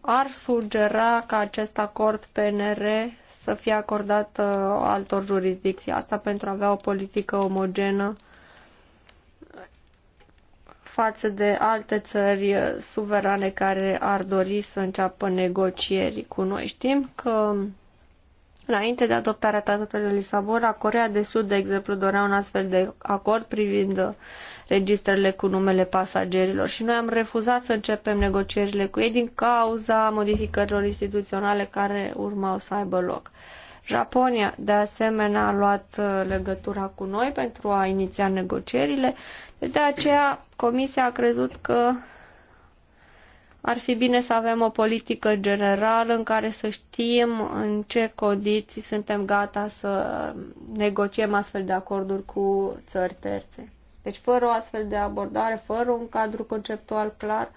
ar sugera ca acest acord PNR să fie acordat uh, altor jurisdicții. Asta pentru a avea o politică omogenă față de alte țări uh, suverane care ar dori să înceapă negocieri cu noi. Știm că Înainte de adoptarea tratatului de Lisabona, Corea de Sud, de exemplu, dorea un astfel de acord privind uh, registrele cu numele pasagerilor și noi am refuzat să începem negocierile cu ei din cauza modificărilor instituționale care urmau să aibă loc. Japonia, de asemenea, a luat uh, legătura cu noi pentru a iniția negocierile, de aceea Comisia a crezut că ar fi bine să avem o politică generală în care să știm în ce condiții suntem gata să negociem astfel de acorduri cu țări terțe. Deci fără o astfel de abordare, fără un cadru conceptual clar,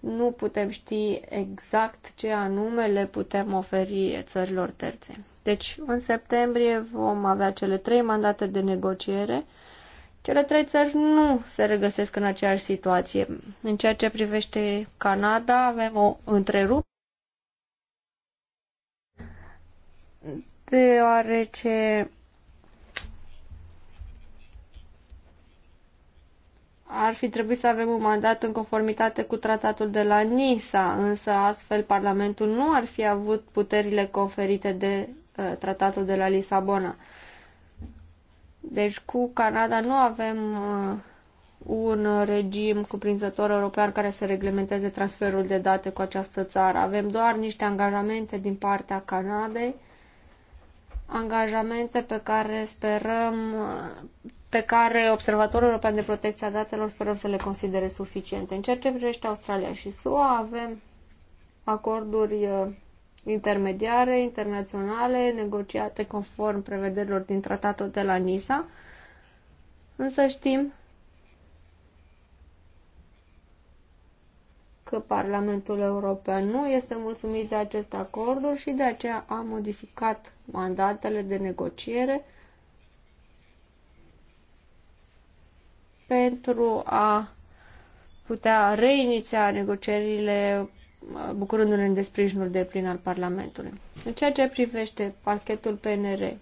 nu putem ști exact ce anume le putem oferi țărilor terțe. Deci, în septembrie vom avea cele trei mandate de negociere cele trei țări nu se regăsesc în aceeași situație. În ceea ce privește Canada, avem o întrerupt. deoarece ar fi trebuit să avem un mandat în conformitate cu tratatul de la Nisa, însă astfel Parlamentul nu ar fi avut puterile conferite de uh, tratatul de la Lisabona. Deci cu Canada nu avem uh, un regim cuprinzător european care să reglementeze transferul de date cu această țară. Avem doar niște angajamente din partea Canadei, angajamente pe care sperăm, pe care Observatorul European de Protecție a Datelor sperăm să le considere suficiente. În ceea ce privește Australia și SUA, avem acorduri uh, intermediare internaționale negociate conform prevederilor din tratatul de la Nisa, însă știm că Parlamentul European nu este mulțumit de acest acord și de aceea a modificat mandatele de negociere pentru a putea reiniția negocierile bucurându-ne de sprijinul de plin al Parlamentului. În ceea ce privește pachetul PNR,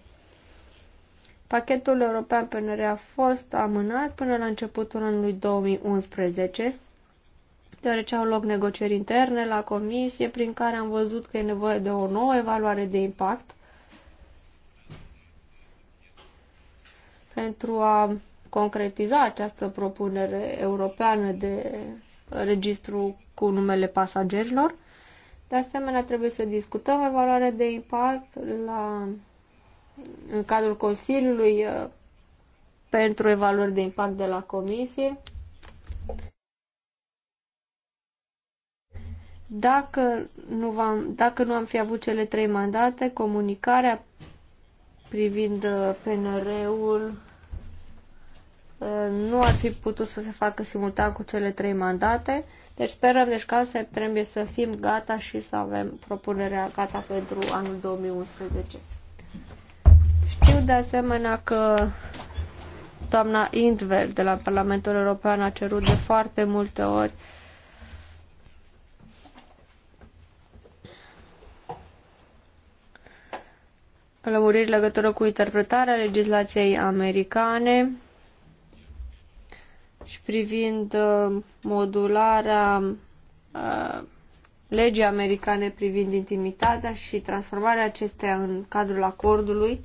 pachetul european PNR a fost amânat până la începutul anului 2011, deoarece au loc negocieri interne la comisie, prin care am văzut că e nevoie de o nouă evaluare de impact pentru a concretiza această propunere europeană de registru cu numele pasagerilor. De asemenea, trebuie să discutăm evaluarea de impact la, în cadrul Consiliului uh, pentru evaluări de impact de la Comisie. Dacă nu, v-am, dacă nu am fi avut cele trei mandate, comunicarea privind uh, PNR-ul Uh, nu ar fi putut să se facă simultan cu cele trei mandate. Deci sperăm deci ca să trebuie să fim gata și să avem propunerea gata pentru anul 2011. Știu de asemenea că doamna Intvel de la Parlamentul European a cerut de foarte multe ori lămuriri legătură cu interpretarea legislației americane și privind uh, modularea uh, legii americane privind intimitatea și transformarea acesteia în cadrul acordului.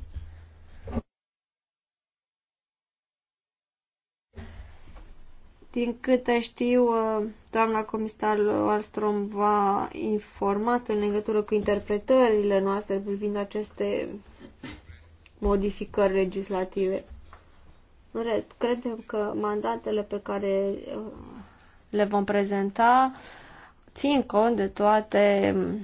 Din câte știu, uh, doamna comisar Wallström va informat în legătură cu interpretările noastre privind aceste modificări legislative. În rest, credem că mandatele pe care uh, le vom prezenta țin cont de toate um,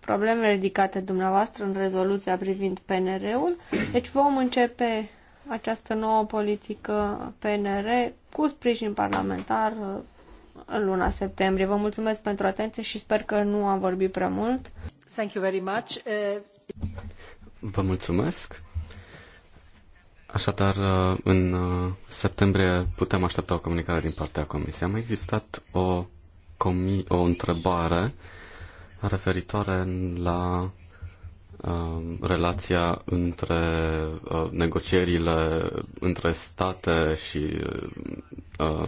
problemele ridicate dumneavoastră în rezoluția privind PNR-ul. Deci vom începe această nouă politică PNR cu sprijin parlamentar uh, în luna septembrie. Vă mulțumesc pentru atenție și sper că nu am vorbit prea mult. Thank you very much. Uh, Vă mulțumesc. Așadar, uh, în uh, septembrie putem aștepta o comunicare din partea Comisiei. Am existat o, comi- o întrebare referitoare la uh, relația între uh, negocierile între state și uh,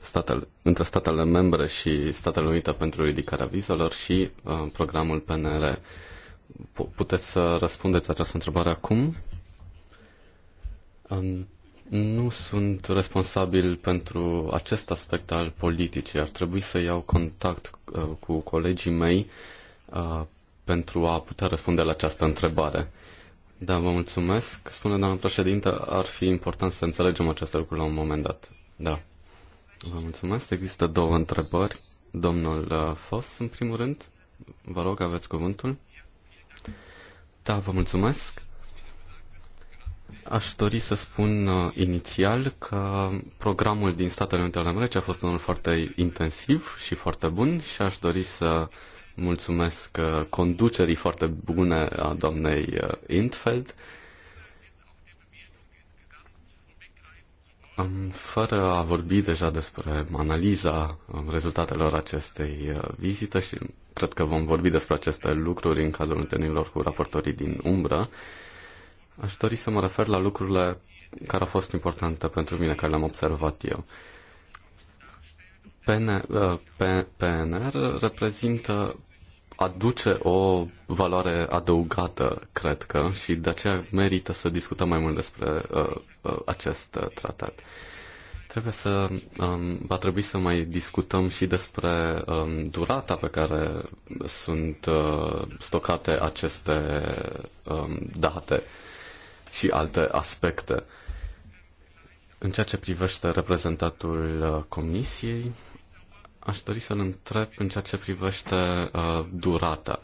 statele, între statele membre și Statele Unite pentru ridicarea vizelor și uh, programul PNR. Puteți să răspundeți această întrebare acum? nu sunt responsabil pentru acest aspect al politicii. Ar trebui să iau contact uh, cu colegii mei uh, pentru a putea răspunde la această întrebare. Da, vă mulțumesc. Spune doamna președinte, ar fi important să înțelegem acest lucru la un moment dat. Da. Vă mulțumesc. Există două întrebări. Domnul uh, Fos, în primul rând, vă rog, aveți cuvântul. Da, vă mulțumesc. Aș dori să spun uh, inițial că programul din Statele Unite ale Americii a fost unul foarte intensiv și foarte bun și aș dori să mulțumesc uh, conducerii foarte bune a doamnei uh, Intfeld. Um, fără a vorbi deja despre analiza um, rezultatelor acestei uh, vizite și cred că vom vorbi despre aceste lucruri în cadrul întâlnirilor cu raportorii din umbră, Aș dori să mă refer la lucrurile care au fost importante pentru mine, care le-am observat eu. PNR uh, reprezintă, aduce o valoare adăugată, cred că, și de aceea merită să discutăm mai mult despre uh, uh acest uh, tratat. Trebuie să, um, va trebui să mai discutăm și despre um, durata pe care sunt uh, stocate aceste um, date. Uh, și alte aspecte. În ceea ce privește reprezentatul uh, Comisiei, aș dori să-l întreb în ceea ce privește uh, durata.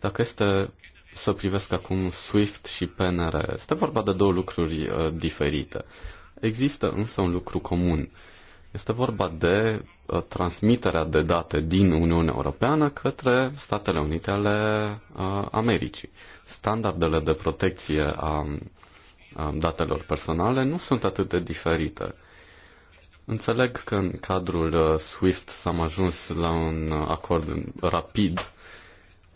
Dacă este să privesc acum SWIFT și PNR, este vorba de două lucruri uh, diferite. Există însă un lucru comun. Este vorba de uh, transmiterea de date din Uniunea Europeană către Statele Unite ale uh, Americii. Standardele de protecție a datelor personale nu sunt atât de diferite. Înțeleg că în cadrul uh, SWIFT s-am ajuns la un uh, acord rapid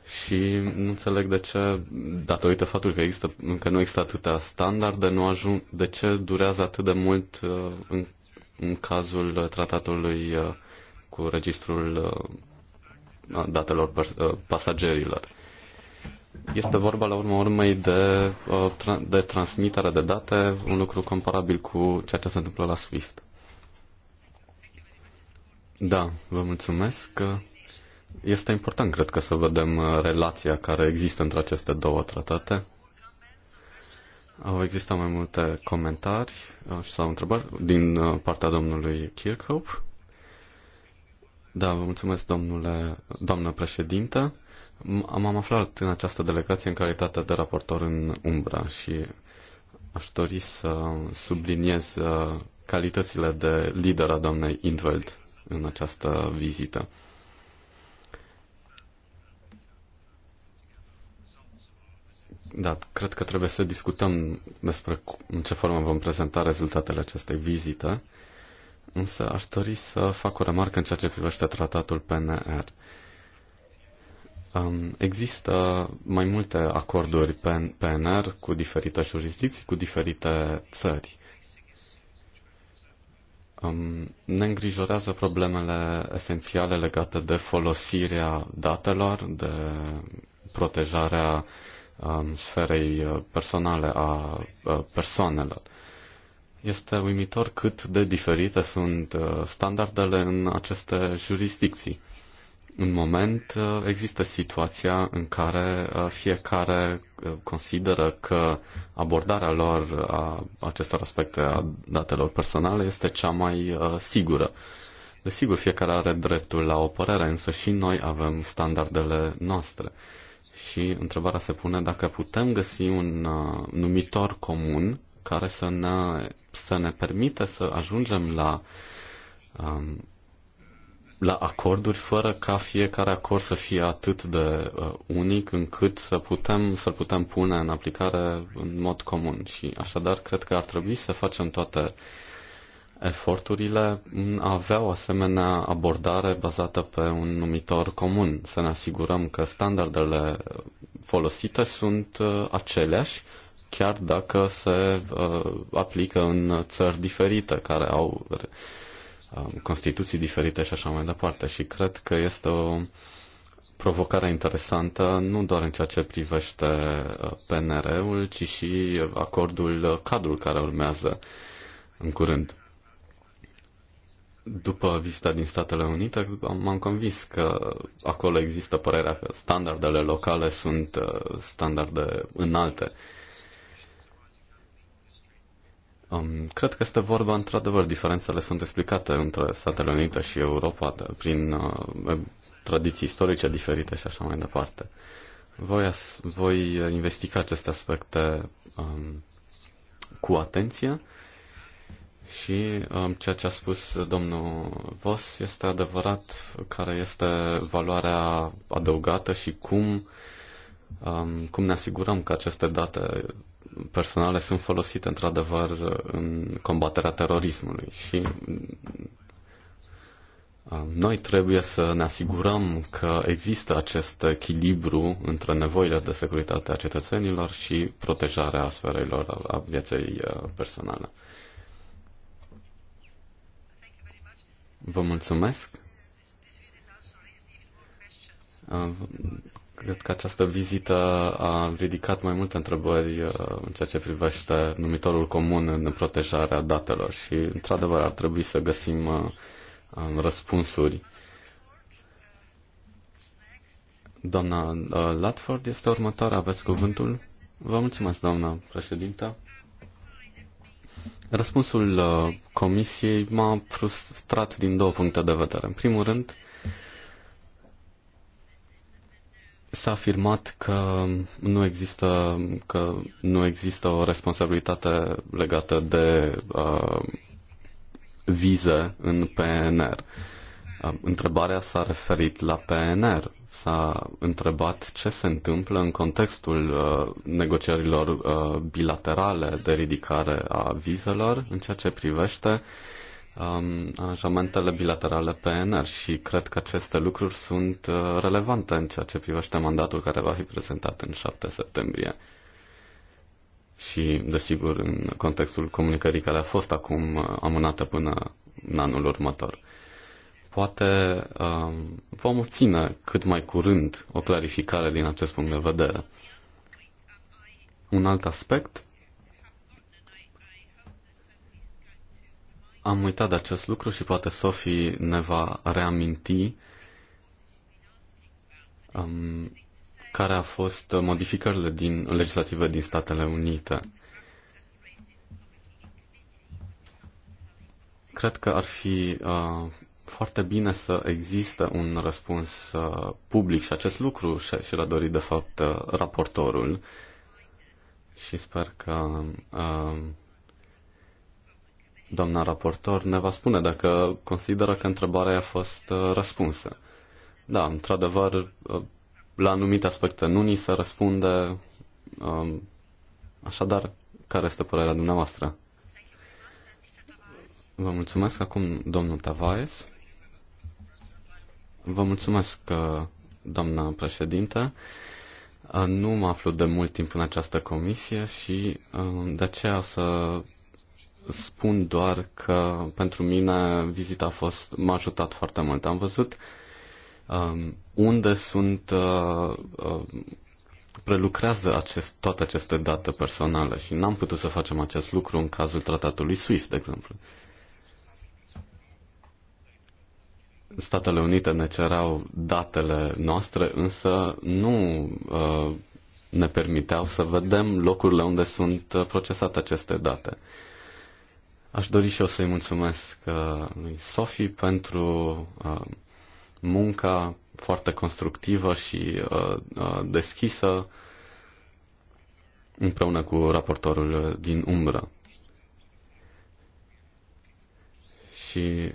și nu înțeleg de ce, datorită faptului că, există, că nu există atâtea standarde, nu ajung, de ce durează atât de mult uh, în, în cazul tratatului cu registrul datelor pasagerilor. Este vorba la urma urmei de, uh, de transmitere de date, un lucru comparabil cu ceea ce se întâmplă la SWIFT. Da, vă mulțumesc. Este important, cred că, să vedem uh, relația care există între aceste două tratate. Au existat mai multe comentarii uh, sau întrebări din partea domnului Kirchhoff. Da, vă mulțumesc, domnule, doamnă președintă. M-am aflat în această delegație în calitate de raportor în Umbra și aș dori să subliniez uh, calitățile de lider a doamnei Intveld în această vizită. Da, cred că trebuie să discutăm despre în ce formă vom prezenta rezultatele acestei vizite, însă aș dori să fac o remarcă în ceea ce privește tratatul PNR. Um, există mai multe acorduri PNR cu diferite jurisdicții, cu diferite țări. Um, ne îngrijorează problemele esențiale legate de folosirea datelor, de protejarea um, sferei uh, personale a uh, persoanelor. Este uimitor cât de diferite sunt uh, standardele în aceste jurisdicții. În moment uh, există situația în care uh, fiecare uh, consideră că abordarea lor a acestor aspecte a datelor personale este cea mai sigură. Desigur, fiecare are dreptul la o părere, însă și noi avem standardele noastre. Și întrebarea se pune dacă putem găsi un numitor comun care să ne, să ne permite să ajungem la um, la acorduri fără ca fiecare acord să fie atât de uh, unic încât să putem, să putem pune în aplicare în mod comun. Și așadar cred că ar trebui să facem toate eforturile în a avea o asemenea abordare bazată pe un numitor comun, să ne asigurăm că standardele folosite sunt uh, aceleași, chiar dacă se uh, aplică în țări diferite care au Um, constituții diferite și așa mai departe. Și cred că este o provocare interesantă, nu doar în ceea ce privește uh, PNR-ul, ci și acordul uh, cadrul care urmează în curând. După vizita din Statele Unite, m-am convins că acolo există părerea că standardele locale sunt uh, standarde înalte Um, cred că este vorba, într-adevăr, diferențele sunt explicate între Statele Unite și Europa prin uh, tradiții istorice diferite și așa mai departe. Voi, voi investiga aceste aspecte um, cu atenție și um, ceea ce a spus domnul Vos este adevărat, care este valoarea adăugată și cum, um, cum ne asigurăm că aceste date personale sunt folosite într-adevăr în combaterea terorismului și uh, noi trebuie să ne asigurăm că există acest echilibru între nevoile de securitate a cetățenilor și protejarea sferelor a vieței uh, personale. Vă mulțumesc. Uh, Cred că această vizită a ridicat mai multe întrebări uh, în ceea ce privește numitorul comun în protejarea datelor și, într-adevăr, ar trebui să găsim uh, um, răspunsuri. Doamna uh, Latford este următoarea, aveți cuvântul. Vă mulțumesc, doamna președintă. Răspunsul comisiei m-a frustrat din două puncte de vedere. În primul rând, S-a afirmat că nu există, că nu există o responsabilitate legată de uh, vize în PNR. Uh, întrebarea s-a referit la PNR. S-a întrebat ce se întâmplă în contextul uh, negocierilor uh, bilaterale de ridicare a vizelor în ceea ce privește uh, um, aranjamentele bilaterale PNR și cred că aceste lucruri sunt uh, relevante în ceea ce privește mandatul care va fi prezentat în 7 septembrie și, desigur, în contextul comunicării care a fost acum uh, amânată până în anul următor. Poate um, vom obține cât mai curând o clarificare din acest punct de vedere. Un alt aspect Am uitat de acest lucru și poate Sofie ne va reaminti um, care a fost modificările din legislative din Statele Unite. Cred că ar fi uh, foarte bine să existe un răspuns uh, public și acest lucru și, și l-a dorit, de fapt, uh, raportorul. Și sper că uh, doamna raportor ne va spune dacă consideră că întrebarea a fost uh, răspunsă. Da, într-adevăr, uh, la anumite aspecte nu ni se răspunde. Um, așadar, care este părerea dumneavoastră? Vă mulțumesc acum, domnul Tavares. Vă mulțumesc, uh, doamna președinte. Nu mă aflu de mult timp în această comisie și um, de aceea o să spun doar că pentru mine vizita a fost, m-a ajutat foarte mult. Am văzut um, unde sunt uh, uh, prelucrează acest, toate aceste date personale și n-am putut să facem acest lucru în cazul tratatului SWIFT, de exemplu. Statele Unite ne cereau datele noastre, însă nu uh, ne permiteau să vedem locurile unde sunt uh, procesate aceste date. Uh, Aș dori și eu să-i mulțumesc uh, lui Sofi pentru uh, munca foarte constructivă și uh, deschisă împreună cu raportorul din umbră. Și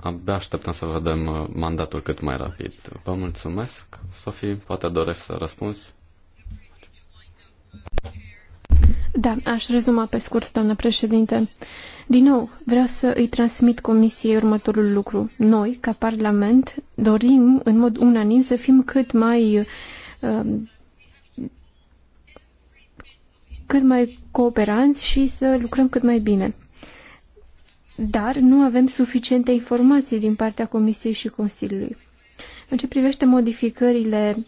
abia așteptăm să vedem mandatul cât mai rapid. Vă mulțumesc. Sofie, poate dorești să răspunzi? Da, aș rezuma pe scurt, doamnă președinte. Din nou, vreau să îi transmit Comisiei următorul lucru. Noi, ca Parlament, dorim în mod unanim să fim cât mai um, cât mai cooperanți și să lucrăm cât mai bine. Dar nu avem suficiente informații din partea Comisiei și Consiliului. În ce privește modificările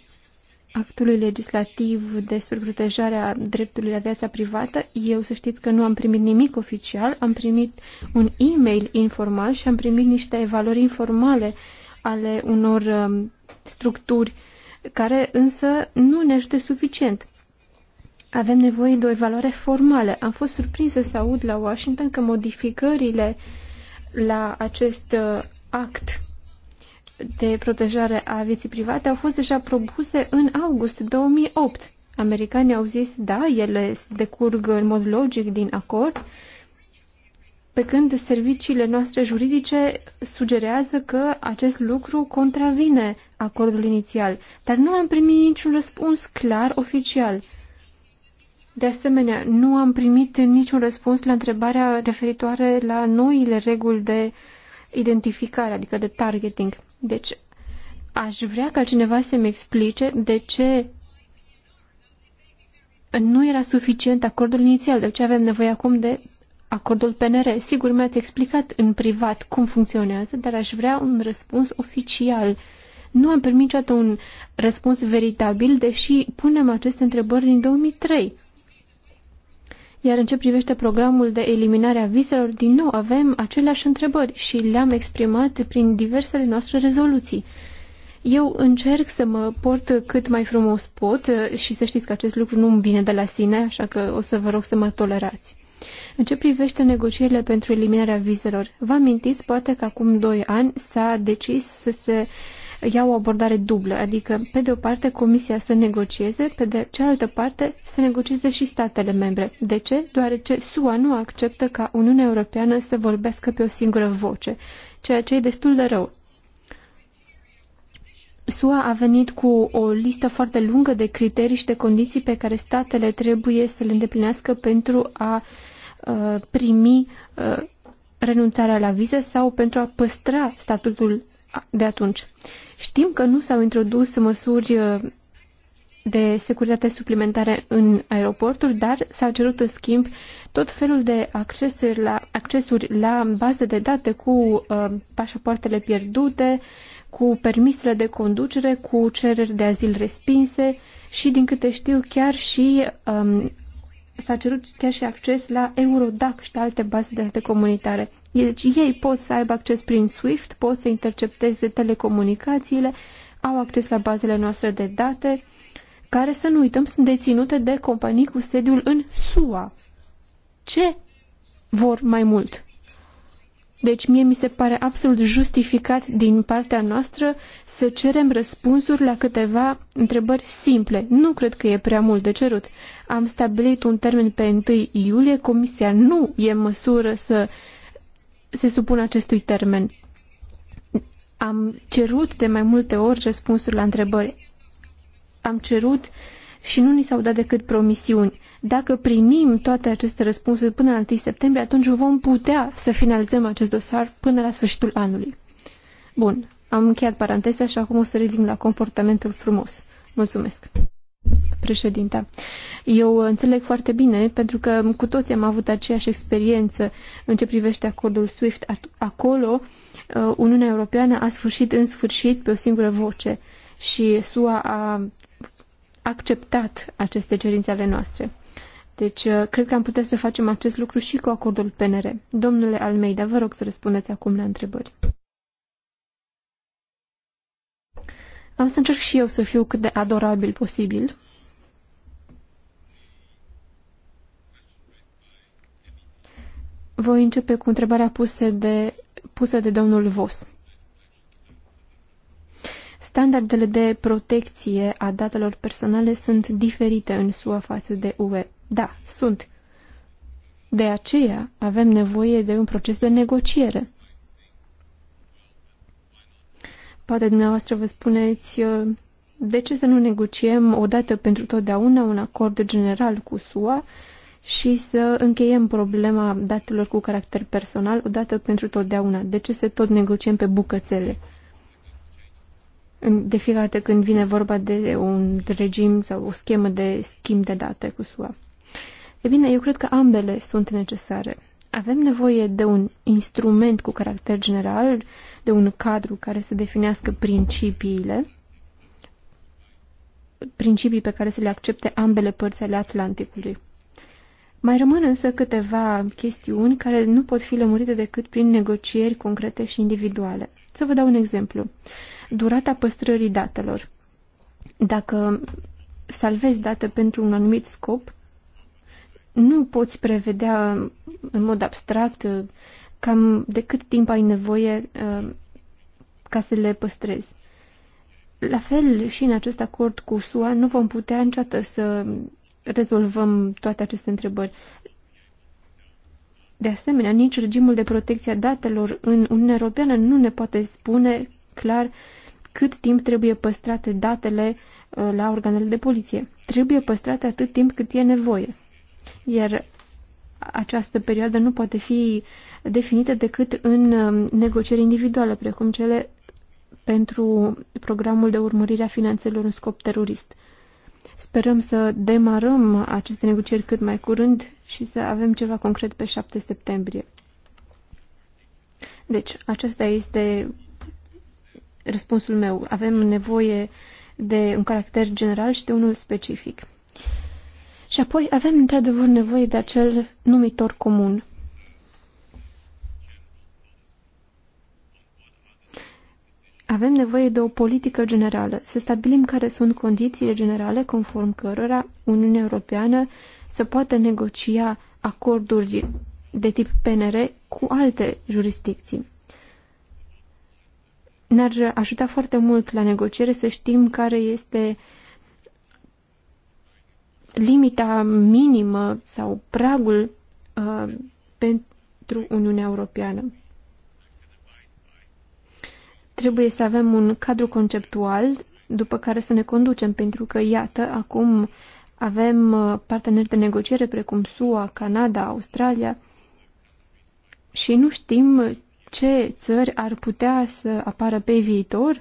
actului legislativ despre protejarea dreptului la viața privată, eu să știți că nu am primit nimic oficial, am primit un e-mail informal și am primit niște evaluări informale ale unor um, structuri care însă nu ne ajută suficient. Avem nevoie de o evaluare formală. Am fost surprinsă să aud la Washington că modificările la acest uh, act de protejare a vieții private au fost deja propuse în august 2008. Americanii au zis, da, ele decurg în mod logic din acord, pe când serviciile noastre juridice sugerează că acest lucru contravine acordul inițial, dar nu am primit niciun răspuns clar oficial. De asemenea, nu am primit niciun răspuns la întrebarea referitoare la noile reguli de identificare, adică de targeting. Deci, aș vrea ca cineva să-mi explice de ce nu era suficient acordul inițial, de ce avem nevoie acum de acordul PNR. Sigur, mi-ați explicat în privat cum funcționează, dar aș vrea un răspuns oficial. Nu am primit niciodată un răspuns veritabil, deși punem aceste întrebări din 2003. Iar în ce privește programul de eliminare a viselor, din nou avem aceleași întrebări și le-am exprimat prin diversele noastre rezoluții. Eu încerc să mă port cât mai frumos pot uh, și să știți că acest lucru nu îmi vine de la sine, așa că o să vă rog să mă tolerați. În ce privește negocierile pentru eliminarea vizelor, vă amintiți poate că acum doi ani s-a decis să se uh, ia o abordare dublă, adică pe de o parte Comisia să negocieze, pe de cealaltă parte să negocieze și statele membre. De ce? Deoarece SUA nu acceptă ca Uniunea Europeană să vorbească pe o singură voce, ceea ce e destul de rău. SUA a venit cu o listă foarte lungă de criterii și de condiții pe care statele trebuie să le îndeplinească pentru a uh, primi uh, renunțarea la viză sau pentru a păstra statutul de atunci. Știm că nu s-au introdus măsuri uh, de securitate suplimentare în aeroporturi, dar s-a cerut în schimb tot felul de accesuri la, accesuri la baze de date cu uh, pașapoartele pierdute, cu permisele de conducere, cu cereri de azil respinse și, din câte știu, chiar și um, s-a cerut chiar și acces la Eurodac și la alte baze de date comunitare. Deci ei pot să aibă acces prin SWIFT, pot să intercepteze telecomunicațiile, au acces la bazele noastre de date, care, să nu uităm, sunt deținute de companii cu sediul în SUA. Ce vor mai mult? Deci mie mi se pare absolut justificat din partea noastră să cerem răspunsuri la câteva întrebări simple. Nu cred că e prea mult de cerut. Am stabilit un termen pe 1 iulie, comisia nu e în măsură să uh, se supun acestui termen. Am cerut de mai multe ori răspunsuri la întrebări. Am cerut și nu ni s-au dat decât promisiuni. Dacă primim toate aceste răspunsuri până la 1 septembrie, atunci vom putea să finalizăm acest dosar până la sfârșitul anului. Bun, am încheiat paranteza și acum o să revin la comportamentul frumos. Mulțumesc! președinta. Eu înțeleg foarte bine, pentru că cu toți am avut aceeași experiență în ce privește acordul SWIFT. Acolo, uh, Uniunea Europeană a sfârșit în sfârșit pe o singură voce și SUA a acceptat aceste cerințe ale noastre. Deci, uh, cred că am putea să facem acest lucru și cu acordul PNR. Domnule Almeida, vă rog să răspundeți acum la întrebări. Am să încerc și eu să fiu cât de adorabil posibil. Voi începe cu întrebarea pusă de, pusă de domnul Vos. Standardele de protecție a datelor personale sunt diferite în SUA față de UE. Da, sunt. De aceea avem nevoie de un proces de negociere. Poate dumneavoastră vă spuneți, uh, de ce să nu negociem odată pentru totdeauna un acord general cu SUA și să încheiem problema datelor cu caracter personal odată pentru totdeauna. De ce să tot negociem pe bucățele? De fiecare dată când vine vorba de un regim sau o schemă de schimb de date cu SUA. E bine, eu cred că ambele sunt necesare. Avem nevoie de un instrument cu caracter general, de un cadru care să definească principiile, principii pe care să le accepte ambele părți ale Atlanticului. Mai rămân însă câteva chestiuni care nu pot fi lămurite decât prin negocieri concrete și individuale. Să vă dau un exemplu. Durata păstrării datelor. Dacă salvezi date pentru un anumit scop, nu poți prevedea în mod abstract uh, cam de cât timp ai nevoie uh, ca să le păstrezi. La fel și în acest acord cu SUA nu vom putea niciodată să rezolvăm toate aceste întrebări. De asemenea, nici regimul de protecție a datelor în Uniunea Europeană nu ne poate spune clar cât timp trebuie păstrate datele uh, la organele de poliție. Trebuie păstrate atât timp cât e nevoie. Iar această perioadă nu poate fi definită decât în um, negocieri individuale, precum cele pentru programul de urmărire a finanțelor în scop terorist. Sperăm să demarăm aceste negocieri cât mai curând și să avem ceva concret pe 7 septembrie. Deci, acesta este răspunsul meu. Avem nevoie de un caracter general și de unul specific. Și apoi avem într-adevăr nevoie de acel numitor comun. Avem nevoie de o politică generală, să stabilim care sunt condițiile generale conform cărora Uniunea Europeană să poată negocia acorduri de tip PNR cu alte jurisdicții. Ne-ar ajuta foarte mult la negociere să știm care este limita minimă sau pragul uh, pentru Uniunea Europeană. Trebuie să avem un cadru conceptual după care să ne conducem, pentru că, iată, acum avem uh, parteneri de negociere precum SUA, Canada, Australia și nu știm ce țări ar putea să apară pe viitor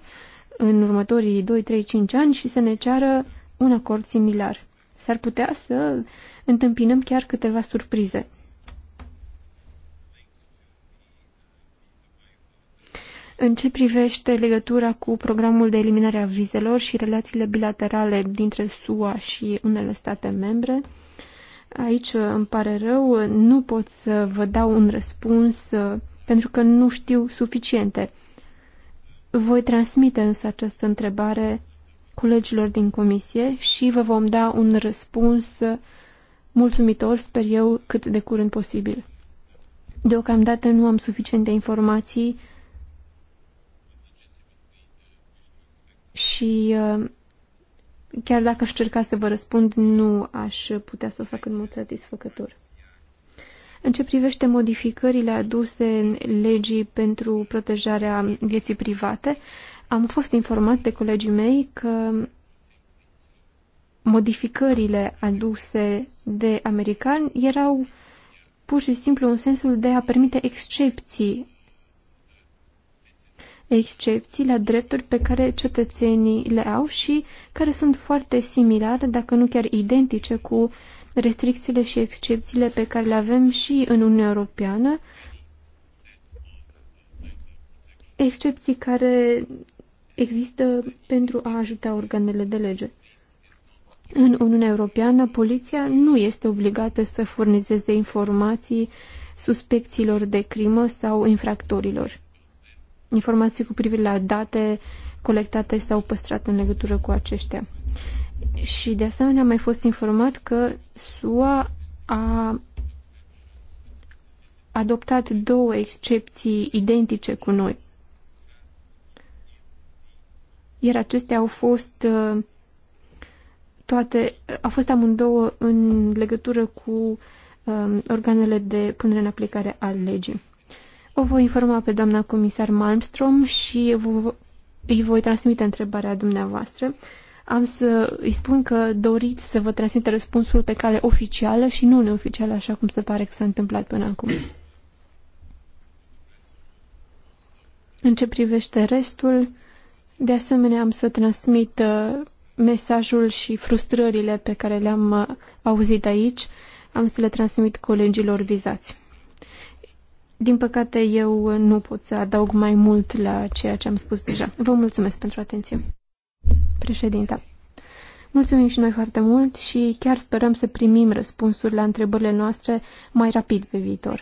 în următorii 2, 3, 5 ani și să ne ceară un acord similar. S-ar putea să întâmpinăm chiar câteva surprize. În ce privește legătura cu programul de eliminare a vizelor și relațiile bilaterale dintre SUA și unele state membre, aici uh, îmi pare rău, uh, nu pot să vă dau un răspuns uh, pentru că nu știu suficiente. Voi transmite însă această întrebare colegilor din comisie și vă vom da un răspuns mulțumitor, sper eu, cât de curând posibil. Deocamdată nu am suficiente informații și uh, chiar dacă aș cerca să vă răspund, nu aș putea să o fac în mod satisfăcător. În ce privește modificările aduse legii pentru protejarea vieții private, am fost informat de colegii mei că modificările aduse de americani erau pur și simplu în sensul de a permite excepții excepții la drepturi pe care cetățenii le au și care sunt foarte similare, dacă nu chiar identice, cu restricțiile și excepțiile pe care le avem și în Uniunea Europeană, excepții care există pentru a ajuta organele de lege. În Uniunea Europeană, poliția nu este obligată să furnizeze informații suspecțiilor de crimă sau infractorilor informații cu privire la date colectate sau păstrate în legătură cu aceștia. Și de asemenea am mai fost informat că SUA a adoptat două excepții identice cu noi. Iar acestea au fost uh, toate, au fost amândouă în legătură cu um, organele de punere în aplicare a legii. O voi informa pe doamna comisar Malmström și îi voi transmite întrebarea dumneavoastră. Am să îi spun că doriți să vă transmite răspunsul pe cale oficială și nu neoficială, așa cum se pare că s-a întâmplat până acum. În ce privește restul, de asemenea am să transmit uh, mesajul și frustrările pe care le-am uh, auzit aici, am să le transmit colegilor vizați. Din păcate, eu nu pot să adaug mai mult la ceea ce am spus deja. Vă mulțumesc pentru atenție. Președinta. Mulțumim și noi foarte mult și chiar sperăm să primim răspunsuri la întrebările noastre mai rapid pe viitor.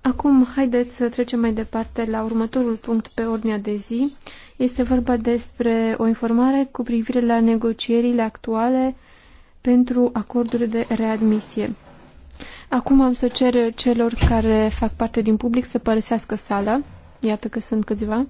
Acum, haideți să trecem mai departe la următorul punct pe ordinea de zi. Este vorba despre o informare cu privire la negocierile actuale pentru acorduri de readmisie. Acum am să cer celor care fac parte din public să părăsească sala. Iată că sunt câțiva.